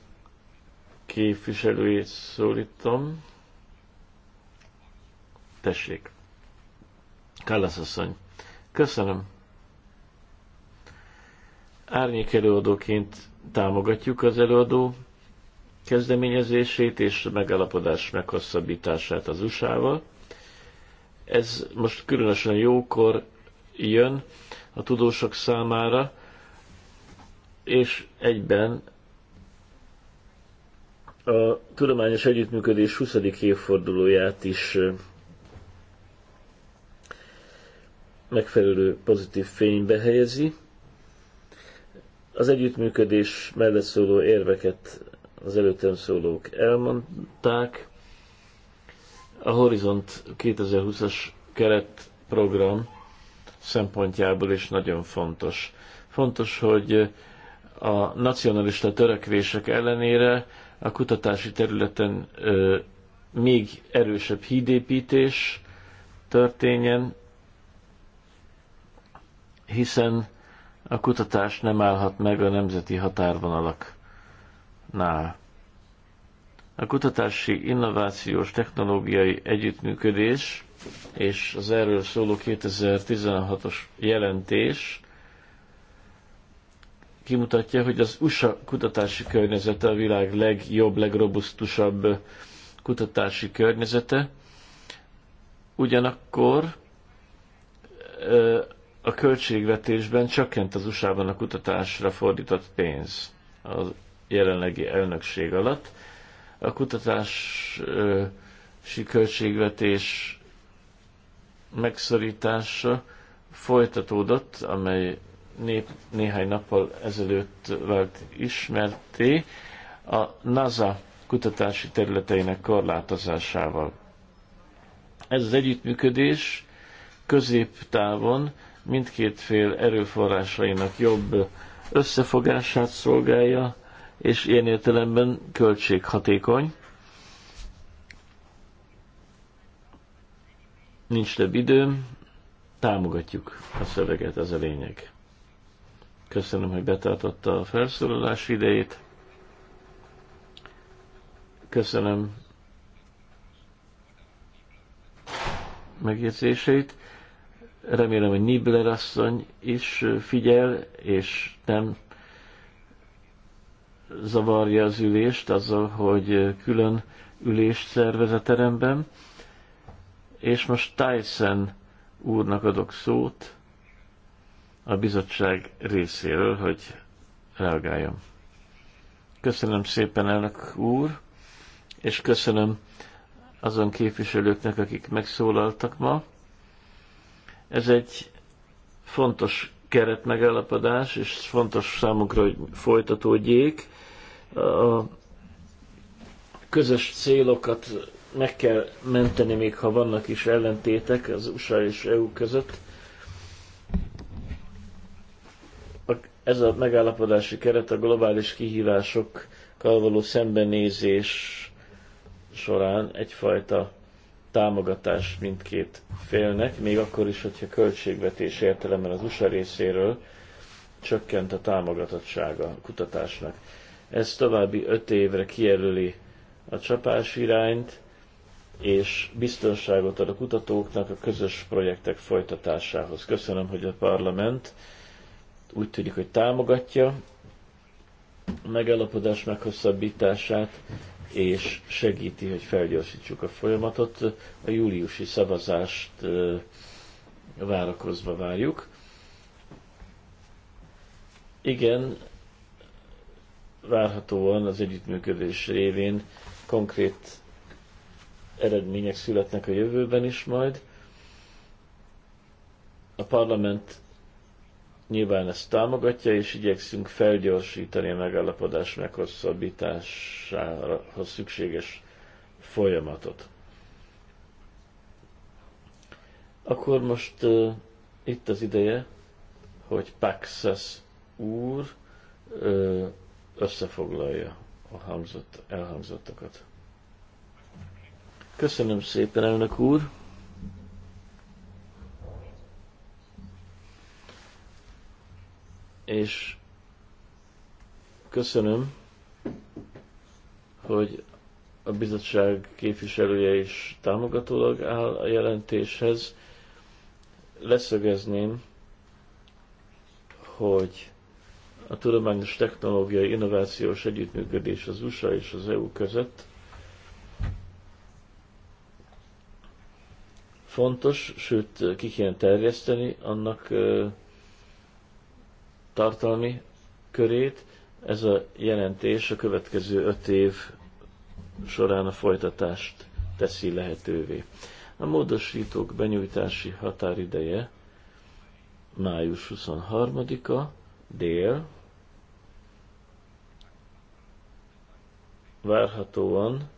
képviselőjét szólítom. Tessék. Kállász asszony. Köszönöm. Árnyék előadóként támogatjuk az előadó kezdeményezését és megállapodás meghosszabbítását az USA-val. Ez most különösen jókor jön a tudósok számára, és egyben a tudományos együttműködés 20. évfordulóját is megfelelő pozitív fénybe helyezi. Az együttműködés mellett szóló érveket az előttem szólók elmondták, a Horizont 2020-as keretprogram szempontjából is nagyon fontos. Fontos, hogy a nacionalista törekvések ellenére a kutatási területen ö, még erősebb hídépítés történjen, hiszen a kutatás nem állhat meg a nemzeti határvonalaknál. A kutatási, innovációs, technológiai együttműködés és az erről szóló 2016-os jelentés kimutatja, hogy az USA kutatási környezete a világ legjobb, legrobusztusabb kutatási környezete. Ugyanakkor a költségvetésben csökkent az USA-ban a kutatásra fordított pénz a jelenlegi elnökség alatt a kutatási költségvetés megszorítása folytatódott, amely nép, néhány nappal ezelőtt vált ismerté, a NASA kutatási területeinek korlátozásával. Ez az együttműködés középtávon mindkét fél erőforrásainak jobb összefogását szolgálja, és ilyen értelemben költséghatékony. Nincs több időm, támogatjuk a szöveget, ez a lényeg. Köszönöm, hogy betartotta a felszólalás idejét. Köszönöm megjegyzéseit. Remélem, hogy Nibler asszony is figyel, és nem zavarja az ülést azzal, hogy külön ülést szervez a teremben. És most Tyson úrnak adok szót a bizottság részéről, hogy reagáljon. Köszönöm szépen, elnök úr, és köszönöm azon képviselőknek, akik megszólaltak ma. Ez egy fontos keretmegállapodás, és fontos számunkra, hogy folytatódjék a közös célokat meg kell menteni, még ha vannak is ellentétek az USA és EU között. Ez a megállapodási keret a globális kihívásokkal való szembenézés során egyfajta támogatás mindkét félnek, még akkor is, hogyha költségvetés értelemben az USA részéről csökkent a támogatottsága a kutatásnak ez további öt évre kijelöli a csapás irányt, és biztonságot ad a kutatóknak a közös projektek folytatásához. Köszönöm, hogy a parlament úgy tűnik, hogy támogatja a megállapodás meghosszabbítását, és segíti, hogy felgyorsítsuk a folyamatot. A júliusi szavazást várakozva várjuk. Igen, várhatóan az együttműködés révén konkrét eredmények születnek a jövőben is majd. A parlament nyilván ezt támogatja, és igyekszünk felgyorsítani a megállapodás meghosszabbításához szükséges folyamatot. Akkor most uh, itt az ideje, hogy Paxas úr uh, összefoglalja a hangzott, elhangzottakat. Köszönöm szépen, elnök úr! És köszönöm, hogy a bizottság képviselője is támogatólag áll a jelentéshez. Leszögezném, hogy a tudományos technológiai innovációs együttműködés az USA és az EU között fontos, sőt ki kéne terjeszteni annak tartalmi körét. Ez a jelentés a következő öt év során a folytatást teszi lehetővé. A módosítók benyújtási határideje május 23-a dél, várhatóan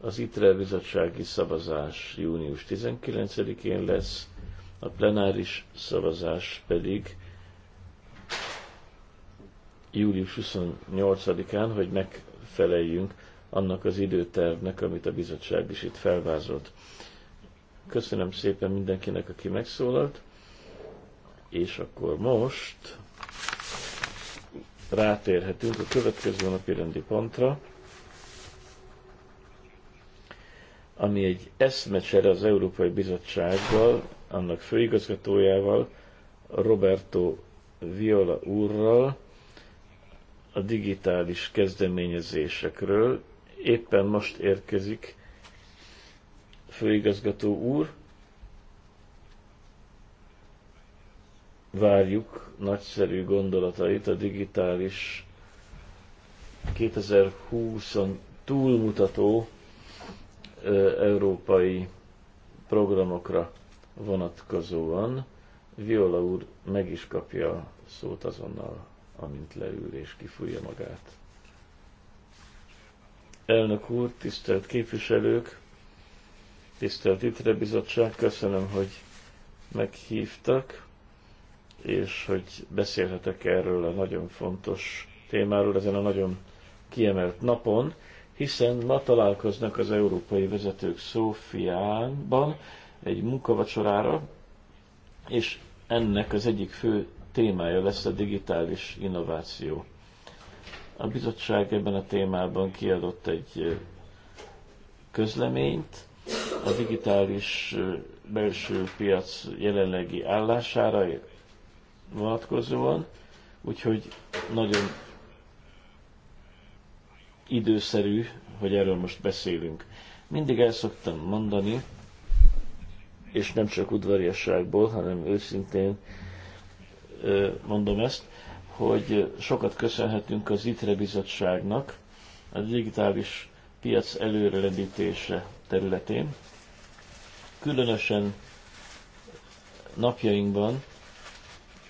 az ITRE bizottsági szavazás június 19-én lesz, a plenáris szavazás pedig július 28-án, hogy megfeleljünk annak az időtervnek, amit a bizottság is itt felvázolt. Köszönöm szépen mindenkinek, aki megszólalt, és akkor most rátérhetünk a következő napi rendi pontra, ami egy eszmecsere az Európai Bizottsággal, annak főigazgatójával, Roberto Viola úrral, a digitális kezdeményezésekről. Éppen most érkezik főigazgató úr, várjuk nagyszerű gondolatait a digitális 2020-on túlmutató európai programokra vonatkozóan. Viola úr meg is kapja a szót azonnal, amint leül és kifújja magát. Elnök úr, tisztelt képviselők, tisztelt Itre Bizottság, köszönöm, hogy meghívtak és hogy beszélhetek erről a nagyon fontos témáról ezen a nagyon kiemelt napon, hiszen ma találkoznak az európai vezetők Szófiánban egy munkavacsorára, és ennek az egyik fő témája lesz a digitális innováció. A bizottság ebben a témában kiadott egy közleményt a digitális belső piac jelenlegi állására, vonatkozóan, úgyhogy nagyon időszerű, hogy erről most beszélünk. Mindig el szoktam mondani, és nem csak udvariasságból, hanem őszintén mondom ezt, hogy sokat köszönhetünk az ITRE bizottságnak a digitális piac előrelendítése területén. Különösen napjainkban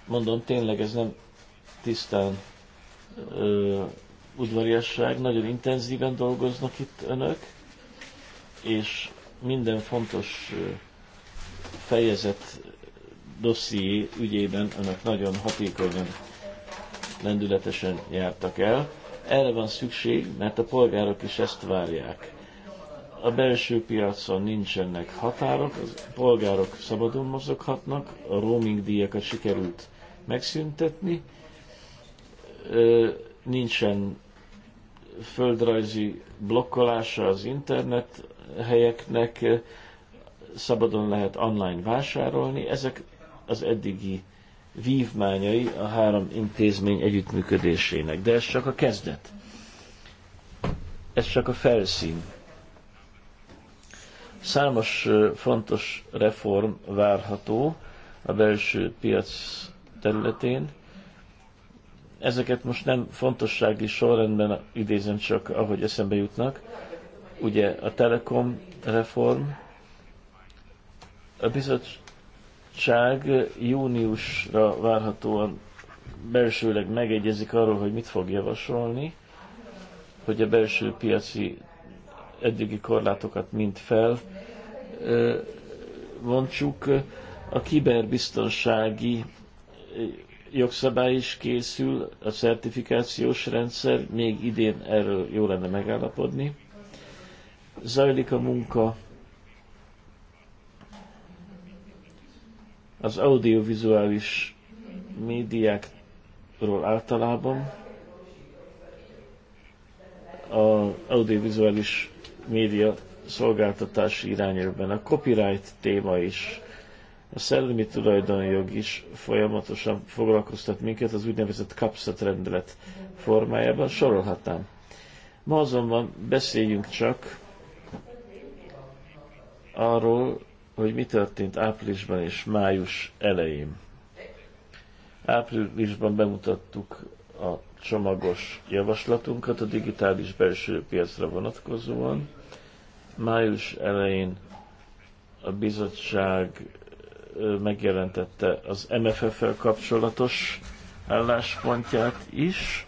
mondom, tényleg ez nem tisztán ö, udvariasság, nagyon intenzíven dolgoznak itt önök, és minden fontos fejezet dosszié ügyében önök nagyon hatékonyan, lendületesen jártak el. Erre van szükség, mert a polgárok is ezt várják. A belső piacon nincsenek határok, a polgárok szabadon mozoghatnak, a roaming díjakat sikerült megszüntetni. Nincsen földrajzi blokkolása az internet helyeknek, szabadon lehet online vásárolni. Ezek az eddigi vívmányai a három intézmény együttműködésének. De ez csak a kezdet. Ez csak a felszín. Számos fontos reform várható a belső piac területén. Ezeket most nem fontossági sorrendben idézem csak, ahogy eszembe jutnak. Ugye a Telekom reform, a bizottság júniusra várhatóan belsőleg megegyezik arról, hogy mit fog javasolni, hogy a belső piaci eddigi korlátokat mind fel vontsuk. A kiberbiztonsági jogszabály is készül, a certifikációs rendszer, még idén erről jó lenne megállapodni. Zajlik a munka az audiovizuális médiákról általában, az audiovizuális média szolgáltatási irányelvben. A copyright téma is a szellemi tulajdonjog is folyamatosan foglalkoztat minket az úgynevezett kapszat rendelet formájában, sorolhatnám. Ma azonban beszéljünk csak arról, hogy mi történt áprilisban és május elején. Áprilisban bemutattuk a csomagos javaslatunkat a digitális belső piacra vonatkozóan. Május elején a bizottság megjelentette az MFF-fel kapcsolatos álláspontját is,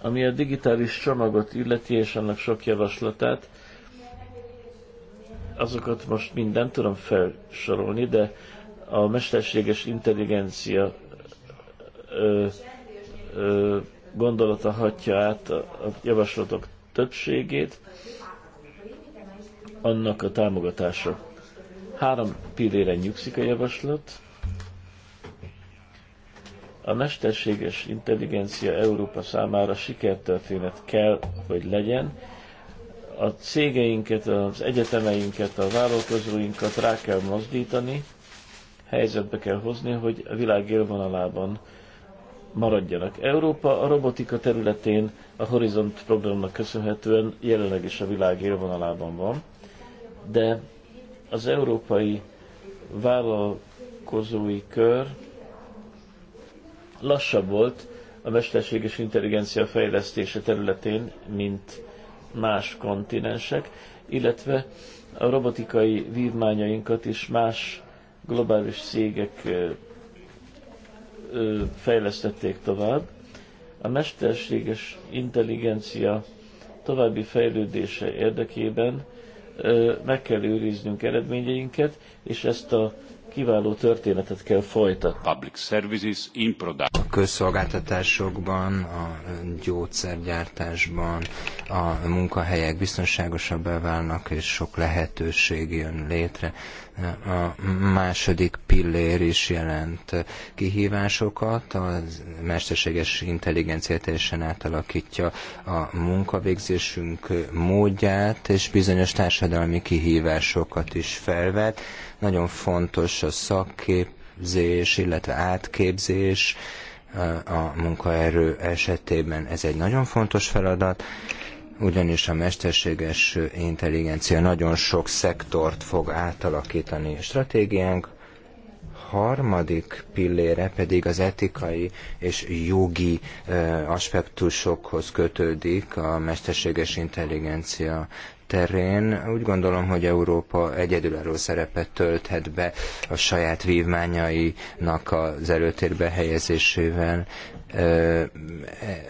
ami a digitális csomagot illeti és annak sok javaslatát, azokat most minden tudom felsorolni, de a mesterséges intelligencia ö, ö, gondolata hatja át a, a javaslatok többségét annak a támogatása. Három pilléren nyugszik a javaslat. A mesterséges intelligencia Európa számára sikertörténet kell, hogy legyen. A cégeinket, az egyetemeinket, a vállalkozóinkat rá kell mozdítani, helyzetbe kell hozni, hogy a világ élvonalában maradjanak. Európa a robotika területén a Horizont programnak köszönhetően jelenleg is a világ élvonalában van de az európai vállalkozói kör lassabb volt a mesterséges intelligencia fejlesztése területén, mint más kontinensek, illetve a robotikai vívmányainkat is más globális cégek fejlesztették tovább. A mesterséges intelligencia további fejlődése érdekében meg kell őriznünk eredményeinket, és ezt a kiváló történetet kell folytatni. Public services in A közszolgáltatásokban, a gyógyszergyártásban a munkahelyek biztonságosabbá válnak, és sok lehetőség jön létre. A második pillér is jelent kihívásokat, a mesterséges intelligencia teljesen átalakítja a munkavégzésünk módját, és bizonyos társadalmi kihívásokat is felvet nagyon fontos a szakképzés, illetve átképzés a munkaerő esetében. Ez egy nagyon fontos feladat, ugyanis a mesterséges intelligencia nagyon sok szektort fog átalakítani. Stratégiánk harmadik pillére pedig az etikai és jogi aspektusokhoz kötődik a mesterséges intelligencia terén úgy gondolom, hogy Európa egyedülálló szerepet tölthet be a saját vívmányainak az előtérbe helyezésével.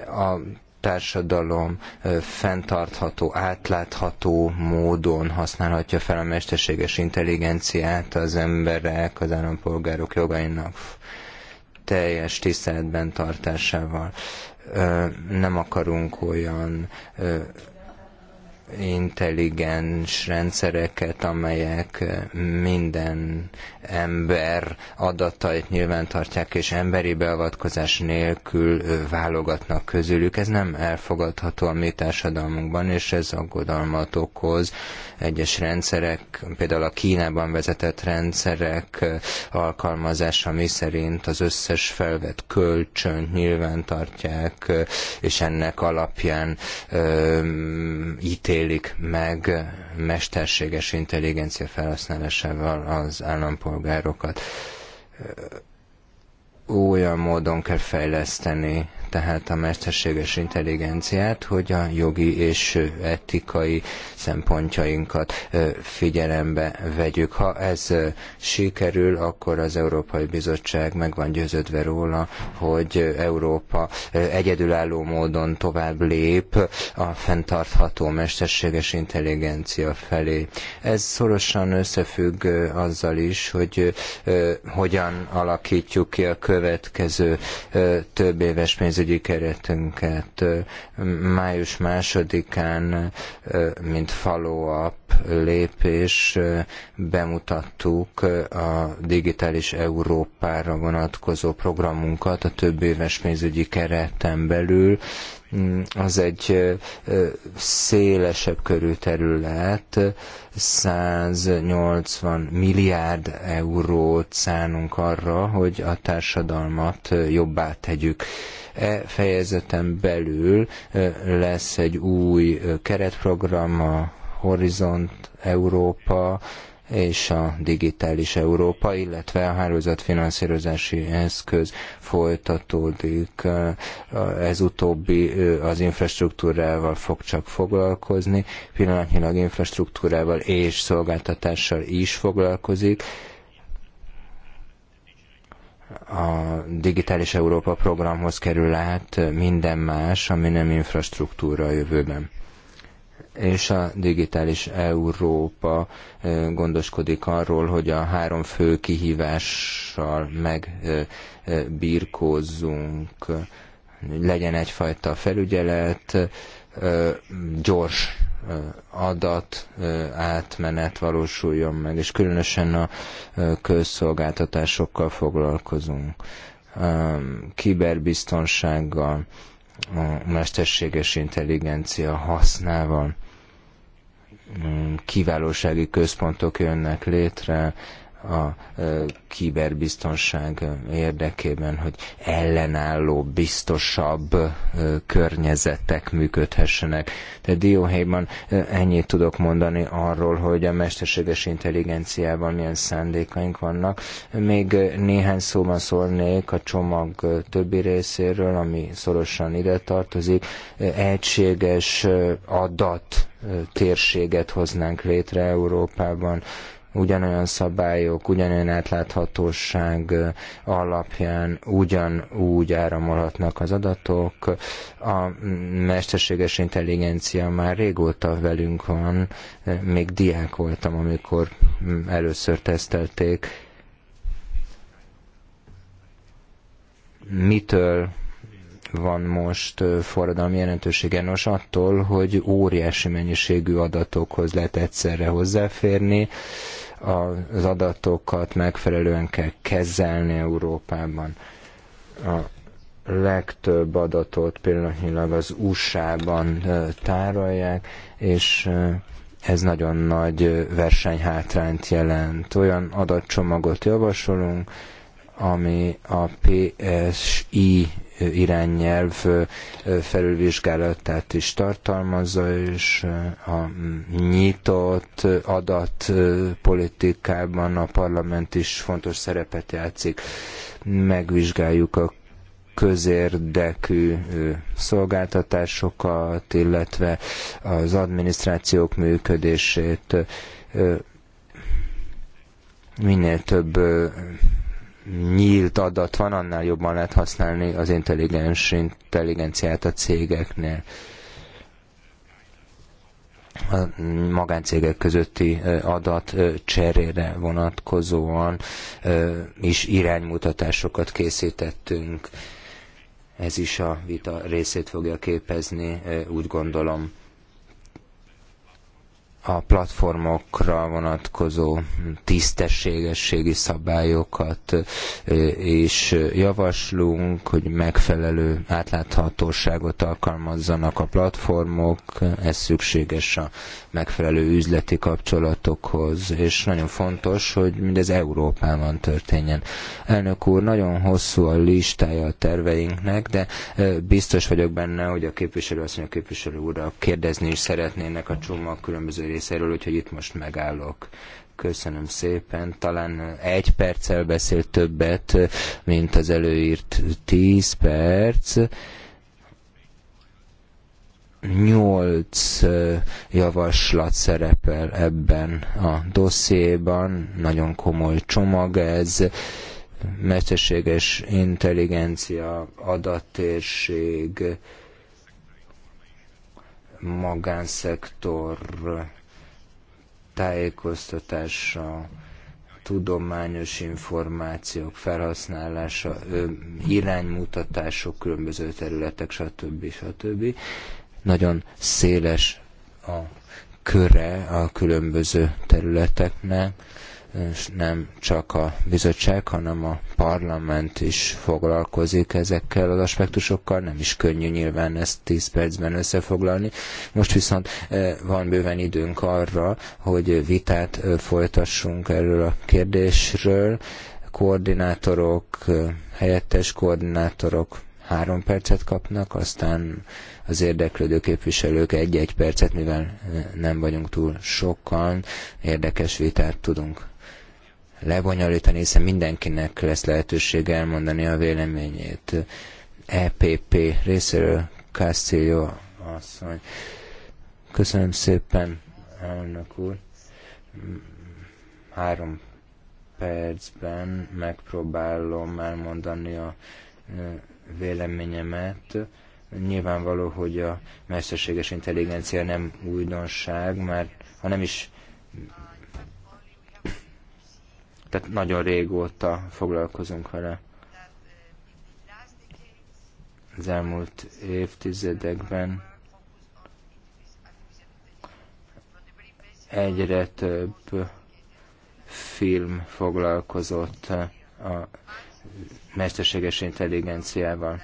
A társadalom fenntartható, átlátható módon használhatja fel a mesterséges intelligenciát az emberek, az állampolgárok jogainak teljes tiszteletben tartásával. Nem akarunk olyan intelligens rendszereket, amelyek eh, minden ember adatait nyilvántartják, és emberi beavatkozás nélkül válogatnak közülük. Ez nem elfogadható a mi társadalmunkban, és ez aggodalmat okoz. Egyes rendszerek, például a Kínában vezetett rendszerek alkalmazása, mi szerint az összes felvett kölcsönt nyilvántartják, és ennek alapján ö, ítélik meg mesterséges intelligencia felhasználásával az állampolgárokat állampolgárokat. Olyan módon kell fejleszteni tehát a mesterséges intelligenciát, hogy a jogi és etikai szempontjainkat figyelembe vegyük. Ha ez sikerül, akkor az Európai Bizottság meg van győződve róla, hogy Európa egyedülálló módon tovább lép a fenntartható mesterséges intelligencia felé. Ez szorosan összefügg azzal is, hogy hogyan alakítjuk ki a következő több éves pénzügyi pénzügyi keretünket. Május másodikán, mint follow-up lépés, bemutattuk a digitális Európára vonatkozó programunkat a több éves pénzügyi kereten belül, mm, az egy szélesebb körű terület, 180 milliárd eurót szánunk arra, hogy a társadalmat jobbá tegyük. E fejezeten belül e, lesz egy új e, keretprogram, a Horizont Európa, és a digitális Európa, illetve a hálózatfinanszírozási eszköz folytatódik. E, ez utóbbi az infrastruktúrával fog csak foglalkozni, pillanatnyilag infrastruktúrával és szolgáltatással is foglalkozik, a Digitális Európa programhoz kerül át minden más, ami nem infrastruktúra a jövőben. És a Digitális Európa gondoskodik arról, hogy a három fő kihívással megbirkózzunk, legyen egyfajta felügyelet, gyors adat átmenet valósuljon meg, és különösen a közszolgáltatásokkal foglalkozunk, kiberbiztonsággal, a mesterséges intelligencia hasznával, kiválósági központok jönnek létre, a kiberbiztonság érdekében, hogy ellenálló, biztosabb környezetek működhessenek. De dióhéjban ennyit tudok mondani arról, hogy a mesterséges intelligenciában milyen szándékaink vannak. Még néhány szóban szólnék a csomag többi részéről, ami szorosan ide tartozik. Egységes adat térséget hoznánk létre Európában, ugyanolyan szabályok, ugyanolyan átláthatóság alapján ugyanúgy áramolhatnak az adatok. A mesterséges intelligencia már régóta velünk van, még diák voltam, amikor először tesztelték. Mitől van most forradalmi jelentősége. Nos, attól, hogy óriási mennyiségű adatokhoz lehet egyszerre hozzáférni, az adatokat megfelelően kell kezelni Európában. A legtöbb adatot pillanatnyilag az USA-ban tárolják, és ez nagyon nagy versenyhátrányt jelent. Olyan adatcsomagot javasolunk, ami a PSI irányelv felülvizsgálatát is tartalmazza, és a nyitott adatpolitikában a parlament is fontos szerepet játszik. Megvizsgáljuk a közérdekű szolgáltatásokat, illetve az adminisztrációk működését minél több nyílt adat van, annál jobban lehet használni az intelligens intelligenciát a cégeknél a magáncégek közötti adat cserére vonatkozóan is iránymutatásokat készítettünk. Ez is a vita részét fogja képezni, úgy gondolom a platformokra vonatkozó tisztességességi szabályokat is javaslunk, hogy megfelelő átláthatóságot alkalmazzanak a platformok, ez szükséges a megfelelő üzleti kapcsolatokhoz, és nagyon fontos, hogy mindez Európában történjen. Elnök úr, nagyon hosszú a listája a terveinknek, de biztos vagyok benne, hogy a képviselő asszony a képviselő úrra kérdezni is szeretnének a csomag különböző részéről, úgyhogy itt most megállok. Köszönöm szépen. Talán egy perccel beszélt többet, mint az előírt tíz perc. Nyolc javaslat szerepel ebben a dossziéban, nagyon komoly csomag ez, mesterséges intelligencia, adattérség, magánszektor, tájékoztatása, tudományos információk felhasználása, iránymutatások, különböző területek, stb. stb. Nagyon széles a köre a különböző területeknek és nem csak a bizottság, hanem a parlament is foglalkozik ezekkel az aspektusokkal, nem is könnyű nyilván ezt 10 percben összefoglalni. Most viszont eh, van bőven időnk arra, hogy vitát eh, folytassunk erről a kérdésről, koordinátorok, eh, helyettes koordinátorok három percet kapnak, aztán az érdeklődő képviselők egy-egy percet, mivel nem vagyunk túl sokan, érdekes vitát tudunk lebonyolítani, hiszen mindenkinek lesz lehetőség elmondani a véleményét. EPP részéről Castillo asszony. Köszönöm szépen, elnök úr. Három percben megpróbálom elmondani a véleményemet. Nyilvánvaló, hogy a mesterséges intelligencia nem újdonság, mert ha nem is Tehát nagyon régóta foglalkozunk vele. Az elmúlt évtizedekben egyre több film foglalkozott a mesterséges intelligenciával.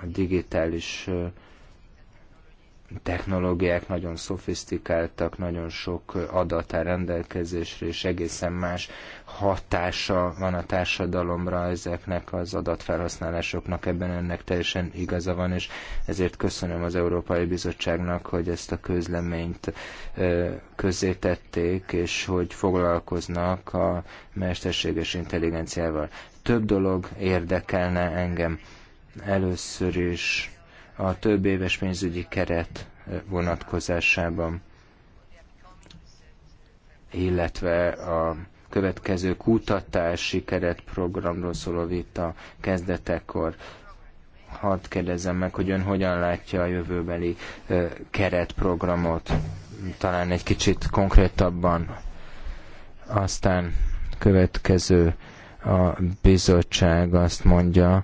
A digitális technológiák nagyon szofisztikáltak, nagyon sok adat a rendelkezésre, és egészen más hatása van a társadalomra ezeknek az adatfelhasználásoknak, ebben ennek teljesen igaza van, és ezért köszönöm az Európai Bizottságnak, hogy ezt a közleményt közzétették, és hogy foglalkoznak a mesterséges intelligenciával. Több dolog érdekelne engem. Először is a több éves pénzügyi keret vonatkozásában, illetve a következő kutatási keretprogramról szóló vita kezdetekor hadd kérdezem meg, hogy ön hogyan látja a jövőbeli keretprogramot, talán egy kicsit konkrétabban. Aztán következő a bizottság azt mondja,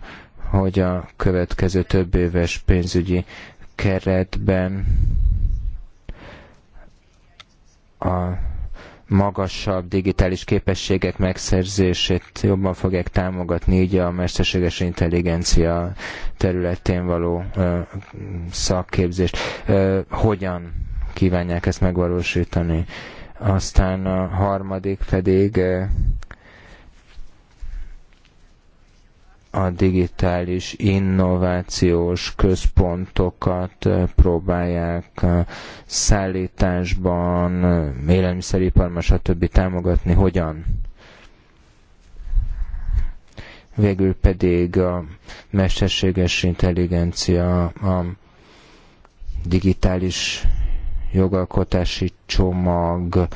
hogy a következő több éves pénzügyi keretben a magasabb digitális képességek megszerzését jobban fogják támogatni, így a mesterséges intelligencia területén való ö, szakképzést. Ö, hogyan kívánják ezt megvalósítani? Aztán a harmadik pedig a digitális innovációs központokat eh, próbálják szállításban, eh, élelmiszeriparban, stb. támogatni. Hogyan? Végül pedig a mesterséges intelligencia, a digitális jogalkotási csomag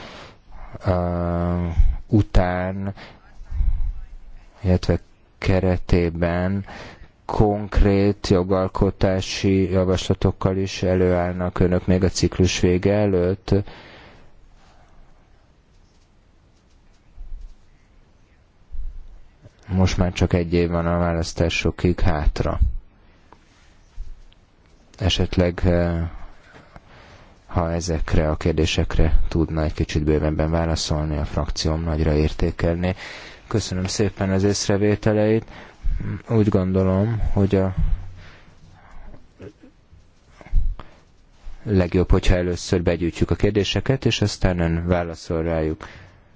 uh, után, illetve keretében konkrét jogalkotási javaslatokkal is előállnak önök még a ciklus vége előtt. Most már csak egy év van a választásokig hátra. Esetleg eh, ha ezekre a kérdésekre tudna egy kicsit bővebben válaszolni, a frakcióm nagyra értékelni. Köszönöm szépen az észrevételeit. Úgy gondolom, hogy a legjobb, hogyha először begyűjtjük a kérdéseket, és aztán ön válaszol rájuk.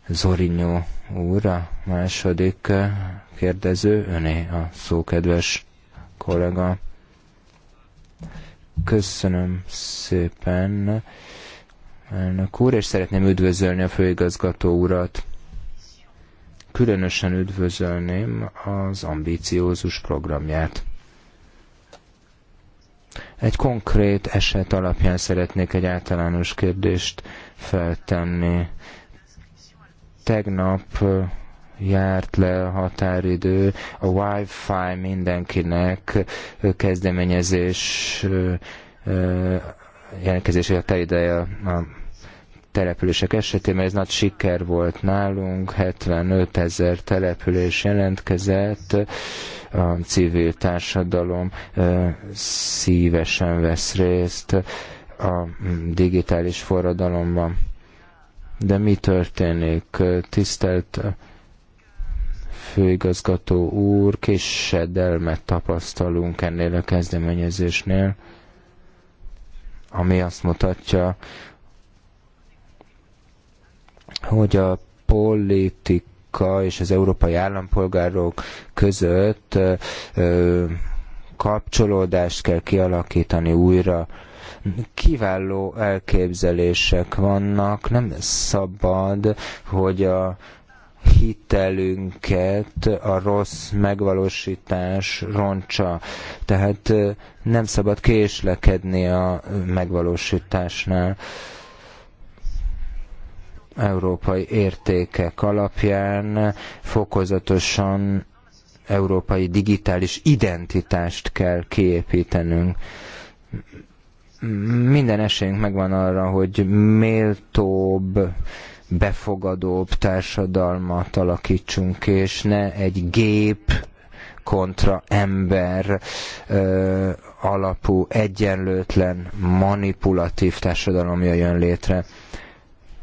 Zorinyó úr, a második kérdező, öné a szó, kedves kollega. Köszönöm szépen, elnök úr, és szeretném üdvözölni a főigazgató urat. Különösen üdvözölném az ambíciózus programját. Egy konkrét eset alapján szeretnék egy általános kérdést feltenni. Tegnap járt le a határidő, a Wi-Fi mindenkinek kezdeményezés jelentkezési határideje a települések esetében ez nagy siker volt nálunk, 75 ezer település jelentkezett, a civil társadalom szívesen vesz részt a digitális forradalomban. De mi történik? Tisztelt főigazgató úr, késedelmet tapasztalunk ennél a kezdeményezésnél, ami azt mutatja, hogy a politika és az európai állampolgárok között kapcsolódást kell kialakítani újra. Kiváló elképzelések vannak, nem szabad, hogy a hitelünket a rossz megvalósítás roncsa. Tehát nem szabad késlekedni a megvalósításnál európai értékek alapján fokozatosan európai digitális identitást kell kiépítenünk. Minden esélyünk megvan arra, hogy méltóbb, befogadóbb társadalmat alakítsunk, és ne egy gép kontra ember ö, alapú, egyenlőtlen, manipulatív társadalom jöjjön létre.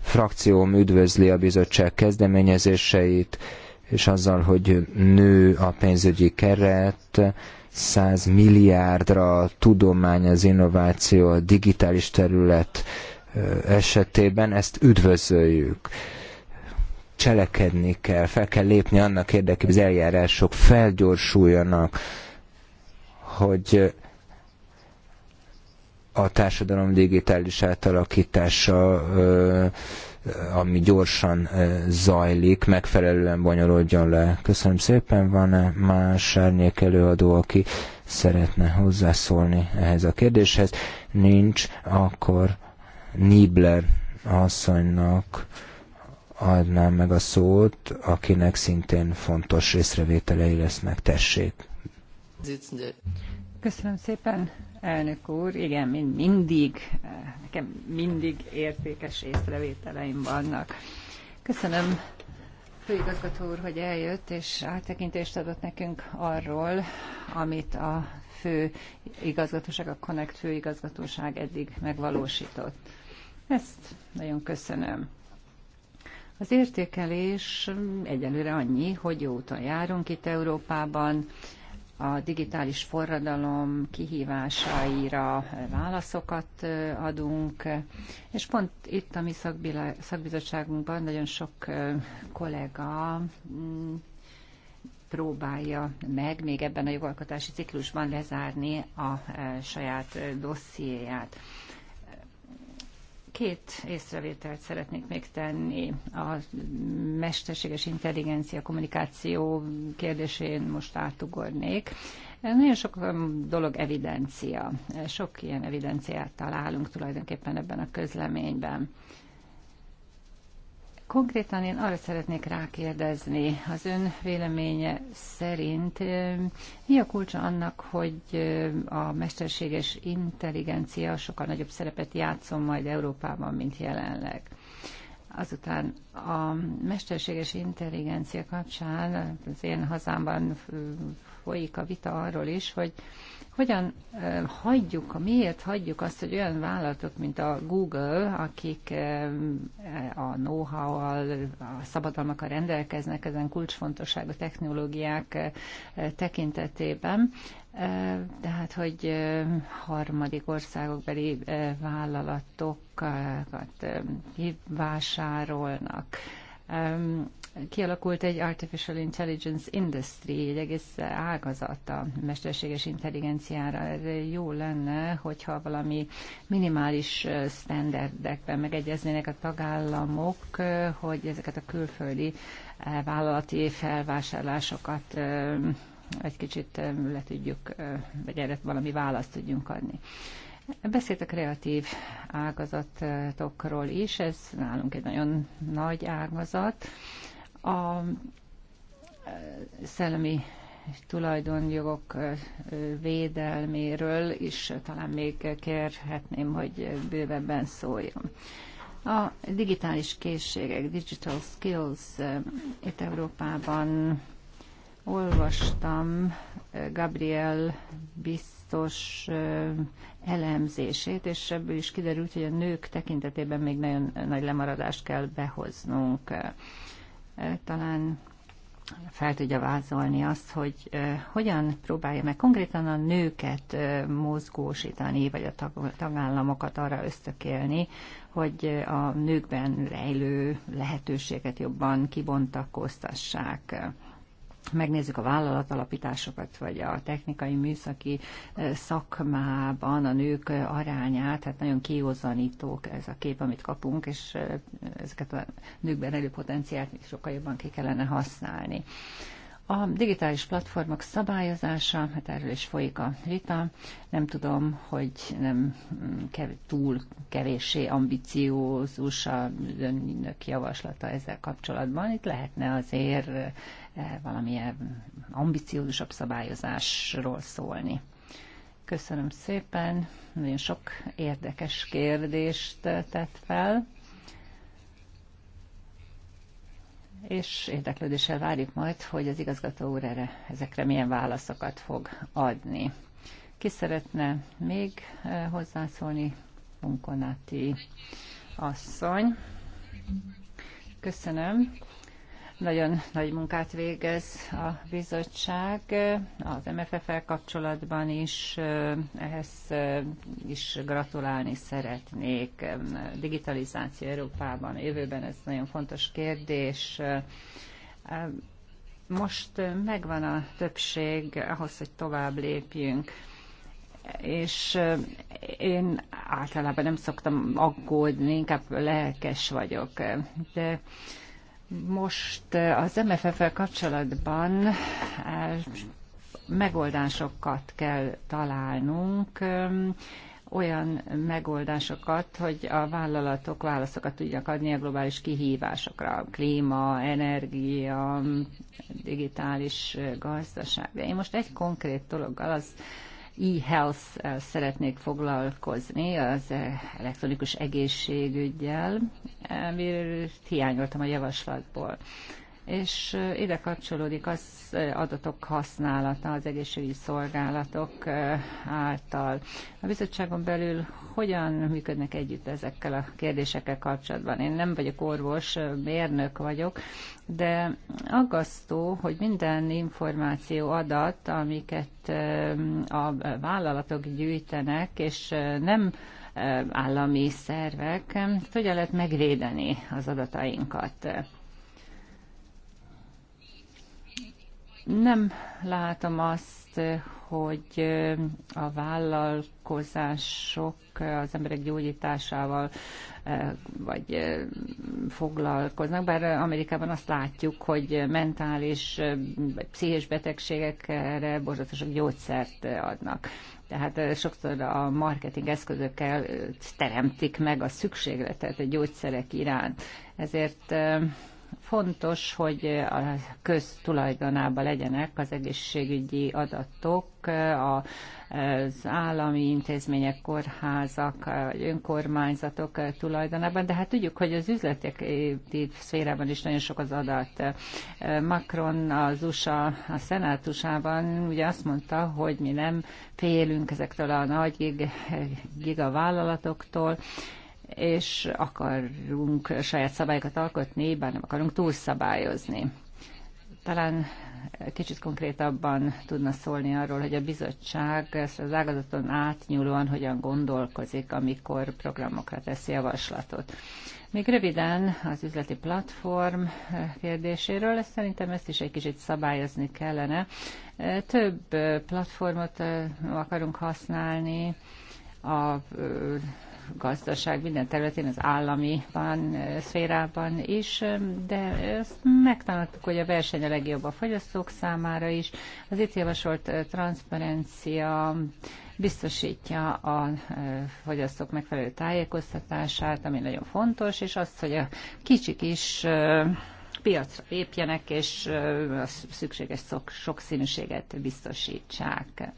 Frakcióm üdvözli a bizottság kezdeményezéseit, és azzal, hogy nő a pénzügyi keret, 100 milliárdra a tudomány, az innováció, a digitális terület esetében, ezt üdvözöljük. Cselekedni kell, fel kell lépni annak érdekében, hogy az eljárások felgyorsuljanak, hogy a társadalom digitális átalakítása, ami gyorsan zajlik, megfelelően bonyolódjon le. Köszönöm szépen, van-e más árnyék előadó, aki szeretne hozzászólni ehhez a kérdéshez? Nincs, akkor Nibler asszonynak adnám meg a szót, akinek szintén fontos észrevételei lesznek, tessék. Köszönöm szépen, Elnök úr, igen, mind mindig, nekem mindig értékes észrevételeim vannak. Köszönöm főigazgató úr, hogy eljött, és áttekintést adott nekünk arról, amit a fő igazgatóság, a Connect főigazgatóság eddig megvalósított. Ezt nagyon köszönöm. Az értékelés egyelőre annyi, hogy jó úton járunk itt Európában, a digitális forradalom kihívásaira válaszokat adunk, és pont itt a mi szakbizottságunkban nagyon sok kollega mm, próbálja meg még ebben a jogalkotási ciklusban lezárni a saját dossziéját. Két észrevételt szeretnék még tenni. A mesterséges intelligencia kommunikáció kérdésén most átugornék. Nagyon sok um, dolog evidencia. Sok ilyen evidenciát találunk tulajdonképpen ebben a közleményben. Konkrétan én arra szeretnék rákérdezni, az ön véleménye szerint mi a kulcsa annak, hogy a mesterséges intelligencia sokkal nagyobb szerepet játszom majd Európában, mint jelenleg? Azután a mesterséges intelligencia kapcsán az én hazámban folyik a vita arról is, hogy hogyan hagyjuk, miért hagyjuk azt, hogy olyan vállalatok, mint a Google, akik a know-how-al, a szabadalmakkal rendelkeznek ezen kulcsfontosságú technológiák tekintetében, tehát hogy harmadik országokbeli vállalatokat vásárolnak Kialakult egy Artificial Intelligence Industry, egy egész ágazat a mesterséges intelligenciára. Jó lenne, hogyha valami minimális standardekben megegyeznének a tagállamok, hogy ezeket a külföldi vállalati felvásárlásokat egy kicsit le tudjuk, vagy erre valami választ tudjunk adni. Beszélt a kreatív ágazatokról is, ez nálunk egy nagyon nagy ágazat. A szellemi tulajdonjogok védelméről is talán még kérhetném, hogy bővebben szóljon. A digitális készségek, digital skills itt Európában olvastam Gabriel biztos elemzését, és ebből is kiderült, hogy a nők tekintetében még nagyon nagy lemaradást kell behoznunk. Talán fel tudja vázolni azt, hogy hogyan próbálja meg konkrétan a nőket mozgósítani, vagy a tagállamokat arra ösztökélni, hogy a nőkben rejlő lehetőséget jobban kibontakoztassák megnézzük a vállalatalapításokat, vagy a technikai műszaki szakmában a nők arányát, hát nagyon kiózanítók ez a kép, amit kapunk, és ezeket a nőkben elő potenciált sokkal jobban ki kellene használni. A digitális platformok szabályozása, hát erről is folyik a vita. Nem tudom, hogy nem mm, kev, túl kevéssé ambiciózus a önök javaslata ezzel kapcsolatban. Itt lehetne azért E, valamilyen ambiciózusabb szabályozásról szólni. Köszönöm szépen, nagyon sok érdekes kérdést tett fel, és érdeklődéssel várjuk majd, hogy az igazgató úr erre, ezekre milyen válaszokat fog adni. Ki szeretne még e, hozzászólni? Munkonáti asszony. Köszönöm. Nagyon nagy munkát végez a bizottság az MFF-el kapcsolatban is. Ehhez is gratulálni szeretnék. Digitalizáció Európában jövőben ez nagyon fontos kérdés. Most megvan a többség ahhoz, hogy tovább lépjünk és eh, én általában nem szoktam aggódni, inkább lelkes vagyok. De most eh, az mff el kapcsolatban eh, megoldásokat kell találnunk, eh, olyan megoldásokat, hogy a vállalatok válaszokat tudjanak adni a globális kihívásokra, klíma, energia, digitális gazdaság. De én most egy konkrét dologgal, az e-health eh, szeretnék foglalkozni, az eh, elektronikus egészségügyel, eh, amiről hiányoltam a javaslatból és ide kapcsolódik az adatok használata az egészségügyi szolgálatok által. A bizottságon belül hogyan működnek együtt ezekkel a kérdésekkel kapcsolatban? Én nem vagyok orvos, mérnök vagyok, de aggasztó, hogy minden információ adat, amiket a vállalatok gyűjtenek, és nem állami szervek, hogyan lehet megvédeni az adatainkat. Nem látom azt, hogy a vállalkozások az emberek gyógyításával vagy foglalkoznak, bár Amerikában azt látjuk, hogy mentális vagy pszichés betegségekre borzatosak gyógyszert adnak. Tehát sokszor a marketing eszközökkel teremtik meg a szükségletet a gyógyszerek iránt. Ezért fontos, hogy a köztulajdonában legyenek az egészségügyi adatok, az állami intézmények, kórházak, önkormányzatok tulajdonában, de hát tudjuk, hogy az üzleti szférában is nagyon sok az adat. Macron az USA a szenátusában ugye azt mondta, hogy mi nem félünk ezektől a nagy gigavállalatoktól, és akarunk saját szabályokat alkotni, bár nem akarunk túlszabályozni. Talán kicsit konkrétabban tudna szólni arról, hogy a bizottság ezt az ágazaton átnyúlóan hogyan gondolkozik, amikor programokra teszi javaslatot. Még röviden az üzleti platform kérdéséről, ezt szerintem ezt is egy kicsit szabályozni kellene. Több platformot akarunk használni, a gazdaság minden területén, az állami szférában is, de ezt megtanultuk, hogy a verseny a legjobb a fogyasztók számára is. Az itt javasolt transzparencia biztosítja a fogyasztók megfelelő tájékoztatását, ami nagyon fontos, és azt, hogy a kicsik is piacra lépjenek, és a szükséges sokszínűséget biztosítsák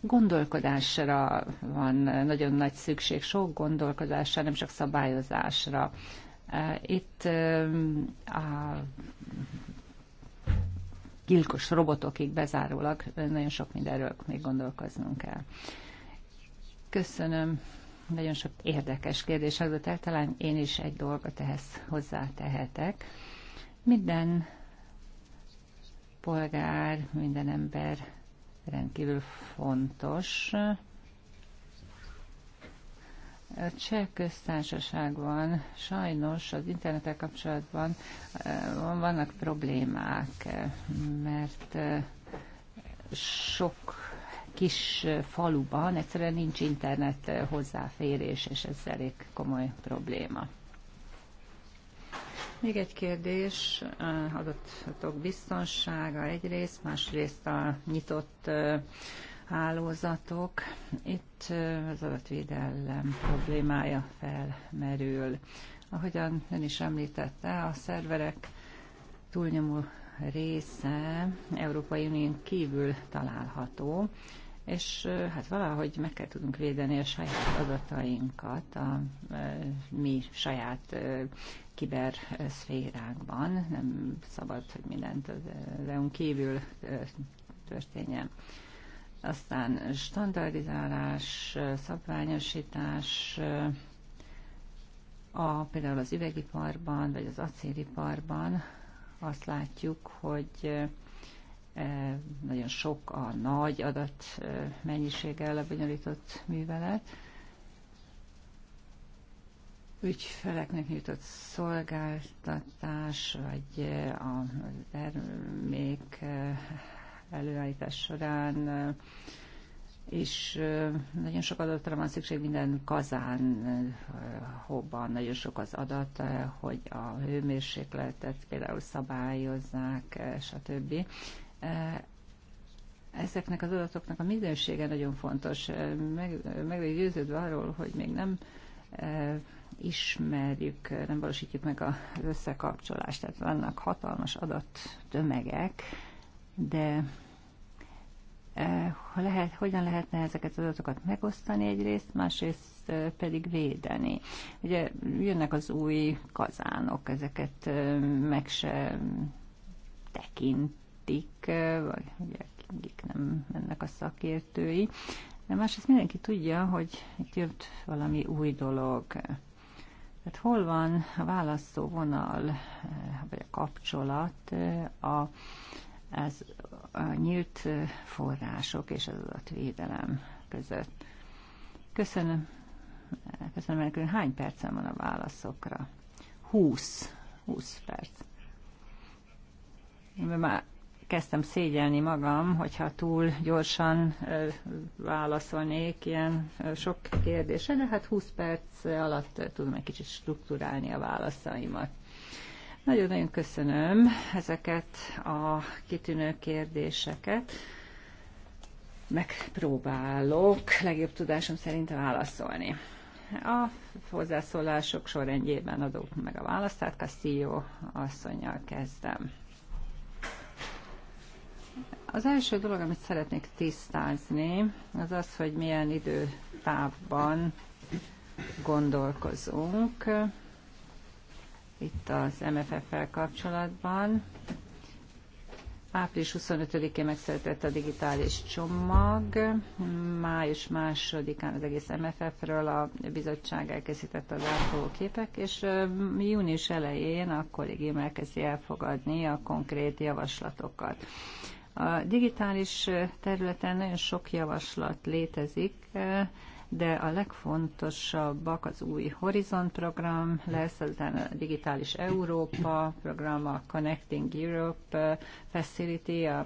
gondolkodásra van nagyon nagy szükség, sok gondolkodásra, nem csak szabályozásra. Eh, itt eh, a gyilkos robotokig bezárólag nagyon sok mindenről még gondolkoznunk kell. Köszönöm. Nagyon sok érdekes kérdés hangzott el, talán én is egy dolgot ehhez hozzátehetek. Minden polgár, minden ember rendkívül fontos. A cseh köztársaságban sajnos az internetek kapcsolatban eh, vannak problémák, mert eh, sok kis faluban egyszerűen nincs internet eh, hozzáférés, és ez elég komoly probléma. Még egy kérdés, adatok biztonsága egyrészt, másrészt a nyitott hálózatok. Itt az adatvédelem problémája felmerül. Ahogyan ön is említette, a szerverek túlnyomó része Európai Unión kívül található, és hát valahogy meg kell tudunk védeni a saját adatainkat, a, a mi saját Eh, szférákban, Nem szabad, hogy mindent az EU-n eh, kívül eh, történjen. Aztán standardizálás, szabványosítás, a, például az üvegiparban, vagy az acéliparban azt látjuk, hogy nagyon sok a nagy adat mennyiséggel lebonyolított művelet, ügyfeleknek nyújtott szolgáltatás, vagy eh, a termék eh, előállítás során és eh, nagyon sok adatra van szükség minden kazán, hóban nagyon sok az adat, hogy a hőmérsékletet például szabályozzák, stb. Ezeknek az adatoknak a minősége nagyon fontos. Meg, meg győződve arról, hogy még nem ismerjük, nem valósítjuk meg az összekapcsolást, tehát vannak hatalmas adattömegek, de e, lehet, hogyan lehetne ezeket az adatokat megosztani egyrészt, másrészt e, pedig védeni. Ugye jönnek az új kazánok, ezeket e, meg se tekintik, vagy ugye, akik nem mennek a szakértői, de másrészt mindenki tudja, hogy itt jött valami új dolog. Hát hol van a választóvonal, vagy a kapcsolat a, ez a nyílt források és az adatvédelem között? Köszönöm. Köszönöm, elnök Hány percem van a válaszokra? 20. 20 perc. Már kezdtem szégyelni magam, hogyha túl gyorsan válaszolnék ilyen sok kérdésre, de hát 20 perc alatt tudom egy kicsit struktúrálni a válaszaimat. Nagyon-nagyon köszönöm ezeket a kitűnő kérdéseket. Megpróbálok legjobb tudásom szerint válaszolni. A hozzászólások sorrendjében adok meg a választ, tehát Castillo asszonynal kezdem. Az első dolog, amit szeretnék tisztázni, az az, hogy milyen időtávban gondolkozunk itt az MFF-fel kapcsolatban. Április 25-én megszületett a digitális csomag, május 2-án az egész MFF-ről a bizottság elkészítette az átfogó képek, és június elején a kollégium elkezdi elfogadni a konkrét javaslatokat. A digitális területen nagyon sok javaslat létezik, de a legfontosabbak az új Horizont program lesz, aztán a Digitális Európa program, a Connecting Europe Facility, a, a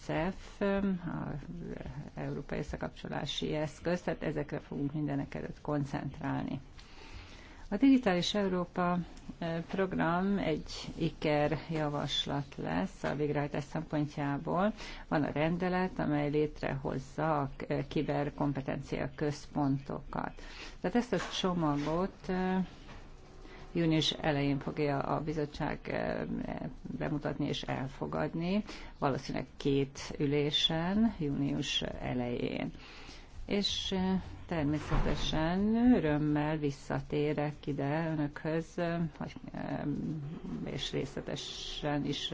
CEF, az Európai Összekapcsolási Eszköz, tehát ezekre fogunk mindenek előtt koncentrálni. A Digitális Európa program egy IKER javaslat lesz a végrehajtás szempontjából. Van a rendelet, amely létrehozza a kiberkompetencia központokat. Tehát ezt a csomagot június elején fogja a bizottság bemutatni és elfogadni, valószínűleg két ülésen, június elején és természetesen örömmel visszatérek ide önökhöz, és részletesen is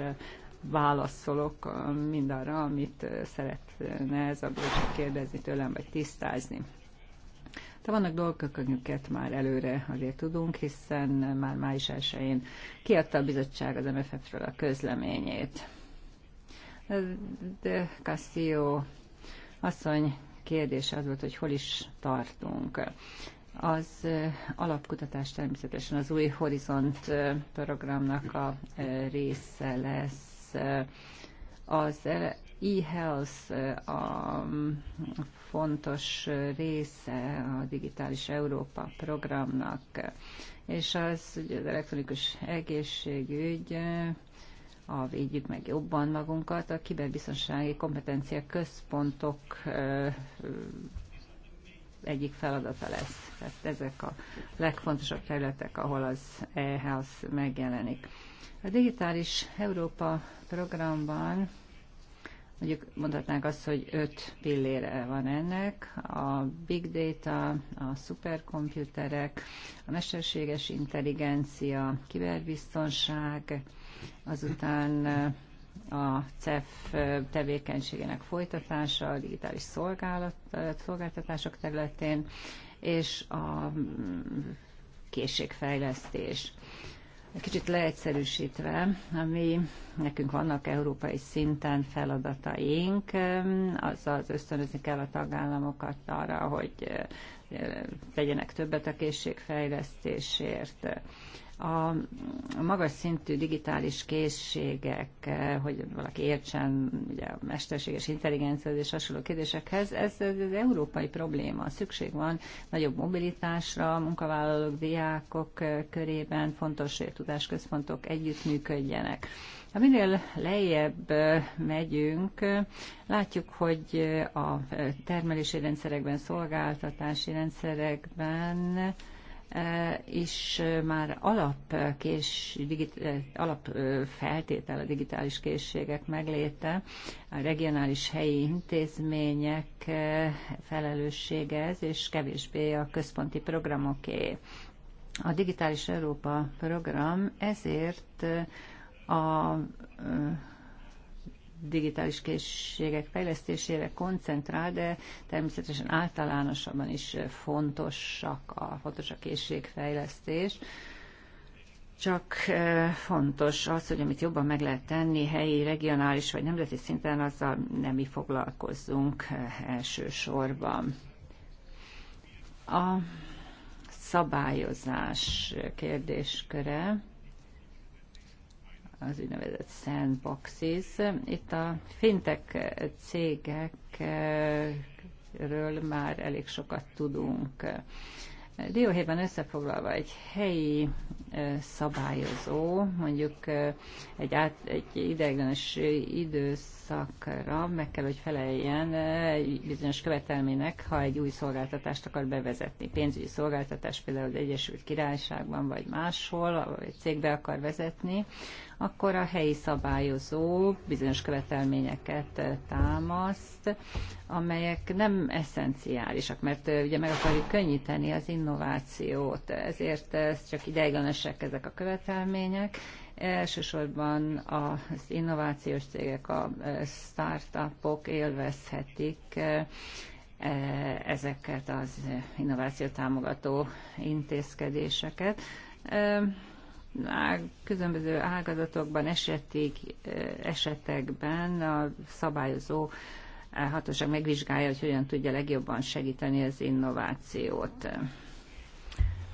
válaszolok mindarra, amit szeretne ez a bőség kérdezni tőlem, vagy tisztázni. De vannak dolgok, amiket már előre azért tudunk, hiszen már május 1-én kiadta a bizottság az MFF-ről a közleményét. De Cassio asszony kérdése az volt, hogy hol is tartunk. Az alapkutatás természetesen az új Horizont programnak a része lesz. Az e-health a fontos része a Digitális Európa programnak, és az, ugye, az elektronikus egészségügy a védjük meg jobban magunkat, a kiberbiztonsági kompetencia központok egyik feladata lesz. Tehát ezek a legfontosabb területek, ahol az e megjelenik. A Digitális Európa programban mondjuk mondhatnánk azt, hogy öt pillére van ennek, a big data, a szuperkomputerek, a mesterséges intelligencia, kiberbiztonság, azután eh, a CEF eh, tevékenységének folytatása a digitális szolgálat, eh, szolgáltatások területén, és a mm, készségfejlesztés. Kicsit leegyszerűsítve, ami nekünk vannak európai szinten feladataink, azaz ösztönözni kell a tagállamokat arra, hogy tegyenek többet a készségfejlesztésért a magas szintű digitális készségek, eh, hogy valaki értsen ugye, a mesterséges intelligencia és hasonló kérdésekhez, ez, ez az európai probléma. Szükség van nagyobb mobilitásra, munkavállalók, diákok eh, körében, fontos, hogy a tudásközpontok együttműködjenek. Ha minél lejjebb eh, megyünk, látjuk, hogy a termelési rendszerekben, szolgáltatási rendszerekben Eh, és eh, már alapkés, eh, digit, feltétel a digitális készségek megléte, a regionális helyi intézmények felelőssége ez, és kevésbé a központi programoké. A Digitális Európa program ezért a digitális készségek fejlesztésére koncentrál, de természetesen általánosabban is fontosak a, fontos a készségfejlesztés. Csak fontos az, hogy amit jobban meg lehet tenni helyi, regionális vagy nemzeti szinten, azzal nem mi foglalkozzunk elsősorban. A szabályozás kérdésköre az úgynevezett sandboxes. Itt a fintek cégekről már elég sokat tudunk. Dióhéjban összefoglalva egy helyi szabályozó, mondjuk egy, át, egy ideiglenes időszakra meg kell, hogy feleljen egy bizonyos követelménynek, ha egy új szolgáltatást akar bevezetni. Pénzügyi szolgáltatás például az Egyesült Királyságban vagy máshol, ahol egy cégbe akar vezetni, akkor a helyi szabályozó bizonyos követelményeket eh, támaszt, amelyek nem eszenciálisak, mert eh, ugye meg akarjuk könnyíteni az innovációt, ezért eh, ez csak ideiglenesek ezek a követelmények, elsősorban az innovációs cégek, a startupok élvezhetik ezeket az innováció támogató intézkedéseket különböző ágazatokban, esetig, esetekben a szabályozó hatóság megvizsgálja, hogy hogyan tudja legjobban segíteni az innovációt.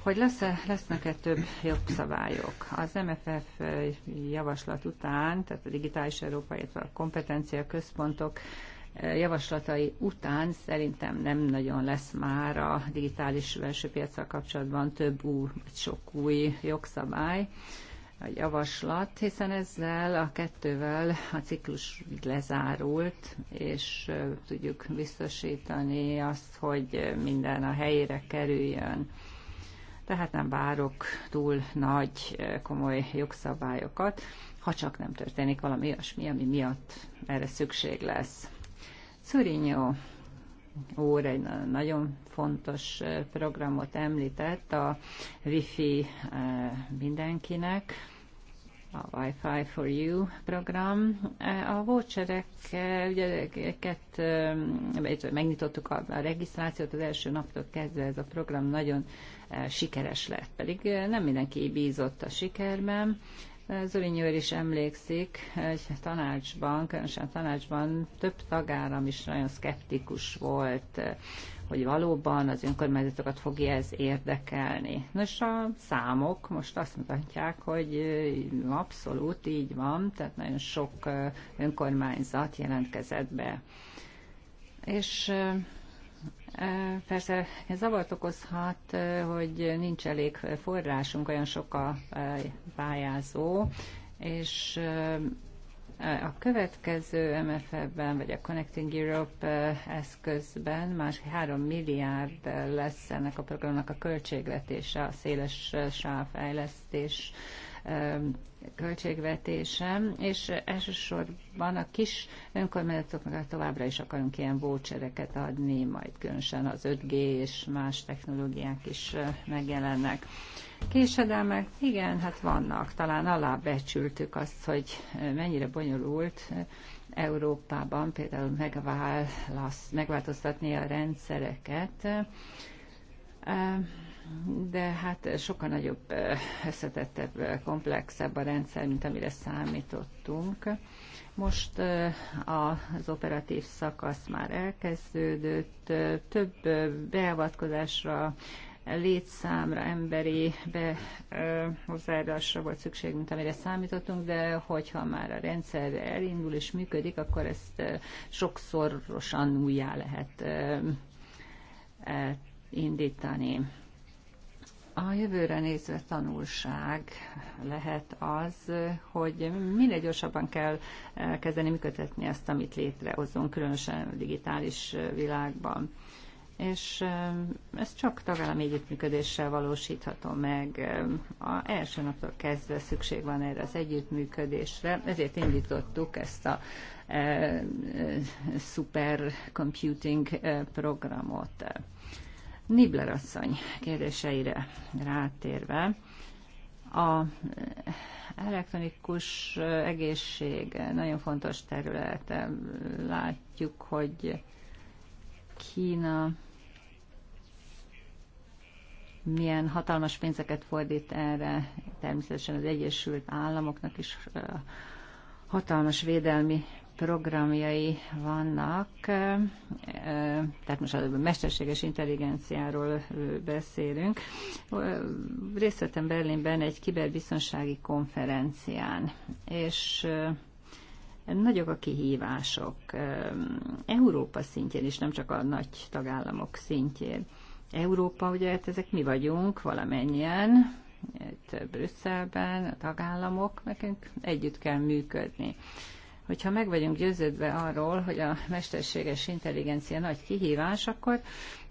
Hogy lesz -e, lesznek-e több jobb szabályok Az MFF javaslat után, tehát a Digitális Európa, illetve a kompetencia központok javaslatai után szerintem nem nagyon lesz már a digitális belső piacsal kapcsolatban több új, vagy sok új jogszabály, a javaslat, hiszen ezzel a kettővel a ciklus lezárult, és tudjuk biztosítani azt, hogy minden a helyére kerüljön. Tehát nem várok túl nagy, komoly jogszabályokat, ha csak nem történik valami olyasmi, ami miatt erre szükség lesz. Szurinyó úr egy nagyon fontos eh, programot említett, a Wi-Fi eh, mindenkinek, a Wi-Fi for You program. Eh, a voucherek, ugye eket, megnyitottuk a regisztrációt, az első naptól kezdve ez a program nagyon sikeres lett, pedig nem mindenki bízott a sikerben, Zolinyőr is emlékszik, egy tanácsban, különösen tanácsban több tagállam is nagyon szkeptikus volt, hogy valóban az önkormányzatokat fogja ez érdekelni. Nos, a számok most azt mutatják, hogy abszolút így van, tehát nagyon sok önkormányzat jelentkezett be. És Persze ez zavart okozhat, hogy nincs elég forrásunk, olyan sok a pályázó, és a következő MFF-ben, vagy a Connecting Europe eszközben más 3 milliárd lesz ennek a programnak a költségvetése, a széles sávfejlesztés költségvetése, és elsősorban a kis önkormányzatoknak továbbra is akarunk ilyen vouchereket adni, majd különösen az 5G és más technológiák is megjelennek. Késedelmek, igen, hát vannak. Talán alábecsültük azt, hogy mennyire bonyolult Európában például megváltoztatni a rendszereket de hát sokkal nagyobb, összetettebb, komplexebb a rendszer, mint amire számítottunk. Most az operatív szakasz már elkezdődött, több beavatkozásra létszámra, emberi be, hozzáadásra volt szükség, mint amire számítottunk, de hogyha már a rendszer elindul és működik, akkor ezt sokszorosan újjá lehet indítani. A jövőre nézve tanulság lehet az, hogy minél gyorsabban kell eh, kezdeni működtetni ezt, amit létrehozunk, különösen a digitális eh, világban. És eh, ez csak tagállami együttműködéssel valósítható meg. A első naptól kezdve szükség van erre az együttműködésre, ezért indítottuk ezt a e, e, supercomputing programot Nibler asszony kérdéseire rátérve, a eh, elektronikus eh, egészség eh, nagyon fontos területe. Látjuk, hogy Kína milyen hatalmas pénzeket fordít erre, természetesen az Egyesült Államoknak is hatalmas védelmi programjai vannak, tehát most a mesterséges intelligenciáról beszélünk. Részt vettem Berlinben egy kiberbiztonsági konferencián, és nagyok a kihívások Európa szintjén is, nem csak a nagy tagállamok szintjén. Európa, ugye hát ezek mi vagyunk valamennyien, itt Brüsszelben, a tagállamok, nekünk együtt kell működni hogyha meg vagyunk győződve arról, hogy a mesterséges intelligencia nagy kihívás, akkor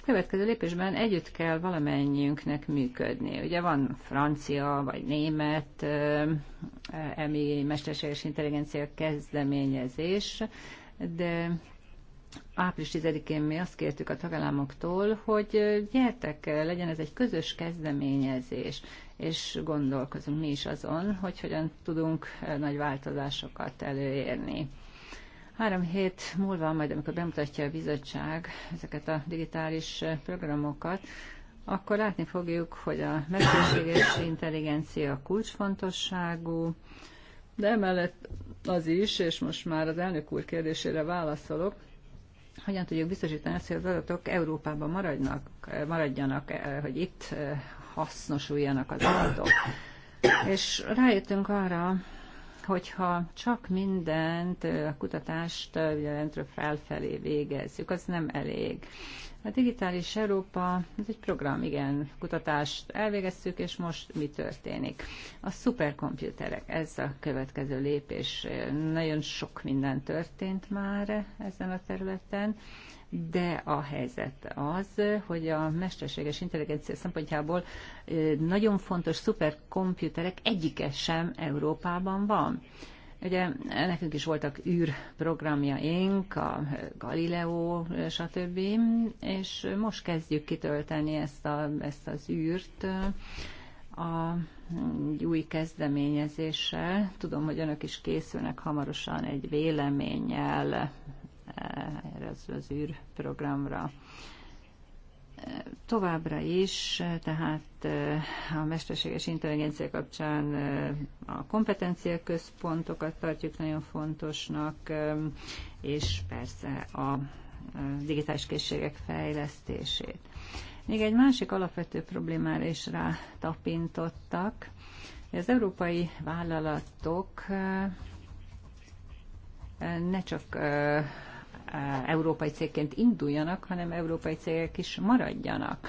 következő lépésben együtt kell valamennyiünknek működni. Ugye van francia vagy német emi mesterséges intelligencia kezdeményezés, de április 10-én mi azt kértük a tagállamoktól, hogy gyertek, legyen ez egy közös kezdeményezés és gondolkozunk mi is azon, hogy hogyan tudunk eh, nagy változásokat előérni. Három hét múlva, majd amikor bemutatja a bizottság ezeket a digitális eh, programokat, akkor látni fogjuk, hogy a mesterséges intelligencia kulcsfontosságú, de emellett az is, és most már az elnök úr kérdésére válaszolok, hogyan tudjuk biztosítani azt, hogy az adatok Európában maradnak, eh, maradjanak, hogy itt hasznosuljanak az adatok. És rájöttünk arra, hogyha csak mindent, a kutatást jelentről felfelé végezzük, az nem elég. A Digitális Európa, ez egy program, igen, kutatást elvégeztük, és most mi történik? A szuperkomputerek, ez a következő lépés. Nagyon sok minden történt már ezen a területen, de a helyzet az, hogy a mesterséges intelligencia szempontjából nagyon fontos szuperkomputerek egyike sem Európában van. Ugye nekünk is voltak űrprogramjaink, a Galileo, stb., és most kezdjük kitölteni ezt, a, ezt az űrt a új kezdeményezéssel. Tudom, hogy önök is készülnek hamarosan egy véleménnyel erre az, az űrprogramra. Továbbra is, tehát eh, a mesterséges intelligencia kapcsán eh, a kompetenciaközpontokat tartjuk nagyon fontosnak, eh, és persze a digitális készségek fejlesztését. Még egy másik alapvető problémára is rátapintottak. Az európai vállalatok ne csak Eh, európai cégként induljanak, hanem európai cégek is maradjanak.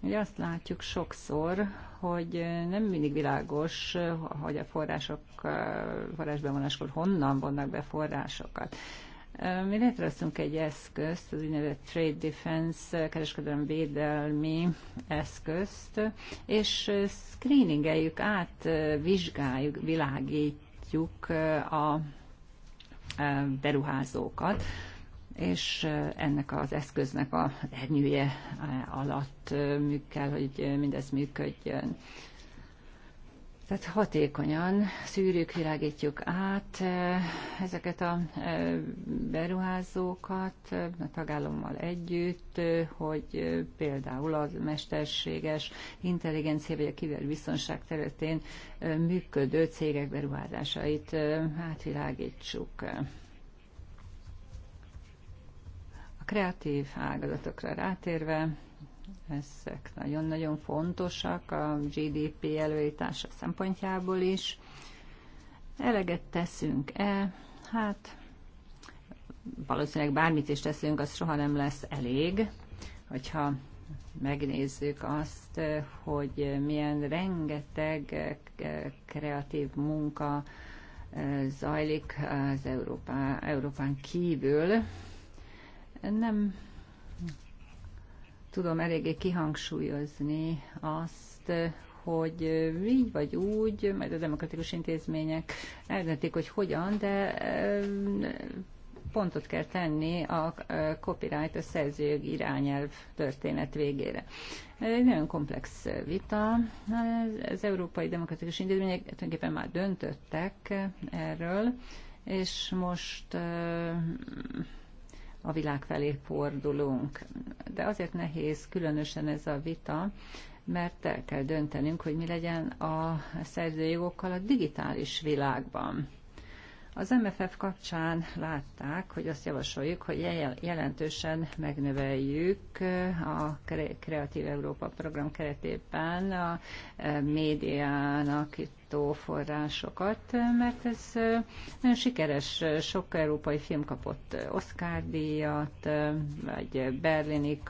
Ugye azt látjuk sokszor, hogy nem mindig világos, hogy a források, eh, forrásbevonáskor honnan vannak be forrásokat. Eh, mi létrehoztunk egy eszközt, az úgynevezett Trade Defense kereskedelmi védelmi eszközt, és screeningeljük át, vizsgáljuk, világítjuk a beruházókat, és ennek az eszköznek a ernyője alatt kell, hogy mindez működjön. Tehát hatékonyan szűrjük, világítjuk át ezeket a beruházókat a tagállammal együtt, hogy például a mesterséges intelligencia vagy a kiberbiztonság területén működő cégek beruházásait átvilágítsuk. kreatív ágazatokra rátérve, ezek nagyon-nagyon fontosak a GDP előítása szempontjából is. Eleget teszünk-e? Hát valószínűleg bármit is teszünk, az soha nem lesz elég, hogyha megnézzük azt, hogy milyen rengeteg eh, kreatív munka eh, zajlik az Európa, Európán kívül, nem tudom eléggé kihangsúlyozni azt, hogy így vagy úgy, majd a demokratikus intézmények eldöntik, hogy hogyan, de pontot kell tenni a copyright, a szerzőjog irányelv történet végére. Egy nagyon komplex vita. Az európai demokratikus intézmények tulajdonképpen már döntöttek erről, és most a világ felé fordulunk. De azért nehéz különösen ez a vita, mert el kell döntenünk, hogy mi legyen a szerzőjogokkal a digitális világban. Az MFF kapcsán látták, hogy azt javasoljuk, hogy jelentősen megnöveljük a Kreatív Európa program keretében a médiának, itt támogató forrásokat, mert ez nagyon sikeres, sok európai film kapott Oscar-díjat, vagy berlini,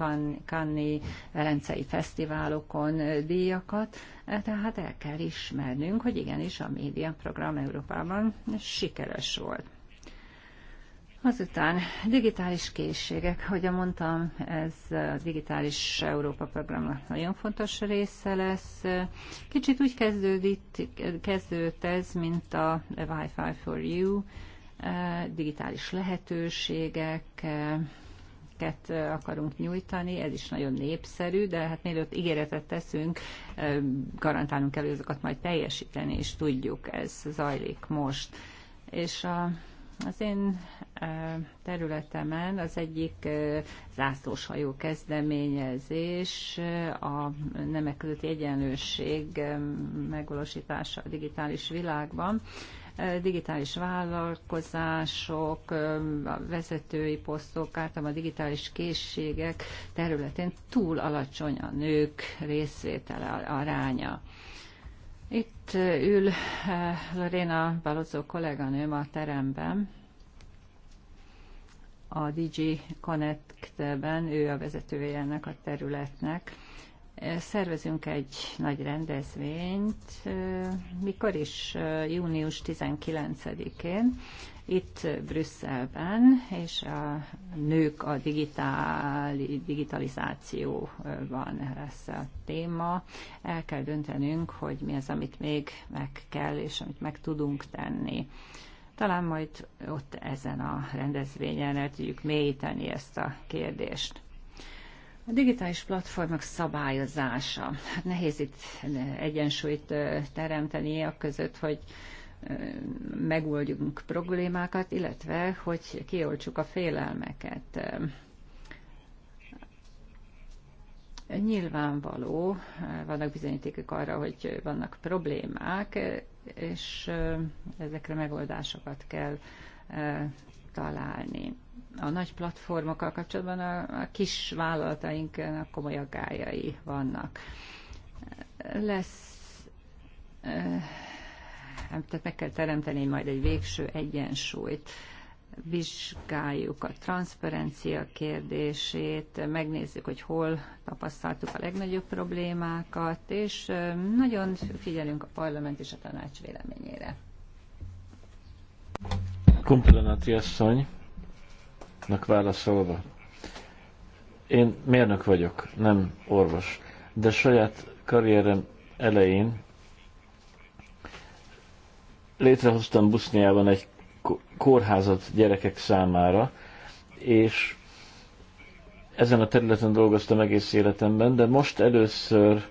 kanni, velencei fesztiválokon díjakat, e, tehát el kell ismernünk, hogy igenis a médiaprogram Európában sikeres volt. Azután digitális készségek, ahogy mondtam, ez a digitális Európa programnak nagyon fontos része lesz. Kicsit úgy kezdődít, kezdődött ez, mint a Wi-Fi for You, eh, digitális lehetőségek, eh, eh, akarunk nyújtani, ez is nagyon népszerű, de hát mielőtt ígéretet teszünk, garantálnunk kell, hogy majd teljesíteni, és tudjuk, ez zajlik most. És a az én területemen az egyik zászlóshajó kezdeményezés a nemek közötti egyenlőség megvalósítása a digitális világban digitális vállalkozások, a vezetői posztok, általában a digitális készségek területén túl alacsony a nők részvétele aránya. Itt ül eh, Lorena Balozó kolléganőm a teremben, a DG Connect-ben, ő a vezetője ennek a területnek. Eh, szervezünk egy nagy rendezvényt, eh, mikor is június 19-én, itt Brüsszelben, és a nők a digitál, van lesz a téma. El kell döntenünk, hogy mi az, amit még meg kell, és amit meg tudunk tenni. Talán majd ott ezen a rendezvényen el tudjuk mélyíteni ezt a kérdést. A digitális platformok szabályozása. Hát nehéz itt egyensúlyt teremteni a között, hogy megoldjunk problémákat, illetve hogy kioltsuk a félelmeket. Nyilvánvaló, vannak bizonyítékok arra, hogy vannak problémák, és ezekre megoldásokat kell e, találni. A nagy platformokkal kapcsolatban a, kis vállalatainknak komoly aggájai vannak. Lesz e, Hát, tehát meg kell teremteni majd egy végső egyensúlyt. Vizsgáljuk a transzparencia kérdését, megnézzük, hogy hol tapasztaltuk a legnagyobb problémákat, és nagyon figyelünk a parlament és a tanács véleményére. Kumpilanati asszonynak válaszolva. Én mérnök vagyok, nem orvos, de saját karrierem elején létrehoztam Buszniában egy kórházat gyerekek számára, és ezen a területen dolgoztam egész életemben, de most először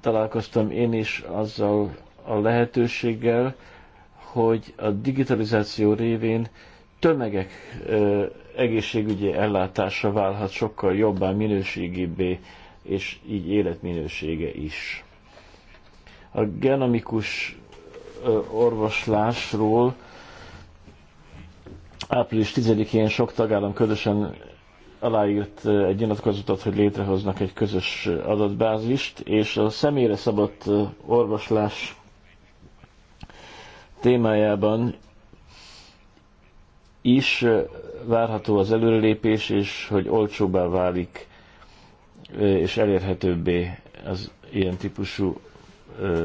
találkoztam én is azzal a lehetőséggel, hogy a digitalizáció révén tömegek ö, egészségügyi ellátása válhat sokkal jobbá, minőségibbé, és így életminősége is. A genomikus orvoslásról április 10-én sok tagállam közösen aláírt egy nyilatkozatot, hogy létrehoznak egy közös adatbázist, és a személyre szabott orvoslás témájában is várható az előrelépés, és hogy olcsóbbá válik és elérhetőbbé az ilyen típusú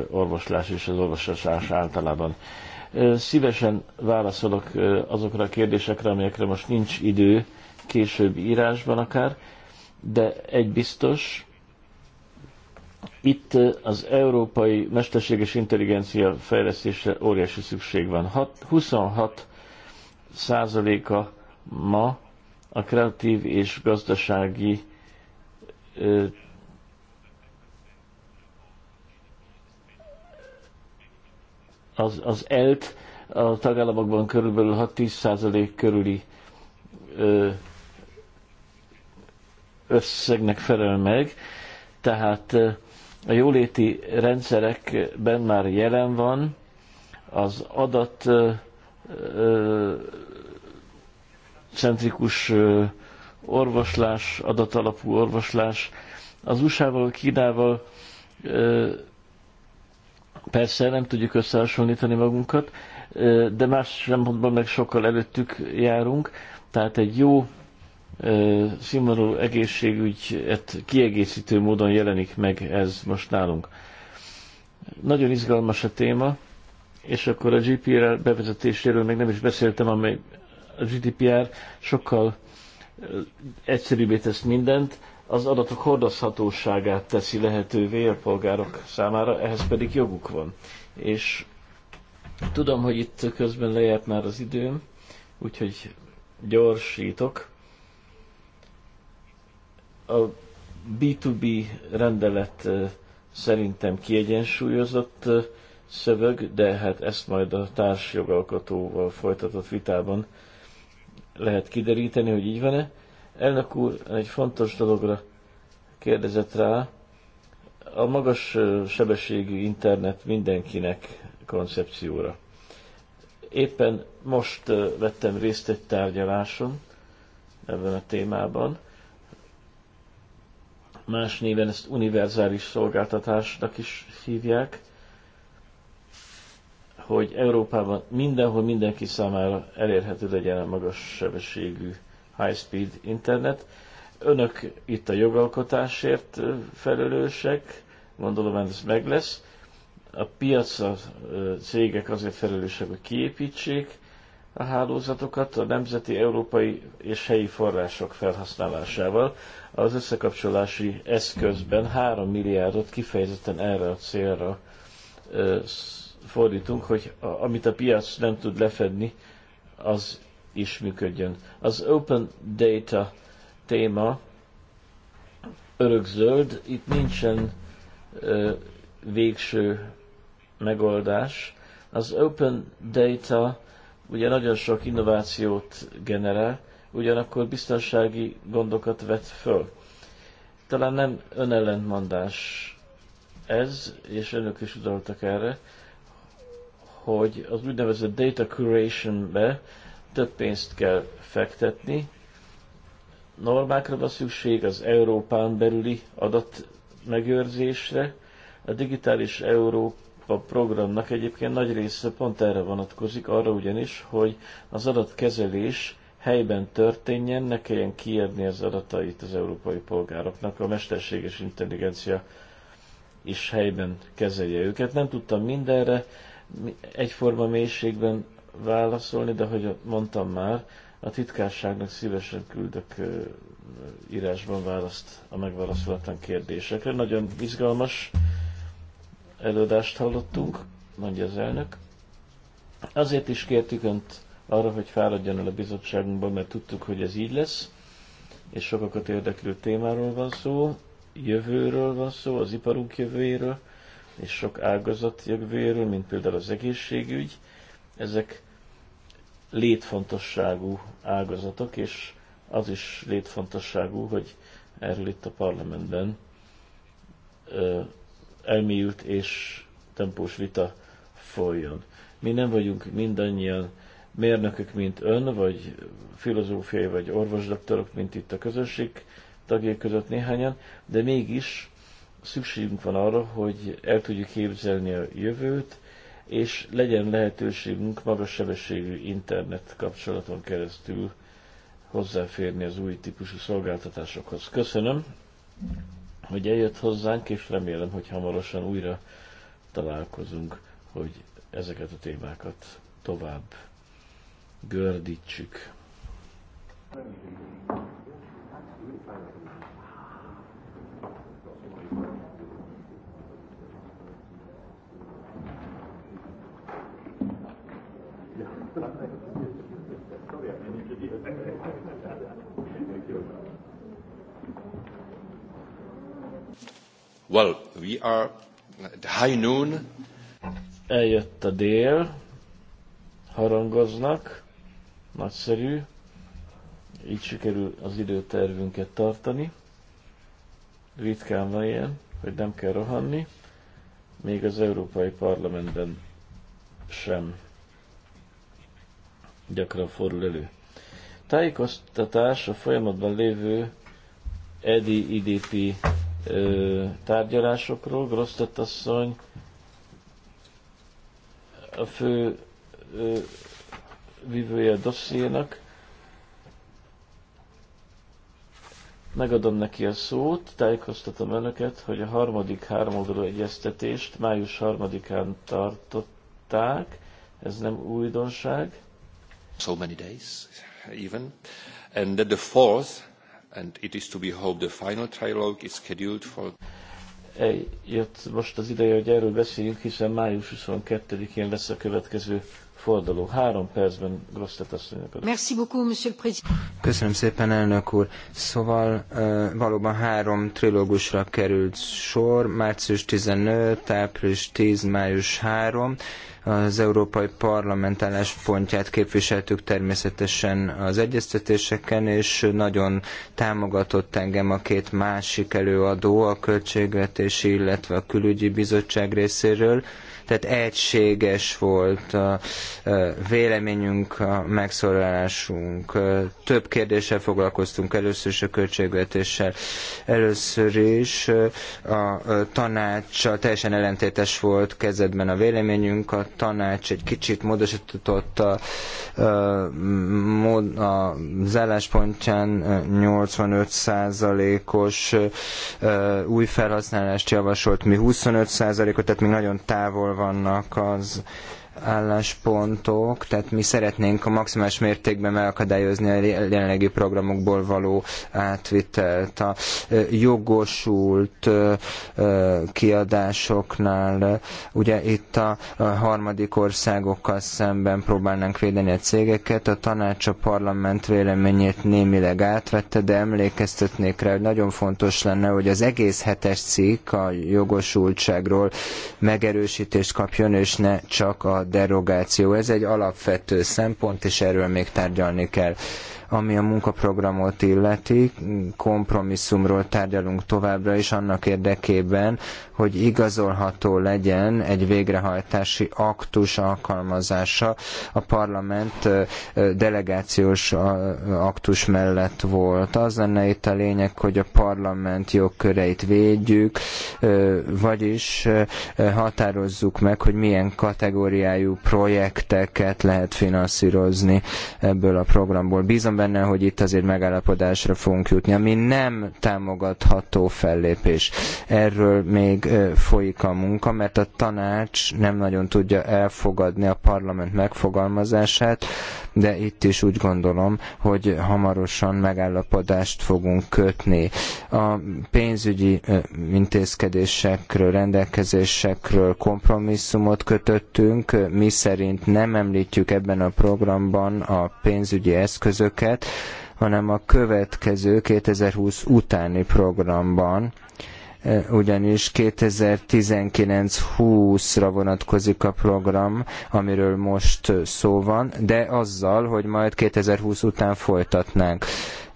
orvoslás és az orvoslás általában. Szívesen válaszolok azokra a kérdésekre, amelyekre most nincs idő, később írásban akár, de egy biztos, itt az európai mesterséges intelligencia fejlesztésre óriási szükség van. 6, 26 százaléka ma a kreatív és gazdasági az, az ELT a tagállamokban körülbelül 6-10% körüli ö, összegnek felel meg, tehát a jóléti rendszerekben már jelen van, az adat ö, ö, centrikus ö, orvoslás, adatalapú orvoslás, az USA-val, Kínával Persze nem tudjuk összehasonlítani magunkat, de más szempontból meg sokkal előttük járunk, tehát egy jó színvonalú egészségügyet kiegészítő módon jelenik meg ez most nálunk. Nagyon izgalmas a téma, és akkor a GPR bevezetéséről még nem is beszéltem, amely a GDPR sokkal egyszerűbbé tesz mindent, az adatok hordozhatóságát teszi lehetővé a polgárok számára, ehhez pedig joguk van. És tudom, hogy itt közben lejárt már az időm, úgyhogy gyorsítok. A B2B rendelet szerintem kiegyensúlyozott szöveg, de hát ezt majd a társjogalkotóval folytatott vitában lehet kideríteni, hogy így van-e. Elnök úr egy fontos dologra kérdezett rá. A magas sebességű internet mindenkinek koncepcióra. Éppen most vettem részt egy tárgyaláson ebben a témában. Más néven ezt univerzális szolgáltatásnak is hívják, hogy Európában mindenhol mindenki számára elérhető legyen a magas sebességű high-speed internet. Önök itt a jogalkotásért felelősek, gondolom ez meg lesz. A piac, a cégek azért felelősek, hogy kiépítsék a hálózatokat a nemzeti, európai és helyi források felhasználásával. Az összekapcsolási eszközben 3 milliárdot kifejezetten erre a célra fordítunk, hogy a, amit a piac nem tud lefedni, az is működjön. Az Open Data téma örökzöld, itt nincsen ö, végső megoldás. Az Open Data ugye nagyon sok innovációt generál, ugyanakkor biztonsági gondokat vet föl. Talán nem önellentmondás ez, és önök is utaltak erre, hogy az úgynevezett data curation-be több pénzt kell fektetni, normákra van szükség, az Európán belüli adat megőrzésre. A digitális Európa programnak egyébként nagy része pont erre vonatkozik, arra ugyanis, hogy az adatkezelés helyben történjen, ne kelljen kiadni az adatait az európai polgároknak, a mesterséges intelligencia is helyben kezelje őket. Nem tudtam mindenre egyforma mélységben válaszolni, de hogy mondtam már, a titkárságnak szívesen küldök írásban választ a megválaszolatlan kérdésekre. Nagyon izgalmas előadást hallottunk, mondja az elnök. Azért is kértük Önt arra, hogy fáradjon el a bizottságunkban, mert tudtuk, hogy ez így lesz, és sokakat érdeklő témáról van szó, jövőről van szó, az iparunk jövőjéről, és sok ágazat jövőjéről, mint például az egészségügy, ezek létfontosságú ágazatok, és az is létfontosságú, hogy erről itt a parlamentben elmélyült és tempós vita folyjon. Mi nem vagyunk mindannyian mérnökök, mint ön, vagy filozófiai, vagy orvosdoktorok, mint itt a közösség tagjai között néhányan, de mégis szükségünk van arra, hogy el tudjuk képzelni a jövőt, és legyen lehetőségünk magas sebességű internet kapcsolaton keresztül hozzáférni az új típusú szolgáltatásokhoz. Köszönöm, hogy eljött hozzánk, és remélem, hogy hamarosan újra találkozunk, hogy ezeket a témákat tovább gördítsük. Thank you. Well, we are at high noon. Eljött a dél, harangoznak, nagyszerű, így sikerül az időtervünket tartani. Ritkán van ilyen, hogy nem kell rohanni, még az Európai Parlamentben sem gyakran fordul elő. Tájékoztatás a folyamatban lévő EDI-IDP ö, tárgyalásokról. Grosztett asszony a fő ö, vívője a dossziénak. Megadom neki a szót, tájékoztatom önöket, hogy a harmadik háromoldalú egyeztetést május harmadikán tartották. Ez nem újdonság. So many days, even. And the fourth and it is to be hoped the final trilogue is scheduled for Eljött most az ideje, hogy erről beszéljünk, hiszen május 22-én lesz a következő forduló. Három percben Grosztet asszonynak. Merci beaucoup, monsieur le président. Köszönöm szépen, elnök úr. Szóval valóban három trilógusra került sor, március 15, április 10, május 3 az Európai Parlament álláspontját képviseltük természetesen az egyeztetéseken, és nagyon támogatott engem a két másik előadó, a Költségvetési, illetve a Külügyi Bizottság részéről. Tehát egységes volt a véleményünk, a megszólalásunk. Több kérdéssel foglalkoztunk, először is a költségvetéssel. Először is a tanács, teljesen ellentétes volt kezdetben a véleményünk. A tanács egy kicsit módosította a zálláspontján 85%-os új felhasználást javasolt, mi 25%-ot, tehát még nagyon távol vannak az álláspontok, tehát mi szeretnénk a maximális mértékben megakadályozni a jelenlegi programokból való átvitelt. A jogosult kiadásoknál, ugye itt a harmadik országokkal szemben próbálnánk védeni a cégeket, a tanács a parlament véleményét némileg átvette, de emlékeztetnék rá, hogy nagyon fontos lenne, hogy az egész hetes cikk a jogosultságról megerősítést kapjon, és ne csak a derogáció. Ez egy alapvető szempont, és erről még tárgyalni kell. Ami a munkaprogramot illeti, kompromisszumról tárgyalunk továbbra is annak érdekében, hogy igazolható legyen egy végrehajtási aktus alkalmazása. A parlament delegációs aktus mellett volt. Az lenne itt a lényeg, hogy a parlament jogköreit védjük, vagyis határozzuk meg, hogy milyen kategóriájú projekteket lehet finanszírozni ebből a programból. Bízom benne, hogy itt azért megállapodásra fogunk jutni, ami nem támogatható fellépés. Erről még folyik a munka, mert a tanács nem nagyon tudja elfogadni a parlament megfogalmazását, de itt is úgy gondolom, hogy hamarosan megállapodást fogunk kötni. A pénzügyi intézkedésekről, rendelkezésekről kompromisszumot kötöttünk, mi szerint nem említjük ebben a programban a pénzügyi eszközöket, ezeket, hanem a következő 2020 utáni programban, e, ugyanis 2019-20-ra vonatkozik a program, amiről most szó van, de azzal, hogy majd 2020 után folytatnánk.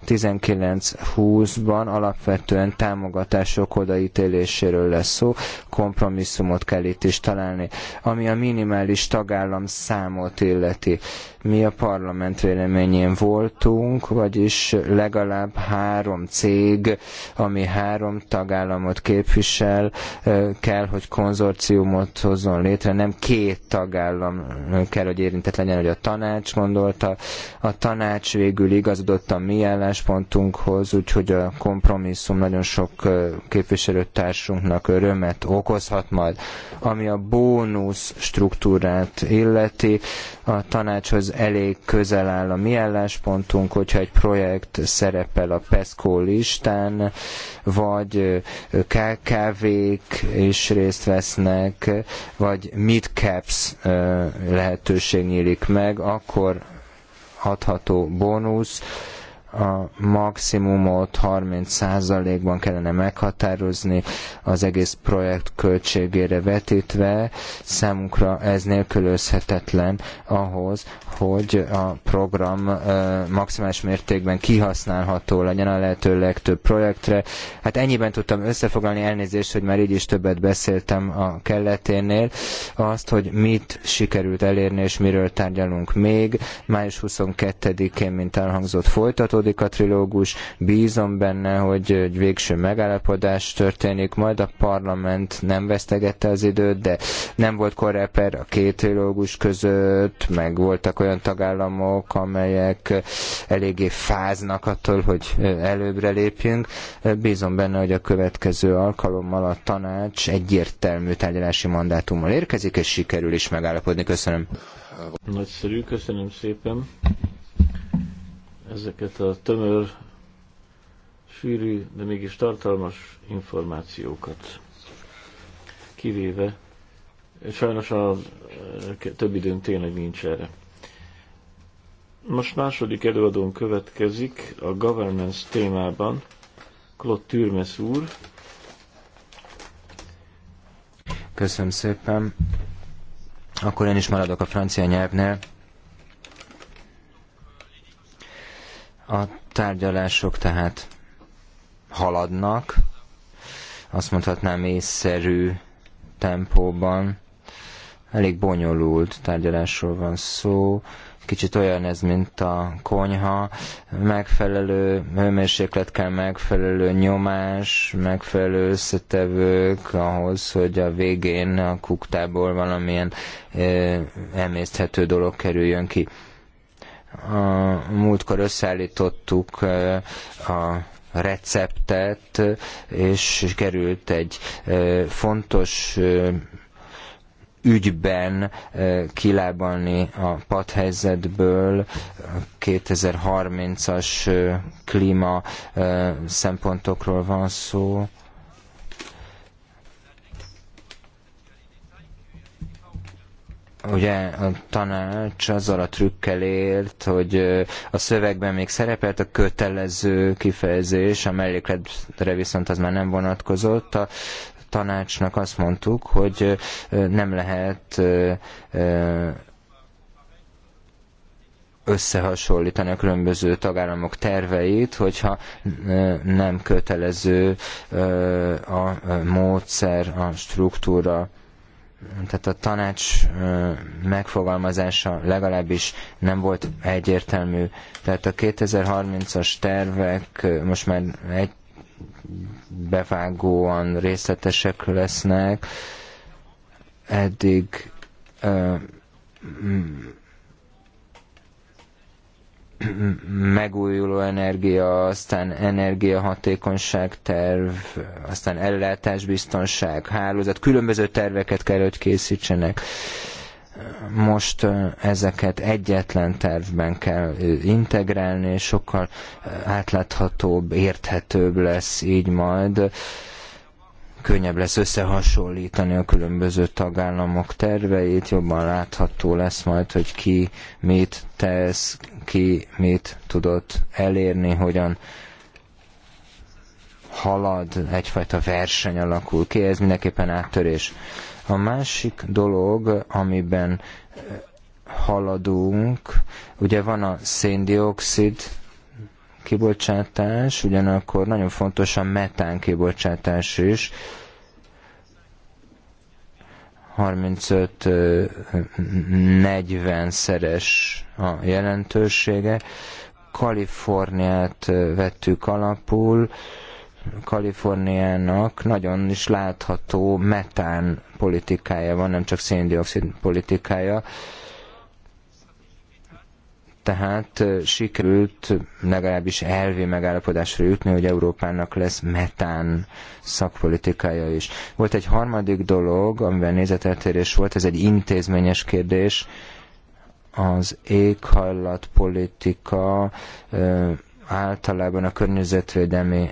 19-20-ban alapvetően támogatások odaítéléséről lesz szó, kompromisszumot kell itt is találni, ami a minimális tagállam számot illeti. Mi a parlament véleményén voltunk, vagyis legalább három cég, ami három tagállamot képvisel, kell, hogy konzorciumot hozzon létre, nem két tagállam kell, hogy érintett legyen, hogy a tanács gondolta, a tanács végül igazodott a mi állás álláspontunkhoz, úgyhogy a kompromisszum nagyon sok képviselőtársunknak örömet okozhat majd. Ami a bónusz struktúrát illeti, a tanácshoz elég közel áll a mi álláspontunk, hogyha egy projekt szerepel a PESCO listán, vagy KKV-k is részt vesznek, vagy midcaps lehetőség nyílik meg, akkor adható bónusz, a maximumot 30%-ban kellene meghatározni az egész projekt költségére vetítve. Számunkra ez nélkülözhetetlen ahhoz, hogy a program maximális mértékben kihasználható legyen a lehető legtöbb projektre. Hát ennyiben tudtam összefoglalni, elnézést, hogy már így is többet beszéltem a kelleténél. Azt, hogy mit sikerült elérni és miről tárgyalunk még. Május 22-én, mint elhangzott, folytatódik folytatódik a trilógus. Bízom benne, hogy egy végső megállapodás történik, majd a parlament nem vesztegette az időt, de nem volt korreper a két trilógus között, meg voltak olyan tagállamok, amelyek eléggé fáznak attól, hogy előbbre lépjünk. Bízom benne, hogy a következő alkalommal a tanács egyértelmű tárgyalási mandátummal érkezik, és sikerül is megállapodni. Köszönöm. Nagyszerű, köszönöm szépen ezeket a tömör, sűrű, de mégis tartalmas információkat. Kivéve, sajnos a e, több időn tényleg nincs erre. Most második előadón következik a governance témában Claude Türmes úr. Köszönöm szépen. Akkor én is maradok a francia nyelvnél. A tárgyalások tehát haladnak, azt mondhatnám észszerű tempóban. Elég bonyolult tárgyalásról van szó, kicsit olyan ez, mint a konyha, megfelelő hőmérséklet kell, megfelelő nyomás, megfelelő összetevők ahhoz, hogy a végén a kuktából valamilyen ö, emészthető dolog kerüljön ki. A múltkor összeállítottuk a receptet, és került egy fontos ügyben kilábalni a padhelyzetből 2030-as klíma szempontokról van szó. ugye a tanács azzal a trükkel élt, hogy a szövegben még szerepelt a kötelező kifejezés, a mellékletre viszont az már nem vonatkozott. A tanácsnak azt mondtuk, hogy nem lehet összehasonlítani a különböző tagállamok terveit, hogyha nem kötelező a módszer, a struktúra tehát a tanács megfogalmazása legalábbis nem volt egyértelmű. Tehát a 2030-as tervek most már egy bevágóan részletesek lesznek. Eddig megújuló energia, aztán energiahatékonyság terv, aztán ellátásbiztonság, hálózat, különböző terveket kell, hogy készítsenek. Most ezeket egyetlen tervben kell integrálni, és sokkal átláthatóbb, érthetőbb lesz így majd könnyebb lesz összehasonlítani a különböző tagállamok terveit, jobban látható lesz majd, hogy ki mit tesz, ki mit tudott elérni, hogyan halad, egyfajta verseny alakul ki, ez mindenképpen áttörés. A másik dolog, amiben haladunk, ugye van a széndiokszid kibocsátás, ugyanakkor nagyon fontos a metán kibocsátás is. 35-40 szeres a jelentősége. Kaliforniát vettük alapul. Kaliforniának nagyon is látható metán politikája van, nem csak széndiokszid politikája tehát sikerült legalábbis elvi megállapodásra jutni, hogy Európának lesz metán szakpolitikája is. Volt egy harmadik dolog, amiben nézeteltérés volt, ez egy intézményes kérdés, az éghajlatpolitika általában a környezetvédelmi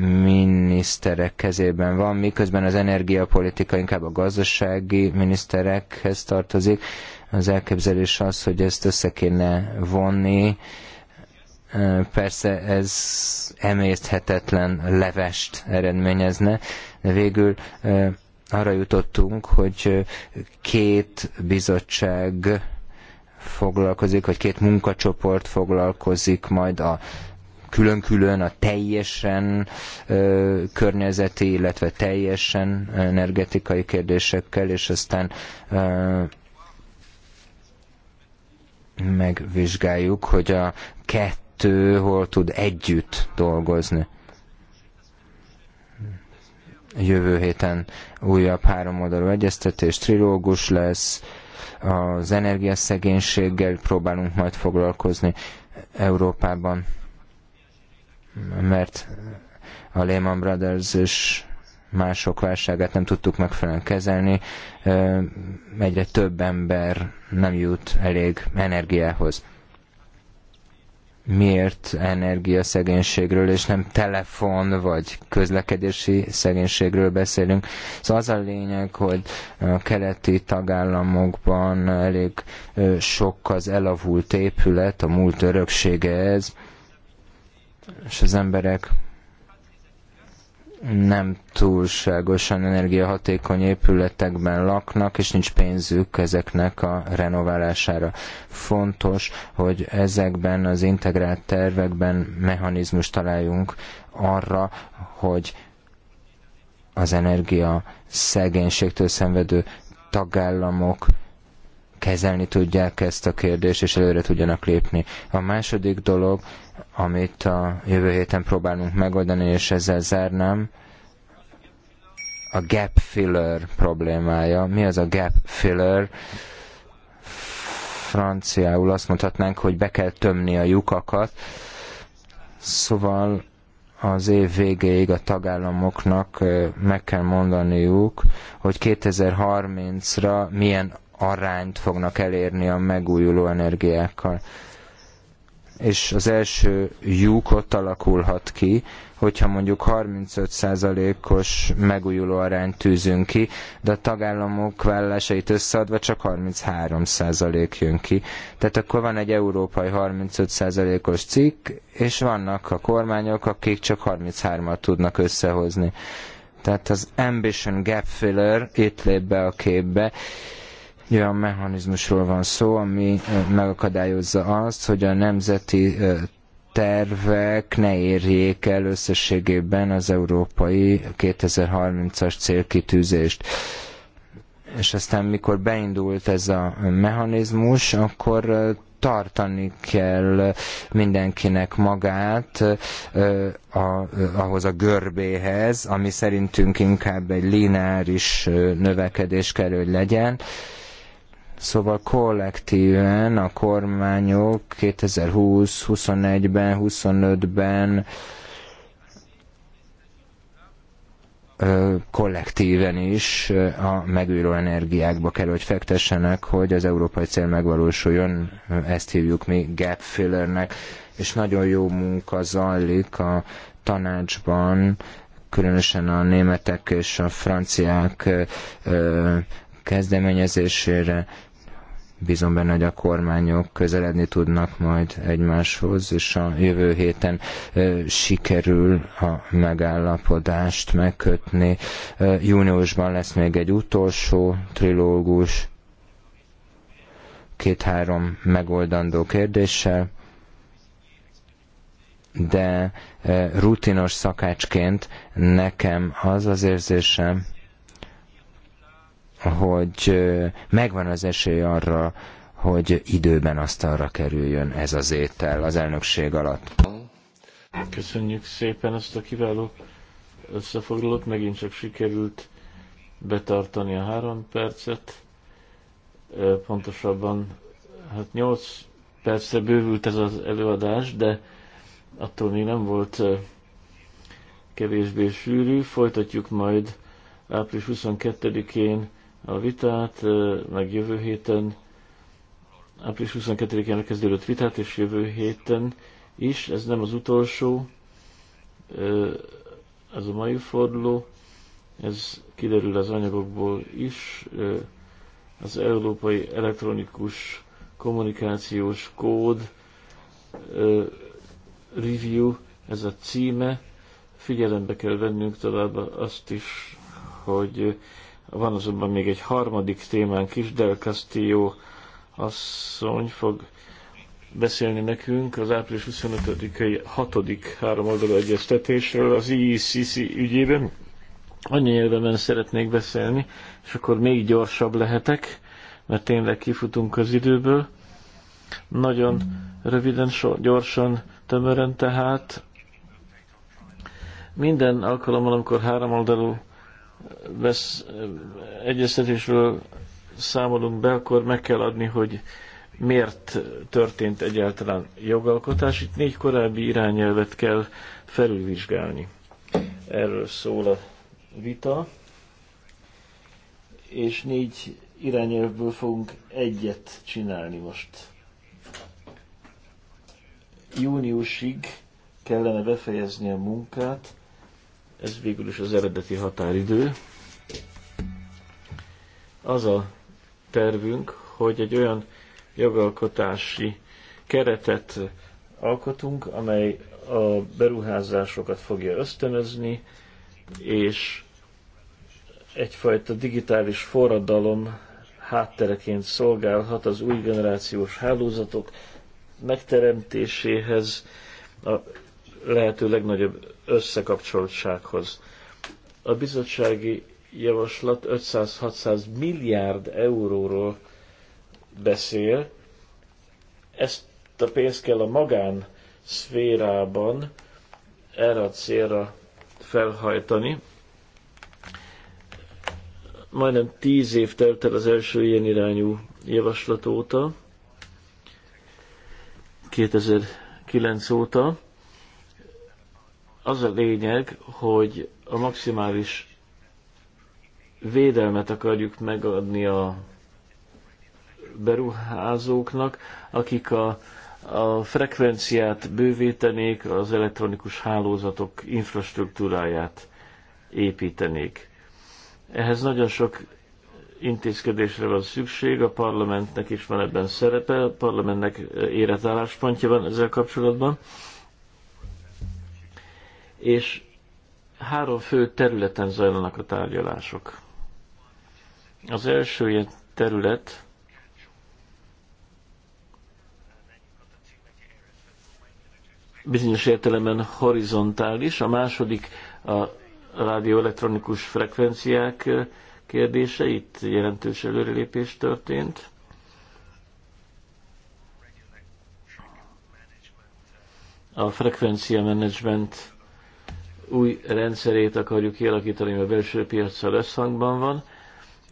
miniszterek kezében van, miközben az energiapolitika inkább a gazdasági miniszterekhez tartozik. Az elképzelés az, hogy ezt össze kéne vonni. Persze ez emészthetetlen levest eredményezne, de végül arra jutottunk, hogy két bizottság foglalkozik, vagy két munkacsoport foglalkozik majd a külön-külön a teljesen ö, környezeti, illetve teljesen energetikai kérdésekkel, és aztán ö, megvizsgáljuk, hogy a kettő hol tud együtt dolgozni. Jövő héten újabb oldalú egyeztetés, trilógus lesz, az energiaszegénységgel próbálunk majd foglalkozni Európában, mert a Lehman Brothers és mások válságát nem tudtuk megfelelően kezelni, egyre több ember nem jut elég energiához. Miért energiaszegénységről, és nem telefon vagy közlekedési szegénységről beszélünk? Szóval az a lényeg, hogy a keleti tagállamokban elég sok az elavult épület, a múlt öröksége ez, és az emberek nem túlságosan energiahatékony épületekben laknak, és nincs pénzük ezeknek a renoválására. Fontos, hogy ezekben az integrált tervekben mechanizmus találjunk arra, hogy az energia szegénységtől szenvedő tagállamok kezelni tudják ezt a kérdést, és előre tudjanak lépni. A második dolog, amit a jövő héten próbálunk megoldani, és ezzel zárnám, a gap filler problémája. Mi az a gap filler? Franciául azt mondhatnánk, hogy be kell tömni a lyukakat, szóval az év végéig a tagállamoknak meg kell mondaniuk, hogy 2030-ra milyen arányt fognak elérni a megújuló energiákkal és az első lyuk ott alakulhat ki, hogyha mondjuk 35%-os megújuló arányt tűzünk ki, de a tagállamok vállásait összeadva csak 33% jön ki. Tehát akkor van egy európai 35%-os cikk, és vannak a kormányok, akik csak 33-at tudnak összehozni. Tehát az ambition gap filler itt lép be a képbe olyan mechanizmusról van szó, ami eh, megakadályozza azt, hogy a nemzeti eh, tervek ne érjék el összességében az európai 2030-as célkitűzést. És aztán mikor beindult ez a mechanizmus, akkor eh, tartani kell mindenkinek magát ahhoz a görbéhez, ami szerintünk inkább egy lineáris növekedés kell, hogy legyen Szóval kollektíven a kormányok 2020, 21-ben, 25-ben kollektíven is a megújuló energiákba kell, hogy fektessenek, hogy az európai cél megvalósuljon, ezt hívjuk mi gap fillernek, és nagyon jó munka zajlik a tanácsban, különösen a németek és a franciák kezdeményezésére Bízom benne, hogy a kormányok közeledni tudnak majd egymáshoz, és a jövő héten sikerül a megállapodást megkötni. Júniusban lesz még egy utolsó trilógus, két-három megoldandó kérdéssel, de rutinos szakácsként nekem az az érzésem, hogy megvan az esély arra, hogy időben asztalra kerüljön ez az étel az elnökség alatt. Köszönjük szépen ezt a kiváló összefoglalót, megint csak sikerült betartani a három percet. Pontosabban, hát nyolc percre bővült ez az előadás, de attól még nem volt kevésbé sűrű. Folytatjuk majd április 22-én a vitát, meg jövő héten, április 22-én kezdődött vitát, és jövő héten is, ez nem az utolsó, ez a mai forduló, ez kiderül az anyagokból is, az Európai Elektronikus Kommunikációs Kód Review, ez a címe, figyelembe kell vennünk tovább azt is, hogy van azonban még egy harmadik témánk is, Del Castillo asszony fog beszélni nekünk az április 25-i 6. háromoldalú egyeztetésről az IECC ügyében. Annyi érdemben szeretnék beszélni, és akkor még gyorsabb lehetek, mert tényleg kifutunk az időből. Nagyon röviden, so, gyorsan, tömören tehát. Minden alkalommal, amikor háromoldalú vesz, egyeztetésről számolunk be, akkor meg kell adni, hogy miért történt egyáltalán jogalkotás. Itt négy korábbi irányelvet kell felülvizsgálni. Erről szól a vita, és négy irányelvből fogunk egyet csinálni most. Júniusig kellene befejezni a munkát, ez végül is az eredeti határidő. Az a tervünk, hogy egy olyan jogalkotási keretet alkotunk, amely a beruházásokat fogja ösztönözni, és egyfajta digitális forradalom háttereként szolgálhat az új generációs hálózatok megteremtéséhez a lehető legnagyobb összekapcsoltsághoz. A bizottsági javaslat 500-600 milliárd euróról beszél, ezt a pénzt kell a magán szférában erre a célra felhajtani. Majdnem tíz év telt el az első ilyen irányú javaslat óta, 2009 óta, az a lényeg, hogy a maximális védelmet akarjuk megadni a beruházóknak, akik a, a frekvenciát bővítenék, az elektronikus hálózatok infrastruktúráját építenék. Ehhez nagyon sok intézkedésre van szükség, a parlamentnek is van ebben szerepe, a parlamentnek érett álláspontja van ezzel kapcsolatban és három fő területen zajlanak a tárgyalások. Az első ilyen terület bizonyos értelemben horizontális, a második a rádióelektronikus frekvenciák kérdése, itt jelentős előrelépés történt. A frekvencia management új rendszerét akarjuk kialakítani, mert a belső piacsal összhangban van,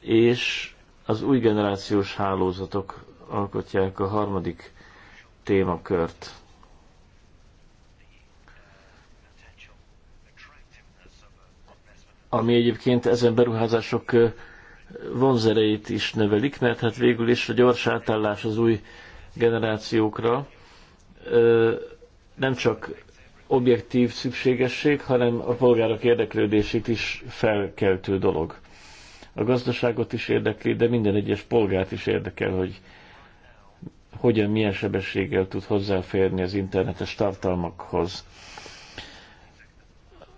és az új generációs hálózatok alkotják a harmadik témakört. Ami egyébként ezen beruházások vonzereit is növelik, mert hát végül is a gyors átállás az új generációkra nem csak objektív szükségesség, hanem a polgárok érdeklődését is felkeltő dolog. A gazdaságot is érdekli, de minden egyes polgárt is érdekel, hogy hogyan, milyen sebességgel tud hozzáférni az internetes tartalmakhoz.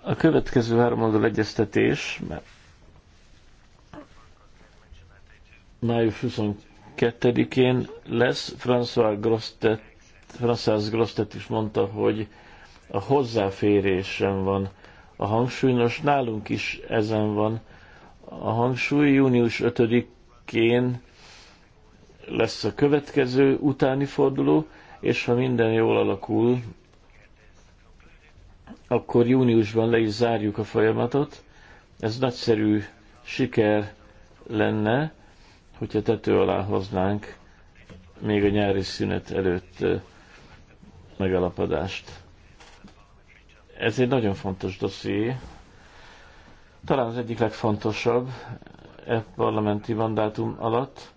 A következő oldal egyeztetés, mert május 22-én lesz, François Grostet, François Grostet is mondta, hogy a hozzáférésen van a hangsúly. Nos, nálunk is ezen van a hangsúly. Június 5-én lesz a következő utáni forduló, és ha minden jól alakul, akkor júniusban le is zárjuk a folyamatot. Ez nagyszerű siker lenne, hogyha tető alá hoznánk még a nyári szünet előtt megalapadást. Ez egy nagyon fontos dosszié, talán az egyik legfontosabb e parlamenti mandátum alatt.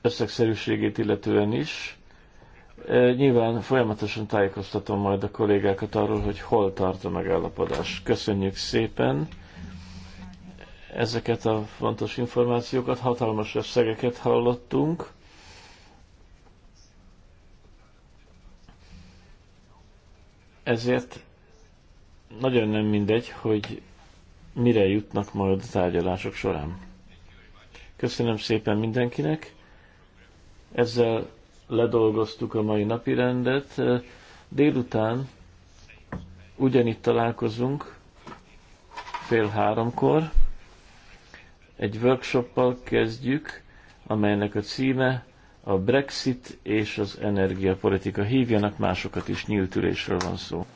Összegszerűségét illetően is. E, nyilván folyamatosan tájékoztatom majd a kollégákat arról, hogy hol tart a megállapodás. Köszönjük szépen ezeket a fontos információkat, hatalmas összegeket hallottunk. Ezért nagyon nem mindegy, hogy mire jutnak majd a tárgyalások során. Köszönöm szépen mindenkinek. Ezzel ledolgoztuk a mai napi rendet. Délután ugyanitt találkozunk, fél háromkor. Egy workshoppal kezdjük, amelynek a címe a Brexit és az energiapolitika. Hívjanak másokat is, nyílt ülésről van szó.